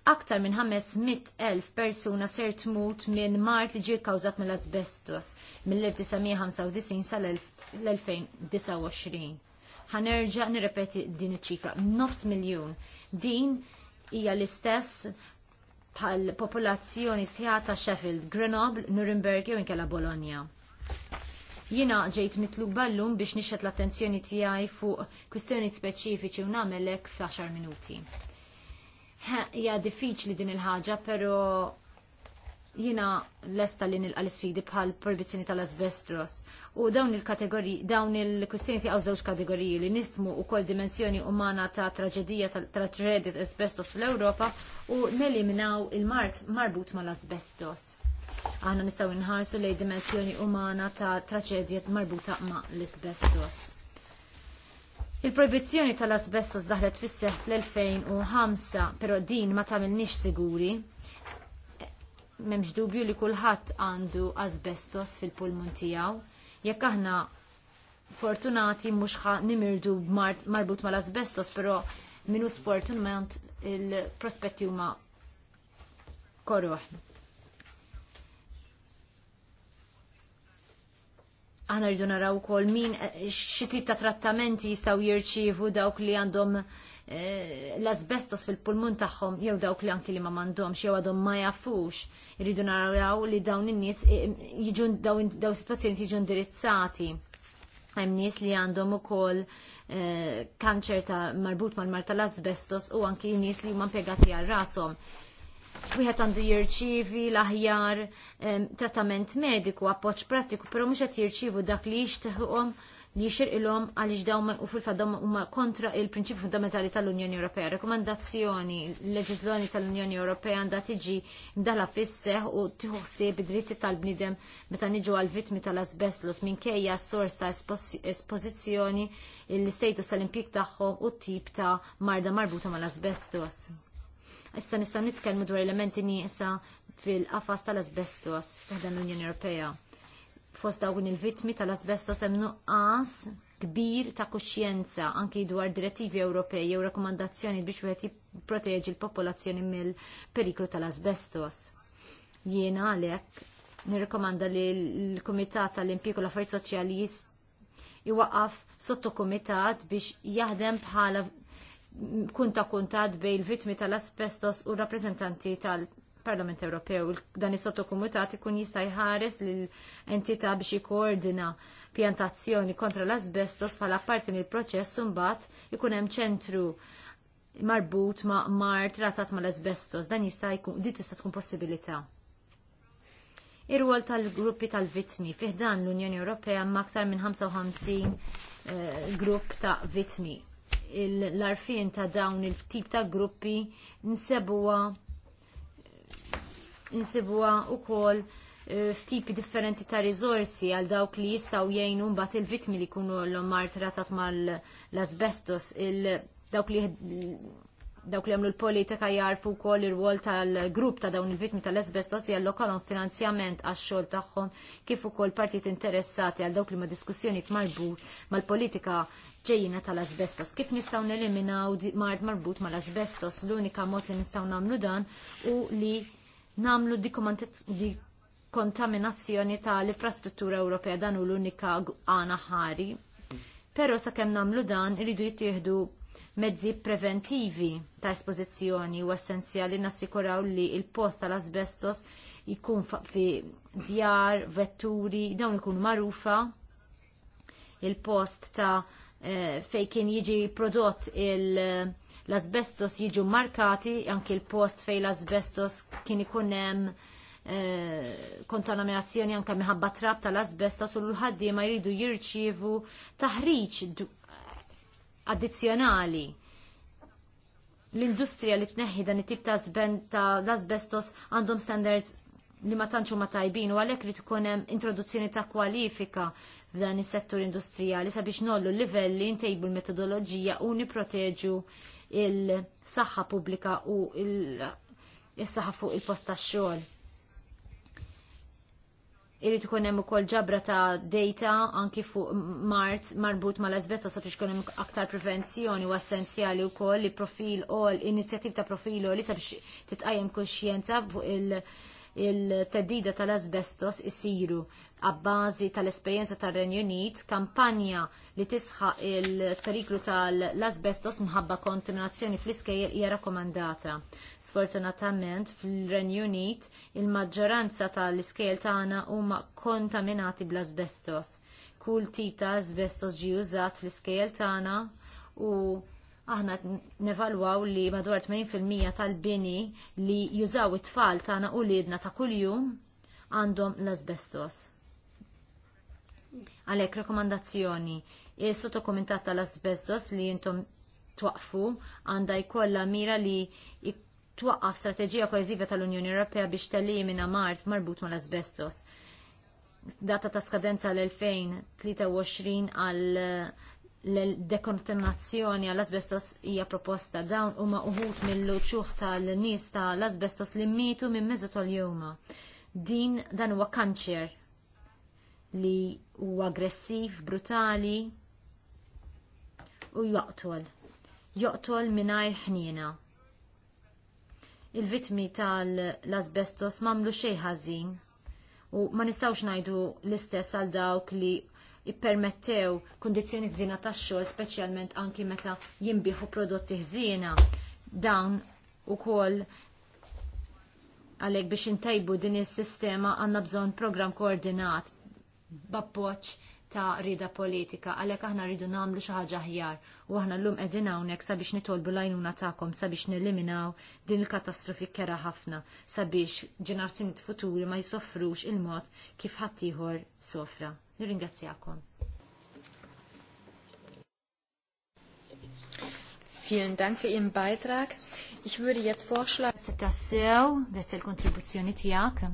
aktar minn 500.000 persuna ser tmut minn mart li ġie kkawżat mill-asbestos mill-1995 sal-2029. Ħanerġa' nirrepeti din iċ-ċifra, nofs miljun. Din hija l-istess bħal popolazzjoni sħiħa ta' Sheffield, Grenoble, Nuremberg jew inkella Bologna. Jiena ġejt mitlu ballum biex nixħet l-attenzjoni tiegħi fuq kwistjonijiet speċifiċi u namelek f'10 minuti hija diffiċli din il-ħaġa, pero jina lesta li nilqa l-sfidi bħal proibizzjoni tal-asbestros. U dawn il-kategoriji, dawn il kustjoni tiegħu żewġ kategoriji li nifmu u kol dimensjoni umana ta' traġedija ta' traġedit asbestos fl-Ewropa u neliminaw il-mart marbut mal-asbestos. Aħna nistgħu nħarsu li dimensjoni umana ta' traġedijiet marbuta ma' l-asbestos Il-proibizzjoni tal-asbestos daħlet fis seħħ fl-2005, però din ma tagħmilniex siguri. M'hemmx dubju li kulħadd għandu asbestos fil-pulmun tiegħu. Jekk aħna fortunati mhux nimirdu marbut mal-asbestos, però minu sfortunament il-prospetti huma korroħ. Aħna rridu naraw ukoll min eh, xi tip ta' trattamenti jistgħu jirċievu dawk li għandhom eh, l-asbestos fil-pulmun tagħhom jew dawk li anki li ma m'għandhomx jew għadhom ma jafux. Irridu naraw li dawn in-nies eh, jiġu daw sitwazzjoni jiġu indirizzati hemm nies li għandhom ukoll kanċer ta' marbut mal-mar tal-asbestos u anki nies li huma impjegati għal rashom wieħed għandu jirċivi l-aħjar trattament mediku, appoġġ pratiku, però mhux qed jirċievu dak li jixtieħuhom li xirqilhom għaliex dawn u fil-fadhom huma kontra il-prinċipju fundamentali tal-Unjoni Ewropea. Rekomandazzjoni l-leġiżloni tal-Unjoni Ewropea għandha tiġi mdala fisseħ u tiħuħsib id-dritti tal-bniedem meta niġu għal vittmi tal-asbestos minkejja s-sors ta' espożizzjoni l-istatus tal-impjik tagħhom u t-tip ta' marda marbuta mal-asbestos. Issa nista' nitkellmu dwar elementi nieqsa fil-qafas tal-asbestos f'ħdan l-Unjoni Ewropea. Fost dawn il-vittmi tal-asbestos hemm nuqqas kbir ta' kuxjenza anki dwar direttivi Ewropej jew rakkomandazzjoni biex wieħed jipproteġi l-popolazzjoni mill-periklu tal-asbestos. Jiena għalhekk nirrikomanda li l-Kumitat tal-Impjieg u l-Affarijiet Soċjali iwaqqaf sottokumitat biex jaħdem bħala kunta kuntat bej il-vitmi tal-asbestos u rappresentanti tal-Parlament Ewropew. Dan is sottokumitat ikun jista' jħares l entità biex jikkoordina pjantazzjoni kontra l-asbestos bħala parti mill-proċess mbagħad ikun hemm ċentru marbut ma' mar tratat ma' l-asbestos. Dan jista' jkun dit tista' tkun possibilità. Ir-rwol tal-gruppi tal-vitmi fiħdan l-Unjoni Ewropea ma' aktar minn 55 eh, grupp ta' vitmi l arfien ta' dawn il-tip ta' gruppi nsebuwa wkoll eh, ftipi differenti ta' rizorsi għal dawk li jistgħu jgħinu mbagħad il vittmi li jkunu l-om martratat mal-asbestos dawk li dawk li għamlu l-politika jarfu wkoll ir wol tal-grupp ta' dawn il-vittmi tal-asbestos jallokalhom finanzjament għax-xogħol tagħhom kif ukoll partit interessati għal dawk li ma' diskussjoni marbut mal-politika ġejjina tal-asbestos. Kif nistgħu neliminaw mard marbut mal-asbestos l-unika mod li nistgħu nagħmlu dan u li nagħmlu dikontaminazzjoni tal-infrastruttura Ewropea dan u l-unika għana ħari. Però sakemm nagħmlu dan irridu jittieħdu Mezzi preventivi ta' espożizzjoni u essenzjali nassikuraw li l post tal-asbestos jkun fi djar, vetturi, dawn ikun magħrufa il-post ta' eh, fejn kien jiġi prodott l-asbestos jiġu markati, anki il-post fejn l-asbestos kien ikun hemm eh, kontaminazzjoni anke minħabba trab tal-asbestos u l-ħaddiema jridu jirċievu taħriġ addizzjonali l-industrija li tneħħi dan it-tip ta' żben ta' l-asbestos għandhom standards li ma tantxu ma tajbin u għalhekk li tkun hemm introduzzjoni ta' kwalifika f'dan is-settur industrijali sabiex nollu livelli ntejbu l-metodoloġija u nipproteġu il-saħħa pubblika u il-saħħa fuq il-post tax-xogħol. Irrid ikun hemm ukoll ġabra ta' data anki fuq mart marbut mal l sabiex ikun hemm aktar prevenzjoni u essenzjali wkoll li profil all inizjattiv ta' profil all sabiex titqajjem kuxjenza fuq il- il-teddida tal-asbestos isiru għabbażi tal-esperjenza tar-Renju Unit kampanja li tisħaq il-periklu tal-asbestos mħabba kontaminazzjoni fl-iskejjel hija rakkomandata. Sfortunatament fil-Renju Unit il-maġġoranza tal-iskejjel tagħna huma kontaminati bl-asbestos. Kull tip ta' asbestos ġie użat fl-iskejjel tagħna u aħna nevalwaw li madwar 80% tal-bini li jużaw it-tfal tagħna u lidna ta' kuljum għandhom l-asbestos. Għalhekk rakkomandazzjoni il sottokumentat tal-asbestos li jintom twaqfu għandha jkollha mira li twaqqaf strateġija koeżiva tal-Unjoni Ewropea biex tellij minna mart marbut mal-asbestos. Data ta' skadenza l-2023 għal l-dekontaminazzjoni għall-asbestos hija proposta dawn huma uħut mill-ċuħ tal-nies tal-asbestos li mietu minn mezzu tal jumma Din dan huwa kanċer li huwa aggressiv, brutali u joqtol. Joqtol mingħajr ħniena. il vittmi tal-asbestos mamlu xejn ħażin u ma nistgħux ngħidu l-istess għal dawk li ippermettew kondizjoni żina tax-xogħol speċjalment anki meta jinbieħu prodotti ħżiena dawn ukoll għalhekk biex intajbu din is-sistema għandna bżonn programm koordinat b'appoġġ ta' rida politika, għalhekk aħna rridu nagħmlu xi ħaġa aħjar u aħna llum qegħdin hawnhekk sabiex nitolbu l-għajnuna tagħkom sabiex neliminaw din il-katastrofi kera ħafna sabiex ġenerazzjoni futuri ma jsofrux il-mod kif ħattijħor sofra. Nirringrazzjakom. Vielen Dank für Ihren Beitrag. Ich würde jetzt vorschlagen... Grazie tassew, grazie l-kontribuzzjoni tijak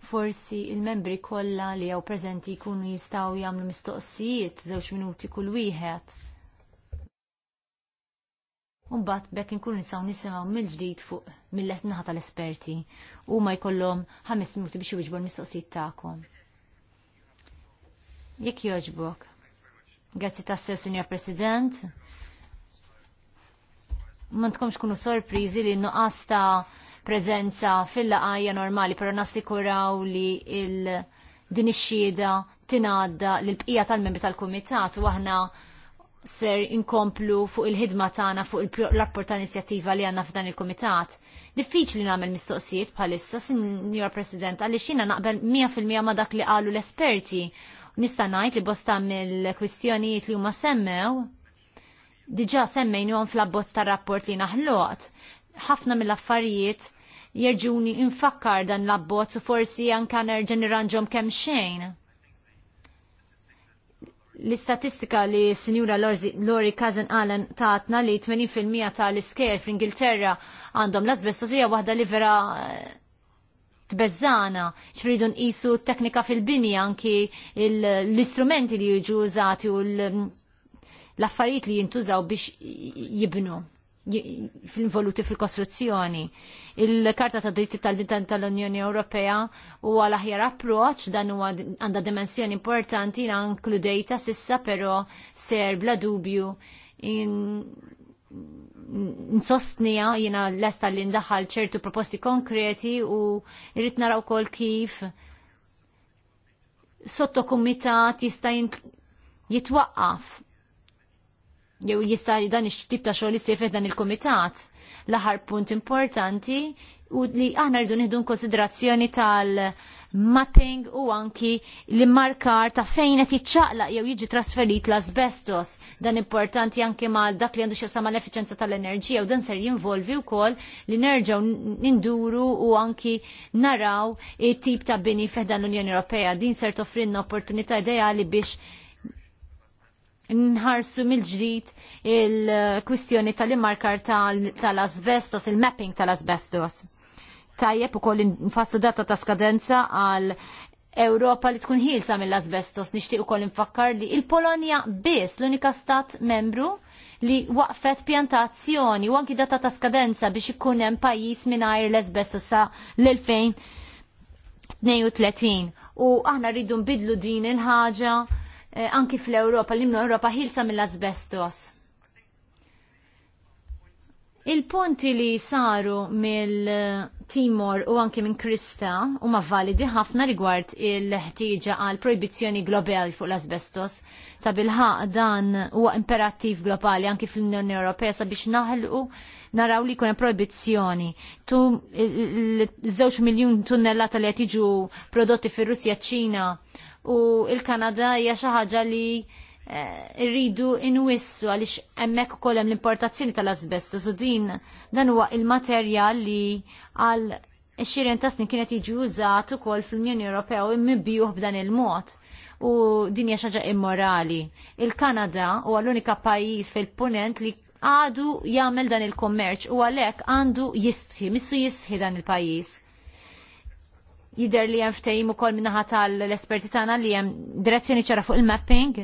forsi il-membri kollha li jew preżenti jkunu jistgħu jagħmlu mistoqsijiet żewġ minuti kull wieħed. Umbat bekk inkunu nisaw nisimgħu mill-ġdid fuq mill naħa tal-esperti u ma jkollhom ħames minuti biex jwiġbu l-mistoqsijiet tagħkom. Jekk jogħġbok. Grazzi tassew, Sinjor President. Ma tkomx kunu sorpriżi li nuqqas ta' Prezenza fil-laqajja normali, pero nassikuraw li il- din ix-xieda tingħadda lil bqija tal-membri tal-kumitat u aħna ser inkomplu fuq il-ħidma tagħna fuq il-rapport ta' inizjattiva li għandna f'dan il-kumitat. Diffiċli nagħmel mistoqsijiet bħalissa, Sinjor President, għaliex jiena naqbel 100% ma' dak li qalu l-esperti. Nista' ngħid li bosta mill-kwistjonijiet li huma semmew diġà semmejnuhom fl-abbozz tar-rapport li naħloqt ħafna mill-affarijiet jerġuni infakkar dan l-abbozz u forsi anka nerġa' nirranġhom kemm xejn. L-istatistika li Sinjura Lori Kazen Allen tatna li 80% tal-isker fl-Ingilterra għandhom l-asbestu hija waħda li vera eh, tbeżana ċfridu nqisu teknika fil-bini anki l-istrumenti li jiġu użati u l-affarijiet li jintużaw biex jibnu fil-involuti fil-kostruzzjoni. Il-Karta ta' Dritti tal bintan tal-Unjoni Ewropea u għal aħjar approċ dan huwa għandha dimensjoni importanti la inkludejta sissa però ser bla dubju in nsostnija jina l-esta li ndaħal ċertu proposti konkreti u irrit naraw kol kif sotto kumitat jista' jitwaqqaf jew jista' dan ix-tip ta' xogħol issir dan il-kumitat. L-aħħar punt importanti u li aħna rridu nieħdu konsiderazzjoni tal-mapping u anki li markar ta' fejn qed jiċċaqlaq jew jiġi trasferit l-asbestos. Dan importanti anke ma' dak li għandu sama l-effiċenza tal-enerġija u dan ser jinvolvi wkoll li nerġgħu ninduru u anki naraw it-tip ta' bini fih dan l-Unjoni Ewropea. Din ser toffrinna opportunità ideali biex nħarsu mill-ġdid il-kwistjoni tal-immarkar tal-asbestos, il-mapping tal-asbestos. Tajjeb u koll nfassu data ta' skadenza għal Ewropa li tkun ħilsa mill-asbestos nixtieq ukoll infakkar li il-Polonja biss l-unika stat membru li waqfet pjantazzjoni u anki data ta' skadenza biex ikun hemm pajjiż mingħajr l-asbestos sa l-2032. U aħna rridu nbidlu din il-ħaġa Eh, anki fl-Europa, l-imnu Europa ħilsa mill-asbestos. Il-punti li saru mill-Timor u anki minn Krista huma validi ħafna rigward il-ħtieġa għal proibizzjoni globali fuq l-asbestos ta' bilħaq dan huwa imperattiv globali anki fl-Unjoni Ewropea sabiex naħlqu naraw li kuna proibizzjoni. Tu l-żewġ miljun tunnellata li qed jiġu prodotti fir-Russja ċina u il-Kanada hija xi ħaġa li eh, rridu inwissu għaliex hemmhekk ukoll hemm l-importazzjoni tal azbest u din dan huwa il-materjal li għal xiren ta' snin kienet jiġi użat ukoll fl-Unjoni Ewropea u immibijuh b'dan il-mod u din hija xaġa immorali. Il-Kanada huwa l-unika pajjiż fil-punent li għadu jagħmel dan il-kommerċ u għalhekk għandu jistħi, missu jistħi dan il-pajjiż jider li jem ftejim u kol minnaħat tal-esperti tana li jem direzzjoni ċara fuq il-mapping.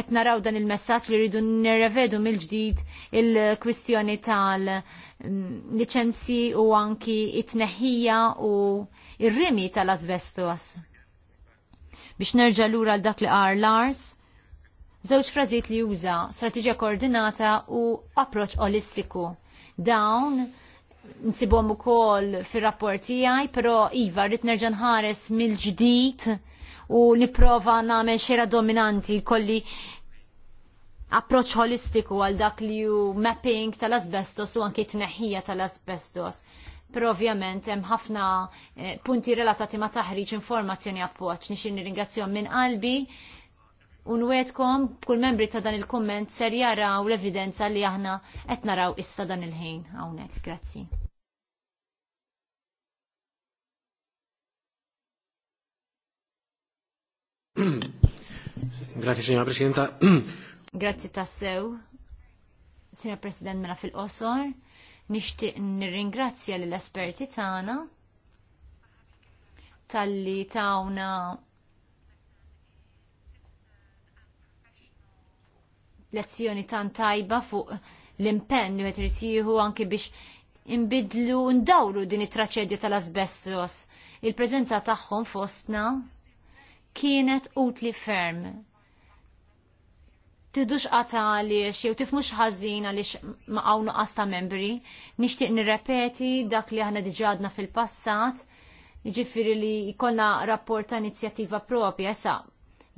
Et naraw dan il messaċ li rridu nirrevedu mill-ġdid il-kwistjoni tal-licenzi u anki it-neħija u il rimi tal-azbestos. Biex nerġa lura l-dak li għar Lars, żewġ frażiet li juża strateġija koordinata u approċ olistiku. Dawn nsibom ukoll fir-rapport tiegħi, però iva rrid nerġa' nħares mill-ġdid u nipprova nagħmel xera dominanti kolli approċ holistiku għal dak li hu mapping tal-asbestos u anke neħija tal-asbestos. Però ovvjament hemm ħafna eh, punti relatati ma' taħriġ informazzjoni appoġġ nixin nirringrazzjahom minn qalbi unwetkom kull membri ta' dan il-komment ser jaraw l-evidenza li aħna qed naraw issa dan il-ħin hawnhekk. Grazzi. Grazie, signora Presidenta. Grazie tassew, signor President, mela fil-qosor. nixtieq nirringrazzja l-esperti tagħna tal-li tawna lezzjoni tan tajba fuq l-impenn li qed jieħu anki biex imbidlu ndawru din it-traċedja tal-asbestos. Il-preżenza tagħhom fostna kienet utli ferm. Tidux qata għaliex jew tifmux ħażin għaliex ma hawn qasta ta' membri. Nixtieq nirrepeti dak li aħna diġadna fil-passat. Jiġifieri li jkollna rapport ta' inizjattiva propja, sa'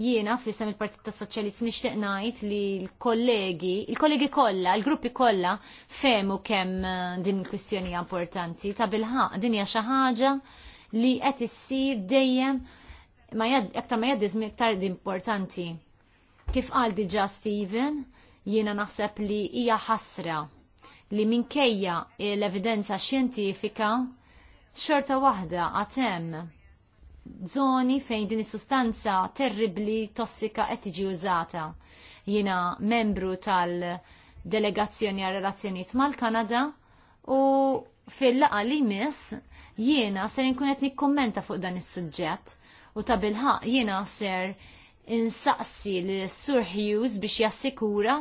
Jiena fl-isem il-Partit ta' Soċjalist nixtieq ngħid li l-kollegi, il-kollegi kollha, il-gruppi kollha femu kemm eh, din il-kwistjoni importanti ta' bilħaq din hija xi ħaġa li qed issir dejjem ma aktar ma jaddiż iktar importanti. Kif qal diġà Steven, jiena naħseb li hija ħasra li minkejja l-evidenza xjentifika xorta waħda għatem zoni fejn din is-sustanza terribli tossika qed tiġi użata. Jiena membru tal-delegazzjoni għal relazzjonijiet mal-Kanada u fil laqgħa li miss jiena ser inkun qed nikkummenta fuq dan is-suġġett u ta' bilħaq jiena ser insaqsi li Sur Hughes biex jassikura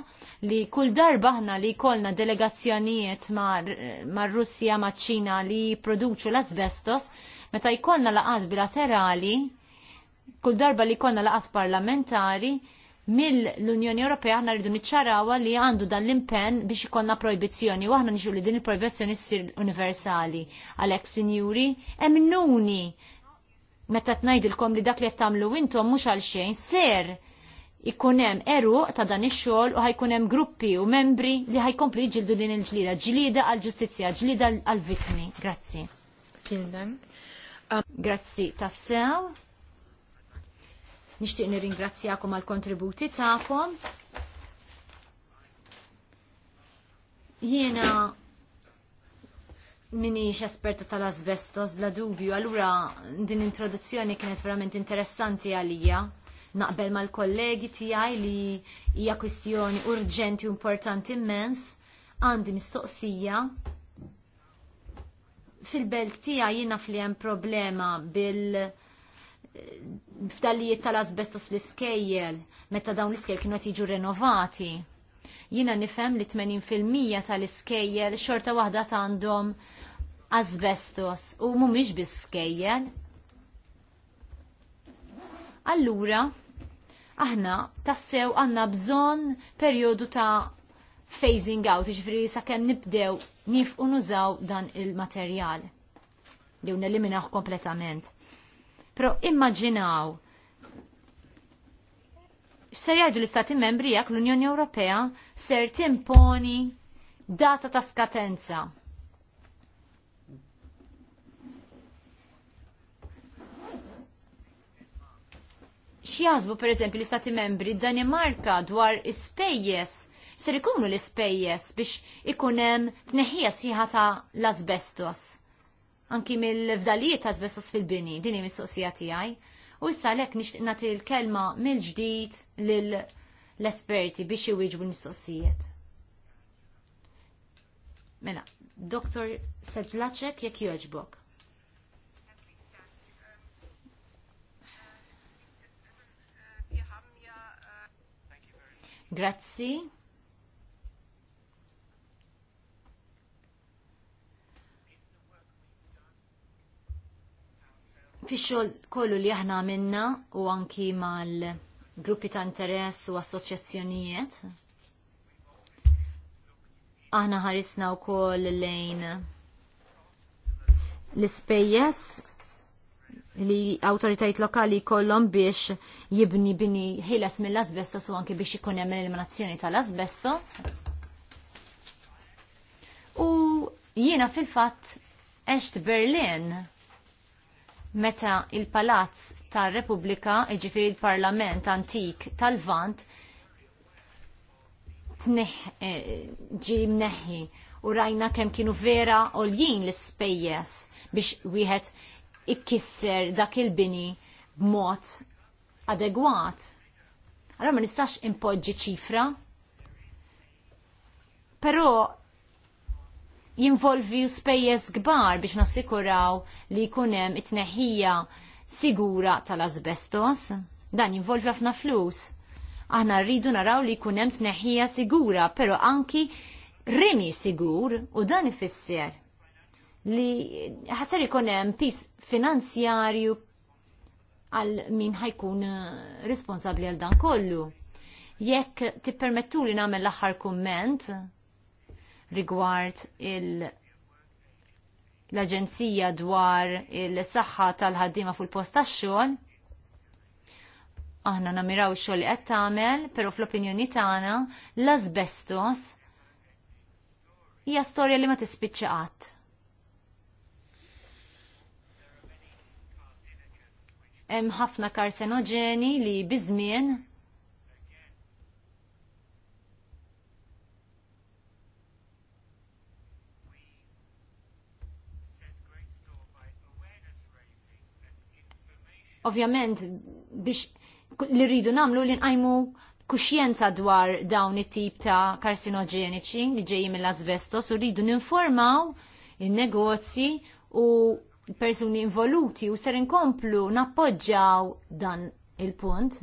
li kull darba ħna li kolna delegazzjonijiet mar, mar Russja, ma' ċina li produċu l-asbestos, Meta jkollna laqat bilaterali, kull darba li jkollna laqat parlamentari, mill-Unjoni Ewropea aħna rridu niċċarawa li għandu dan l-impenn biex ikollna proibizzjoni. u aħna nixu li din il proibizzjoni ssir universali. Għalhekk sinjuri, emnuni meta tnajdilkom li dak li qed tagħmlu intom mhux għal xejn ser ikun hemm eruq ta' dan ix-xogħol u ħajkun hemm gruppi u membri li ħajkompli jiġildu din il-ġlida, ġlida għal ġustizzja, ġlida għal vitmi. Grazzi. Vielen Dank. Um, grazzi tassew. Nixtieq nirringrazzjakom għall kontributi tagħkom. Jiena minix esperta tal-asbestos bla dubju, allura din introduzzjoni kienet verament interessanti għalija naqbel mal-kollegi tiegħi li hija kwistjoni urġenti u importanti immens għandi mistoqsija fil-belt tija jina fli hemm problema bil eh, fdalijiet tal-asbestos l-iskejjel meta dawn l-iskejjel kienu qed jiġu renovati. Jina nifhem li 80% tal-iskejjel xorta waħda għandhom asbestos u mhumiex skejjel. Allura, aħna tassew għandna bżonn perjodu ta' phasing out, ġifri sakemm nibdew nifqu nużaw dan il-materjal. Jew neliminaw kompletament. Pro immaġinaw ser jgħidu l-Istati membri jekk l-Unjoni Ewropea ser timponi data ta' skatenza. X'jażbu pereżempju l-Istati membri Danimarka dwar ispejjeż ser ikunu l-ispejjeż biex ikun hemm tneħħija sieħa ta' l-asbestos. Anki mill-fdalijiet ta' asbestos fil-bini, din hi mistoqsija tiegħi. U issa lek nixtieq nagħti l-kelma mill-ġdid lill-esperti biex iwieġbu l-mistoqsijiet. Mela, Dr. Sedlaċek jekk jogħġbok. Grazzi. Fix-xogħol kollu li aħna għamilna u anki mal-gruppi ta' interess u assoċjazzjonijiet. Aħna ħarisna wkoll lejn l-ispejjeż li autoritajt lokali kollom biex jibni bini ħilas mill-asbestos u anki biex ikun hemm eliminazzjoni tal-asbestos. U jiena fil-fatt eċt Berlin meta il-Palazz tar-Repubblika, jiġifieri l parlament Antik tal-Vant, eh, ġi mneħħi u rajna kemm kienu vera għoljin l-ispejjeż biex wieħed ikkisser dak il-bini b'mod adegwat. Allora ma nistax impoġġi ċifra, però jinvolvi spejjeż kbar biex nassikuraw li jkun hemm it-tneħħija sigura tal-asbestos. Dan jinvolvi ħafna flus. Aħna rridu naraw li jkun hemm tneħħija sigura, però anki rimi sigur u dan ifisser li ħasar ikun hemm pis finanzjarju għal min ħajkun eh, responsabbli għal dan kollu. Jekk permettu li nagħmel l-aħħar kumment, rigward il- l-Aġenzija dwar il-saħħa tal-ħaddiema fil-post tax-xogħol. Aħna namiraw xogħol li qed tagħmel, però fl-opinjoni tagħna l-asbestos hija storja li ma tispiċċa qatt. Hemm ħafna karsenoġeni li biżmien Ovvjament biex li rridu namlu li nqajmu kuxjenza dwar dawn it-tip ta' karsinogeniċi li ġejjin mill-asbestos u rridu ninformaw in-negozji u persuni involuti u ser inkomplu nappoġġaw dan il-punt.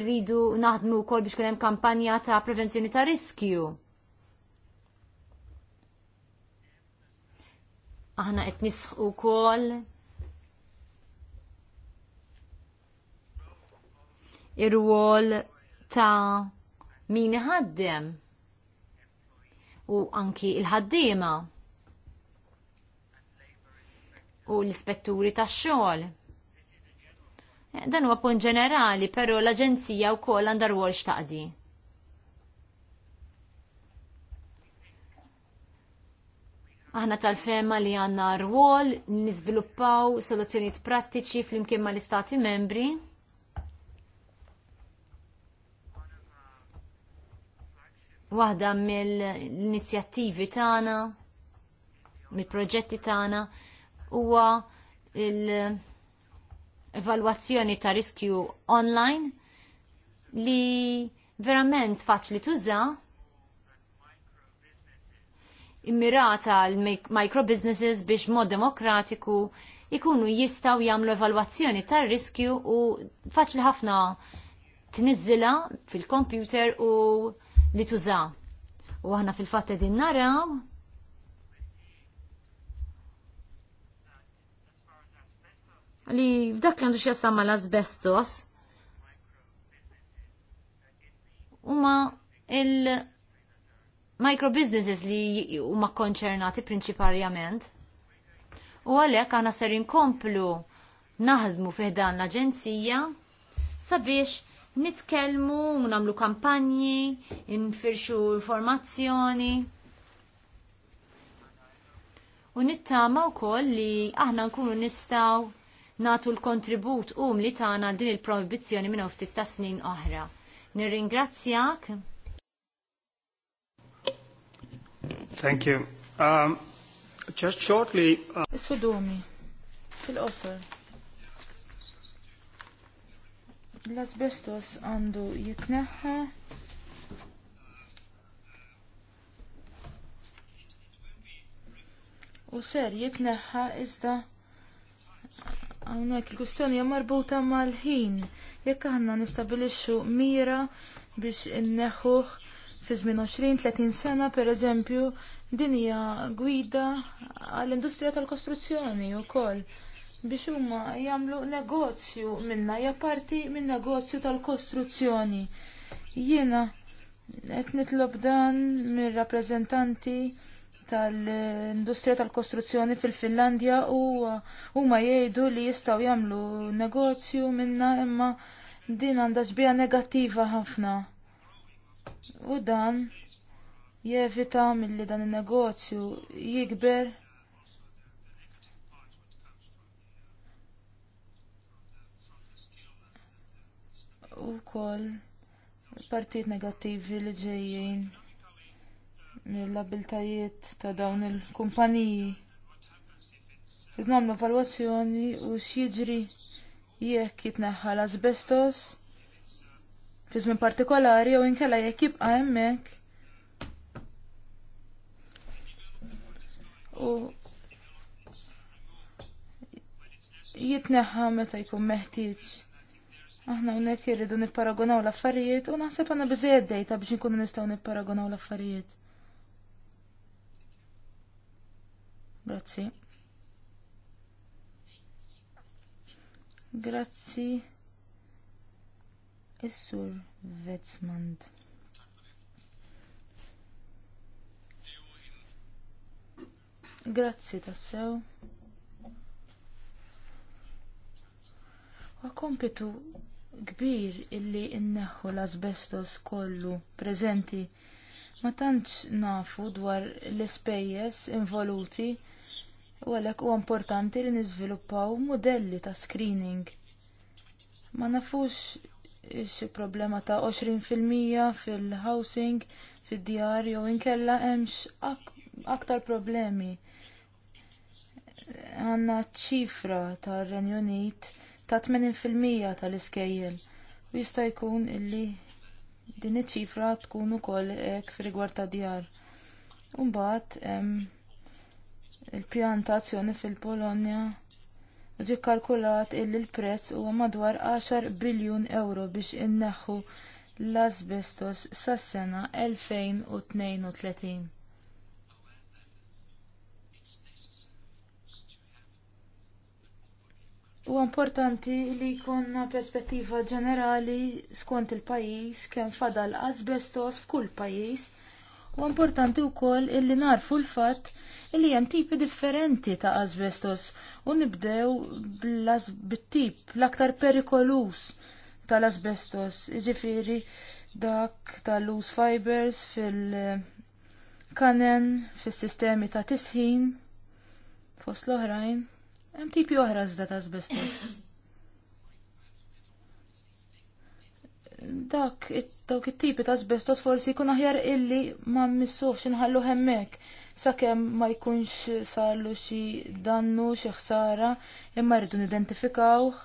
Irridu naħdmu wkoll biex kunem kampanja ta' prevenzjoni ta' riskju. Aħna qed nisħu wkoll ir-wol ta' min ħaddem u anki il-ħaddiema u l-ispetturi tax xogħol. Eh, dan huwa punt ġenerali, però l-Aġenzija wkoll għandha rwol x'taqdi. Aħna tal-fema li għandna rwol niżviluppaw soluzzjonijiet prattiċi flimkien mal istati membri waħda mill-inizjattivi tagħna, mill-proġetti tagħna huwa l-evalwazzjoni ta' riskju online li verament faċli tuża immirata l-micro businesses biex mod demokratiku ikunu jistaw jagħmlu evalwazzjoni tar riskju u faċli ħafna tniżila fil-computer u li tuża. U aħna fil-fatt qegħdin naraw li f'dak li għandu x'jassam l asbestos huma il micro businesses li huma konċernati prinċipalment. U għalhekk aħna ser inkomplu naħdmu fih dan l-aġenzija sabiex nitkellmu, namlu kampanji, nfirxu informazzjoni. U nittama wkoll li aħna nkunu nistgħu natu l-kontribut um li tagħna din il prohibizjoni minn ftit ta' snin oħra. Nirringrazzjak. Thank you. Um, just shortly... Uh... Sudumi, fil-qosor L-asbestos għandu jitneħħa u ser jitneħħa iżda hawnhekk il-kustjoni hija marbuta mal-ħin. Jekk aħna nistabilixxu mira biex inneħħuh fi żmien 20-30 sena pereżempju din hija gwida għall-industrija tal-kostruzzjoni wkoll biex huma jagħmlu negozju minna hija parti minn negozju tal-kostruzzjoni. Jiena qed nitlob dan mir-rappreżentanti tal-industrija tal-kostruzzjoni fil-Finlandja u huma jgħidu li jistgħu jagħmlu negozju minna imma din għandha xbija negattiva ħafna. U dan jevita milli dan in-negozju jikber u kol partijiet negattivi li ġejjin mill-abiltajiet ta' dawn il-kumpaniji. Id-namlu valwazzjoni u x'jiġri jekk jitneħħal asbestos fi żmien partikolari jew inkella jekk jibqa' hemmhekk. U jitneħħa meta jkun meħtieġ. Aħna unnek jirridu nipparagonaw l-affarijiet u naħseb għanna biżejjed dejta biex inkunu nistgħu nipparagonaw l-affarijiet. Grazzi. Grazzi. is Vetsmand. Grazzi tassew. Wa kbir illi inneħħu l-asbestos kollu preżenti. Ma tantx nafu dwar l-ispejjeż involuti u għalhekk huwa importanti li niżviluppaw mudelli ta' screening. Ma nafux xi problema ta' 20% fil-housing, fid-djar jew inkella hemmx ak aktar problemi. Għandna ċifra tar-Renju Unit ta' 80% tal-iskejjel u jista' jkun illi din iċ-ċifra tkun ukoll hekk f'rigward ta' djar. Imbagħad hemm il pjantazzjoni fil-Polonja ġie kkalkulat illi l-prezz huwa madwar 10 biljun euro biex inneħħu l-asbestos sas-sena 2032. U importanti li jkollna perspettiva ġenerali skont il pajjiż kemm fadal asbestos f'kull pajjiż. U importanti wkoll illi narfu l-fatt illi hemm tipi differenti ta' asbestos u nibdew bit-tip l-aktar perikolus tal-asbestos, jiġifieri dak tal-loose fibers fil-kanen, fis sistemi ta' tisħin, fost l-oħrajn. Hemm tipi oħra żda ta' asbestos. Dak dawk it-tipi ta' asbestos forsi jkun aħjar illi ma mmissuhx inħallu hemmhekk sakemm ma jkunx sarlu xi dannu xi ħsara imma rridu nidentifikawh,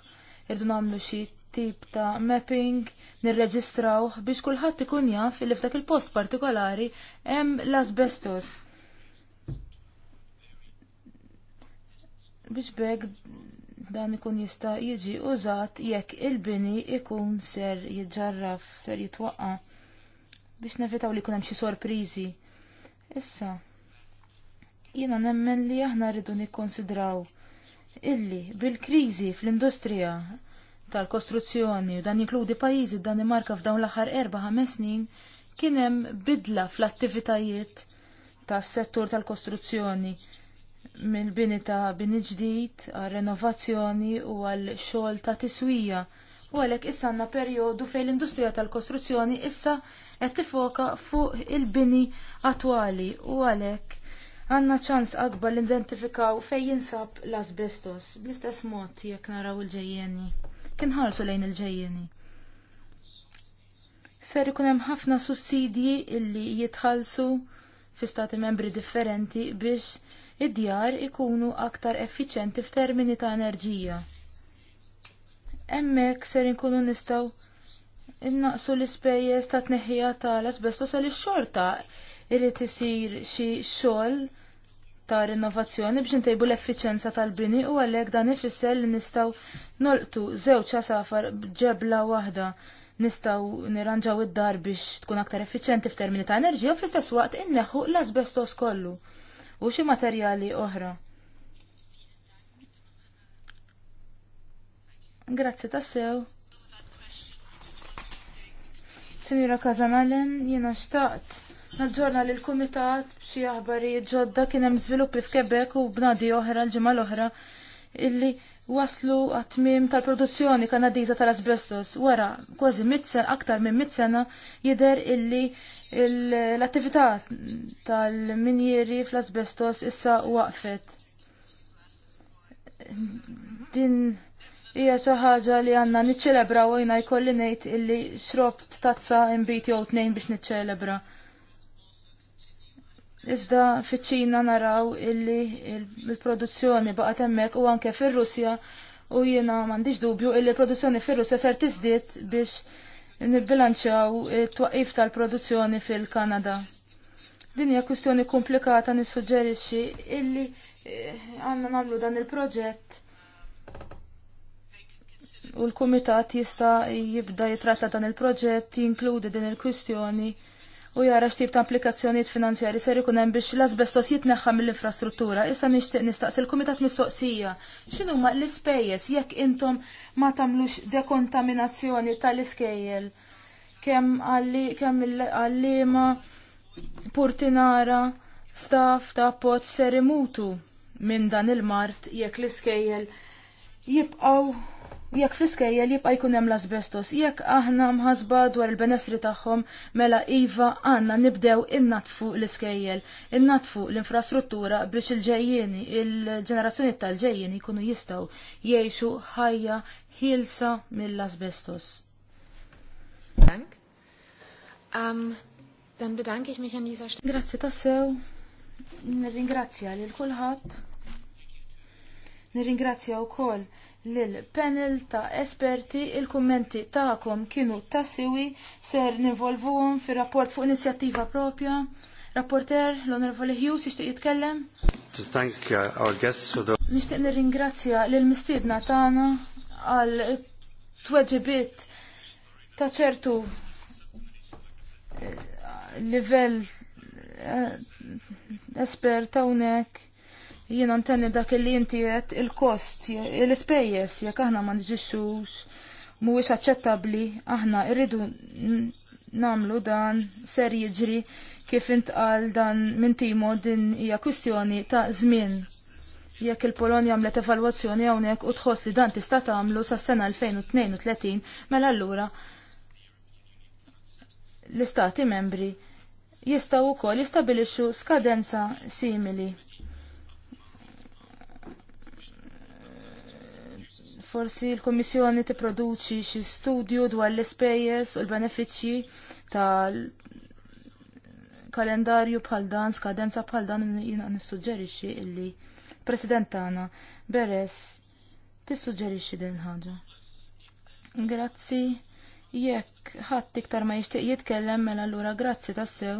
irridu nagħmlu xi tip ta' mapping, nirreġistrawh biex kulħadd ikun jaf li f'dak il-post partikolari hemm l-asbestos biex bekk dan ikun jista' jiġi użat jekk il-bini ikun ser jiġġarraf, ser jitwaqqa biex nevitaw li jkun hemm xi sorpriżi. Issa, jiena nemmen li aħna rridu nikkonsidraw illi bil-kriżi fl-industrija tal-kostruzzjoni u dan jinkludi pajjiżi Danimarka f'dawn l-aħħar erba' ħames snin kien hemm bidla fl-attivitajiet tas-settur tal-kostruzzjoni mill-bini ta' bini ġdid, għal renovazzjoni u għal xogħol ta' tiswija. U għalhekk issa għandna perjodu fejn l-industrija tal-kostruzzjoni issa qed tifoka fuq il-bini attwali u għalhekk għandna ċans akbar l-identifikaw fejn jinsab l-asbestos bl-istess mod jek naraw il-ġejjeni. Kien ħarsu lejn il-ġejjeni. Ser ikun hemm ħafna sussidji illi jitħallsu fi stati membri differenti biex id-djar ikunu aktar effiċenti f'termini ta' enerġija. Hemmhekk ser inkunu nistgħu innaqsu l-ispejjeż ta' tneħħija tal-asbestos għal ix-xorta irid isir xi xogħol ta' rinnovazzjoni biex intejbu l-effiċenza tal-bini u għalhekk dan ifisser li nistgħu nolqtu żewġ għasafar b'ġebla waħda nistgħu niranġaw id-dar biex tkun aktar effiċjenti f'termini ta' enerġija u fl-istess waqt inneħħu l-asbestos kollu u xi materjali oħra. Grazzi tassew. Sinjura Kazanalen, jiena xtaqt li l kumitat b'xi aħbarijiet ġodda kien hemm f'Kebek u b'nadi oħra l-ġimgħa l-oħra illi waslu għatmim tal-produzzjoni kanadiza tal-asbestos wara kważi mitsen, aktar minn mitzena jider illi l-attività tal-minjeri fl-asbestos issa waqfet. Din hija xi ħaġa li għandna niċċelebra u jina jkolli ngħid illi xrobt tazza imbit jew tnejn biex niċċelebra. Iżda fiċ-Ċina naraw illi il-produzzjoni baqgħet hemmhekk u anke fir-Russja u jiena m'għandix dubju illi l-produzzjoni fir-Russja ser tiżdied biex nibbilanċaw it-twaqqif tal-produzzjoni fil-Kanada. Din hija kwistjoni komplikata nissuġġerixxi illi eh, għandna nagħmlu dan il-proġett u l-Kumitat jista' jibda jitratta dan il-proġett jinkludi din il-kwistjoni il proġett jinkludi din il kwistjoni u jara xtib ta' applikazzjonijiet finanzjari ser ikun hemm biex l-asbestos jitneħħa mill-infrastruttura. Issa nixtieq nistaqsi l-Kumitat Mistoqsija x'inhu ma l-ispejjeż jekk intom ma tagħmlux dekontaminazzjoni tal-iskejjel kemm kemm għallima purtinara staff ta' pot ser imutu minn dan il-mart jekk l-iskejjel jibqgħu jekk fl li jibqa' jkun hemm l-asbestos, jekk aħna mħasba dwar il-benessri tagħhom mela iva għandna nibdew innatfu l-iskejjel, innatfu l-infrastruttura biex il-ġejjieni, il-ġenerazzjoni tal-ġejjieni jkunu jistgħu jgħixu ħajja ħilsa mill-asbestos. Dank. Um, dan bidank ich mich an dieser Stelle. Grazie tassew. Nirringrazzja lil kulħadd. Nirringrazzja wkoll Lill-panel ta' esperti il-kummenti ta'kom kienu tassiwi ser nivolvuhom fir rapport fuq inizjattiva propja. Rapporter, l-Onorevoli Hughes, ixtiq jitkellem? To thank uh, our guests for the... Nishtiq nirringrazzja l-mistidna tagħna għal tweġibiet ta' ċertu eh, livell eh, esperta unek Jiena ntenni dak li inti qed il-kost, l-ispejjeż jekk aħna ma nġixxux mhuwiex aċċettabbli, aħna rridu nagħmlu dan ser jiġri kif intqal dan minn timo din hija kwistjoni ta' żmien. Jekk il-Polonja għamlet evalwazzjoni hawnhekk u tħoss li dan tista' tagħmlu sas-sena 2032, mela allura l-istati membri jistaw ukoll jistabilixxu skadenza simili Forsi l-Komissjoni tipproduċi xi studju dwar l-ispejjeż u l-benefiċċji tal-kalendarju bħal dan, skadenza bħal dan jiena nissuġġerixxi illi President tagħna Beres tissuġġerixxi din ħaġa. Grazzi jekk ħadd iktar ma jixtieq jitkellem mela allura grazzi tassew.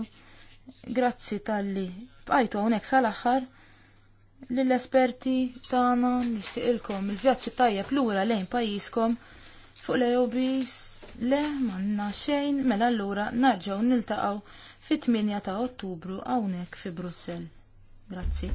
Grazzi talli bqajtu hawnhekk sal-aħħar lill-esperti tagħna ilkom il-vjaġġi tajjeb lura lejn pajjiżkom fuq l le manna xejn mela allura narġgħu niltaqgħu fit-8 ta' Ottubru hawnhekk fi Brussell. Grazzi.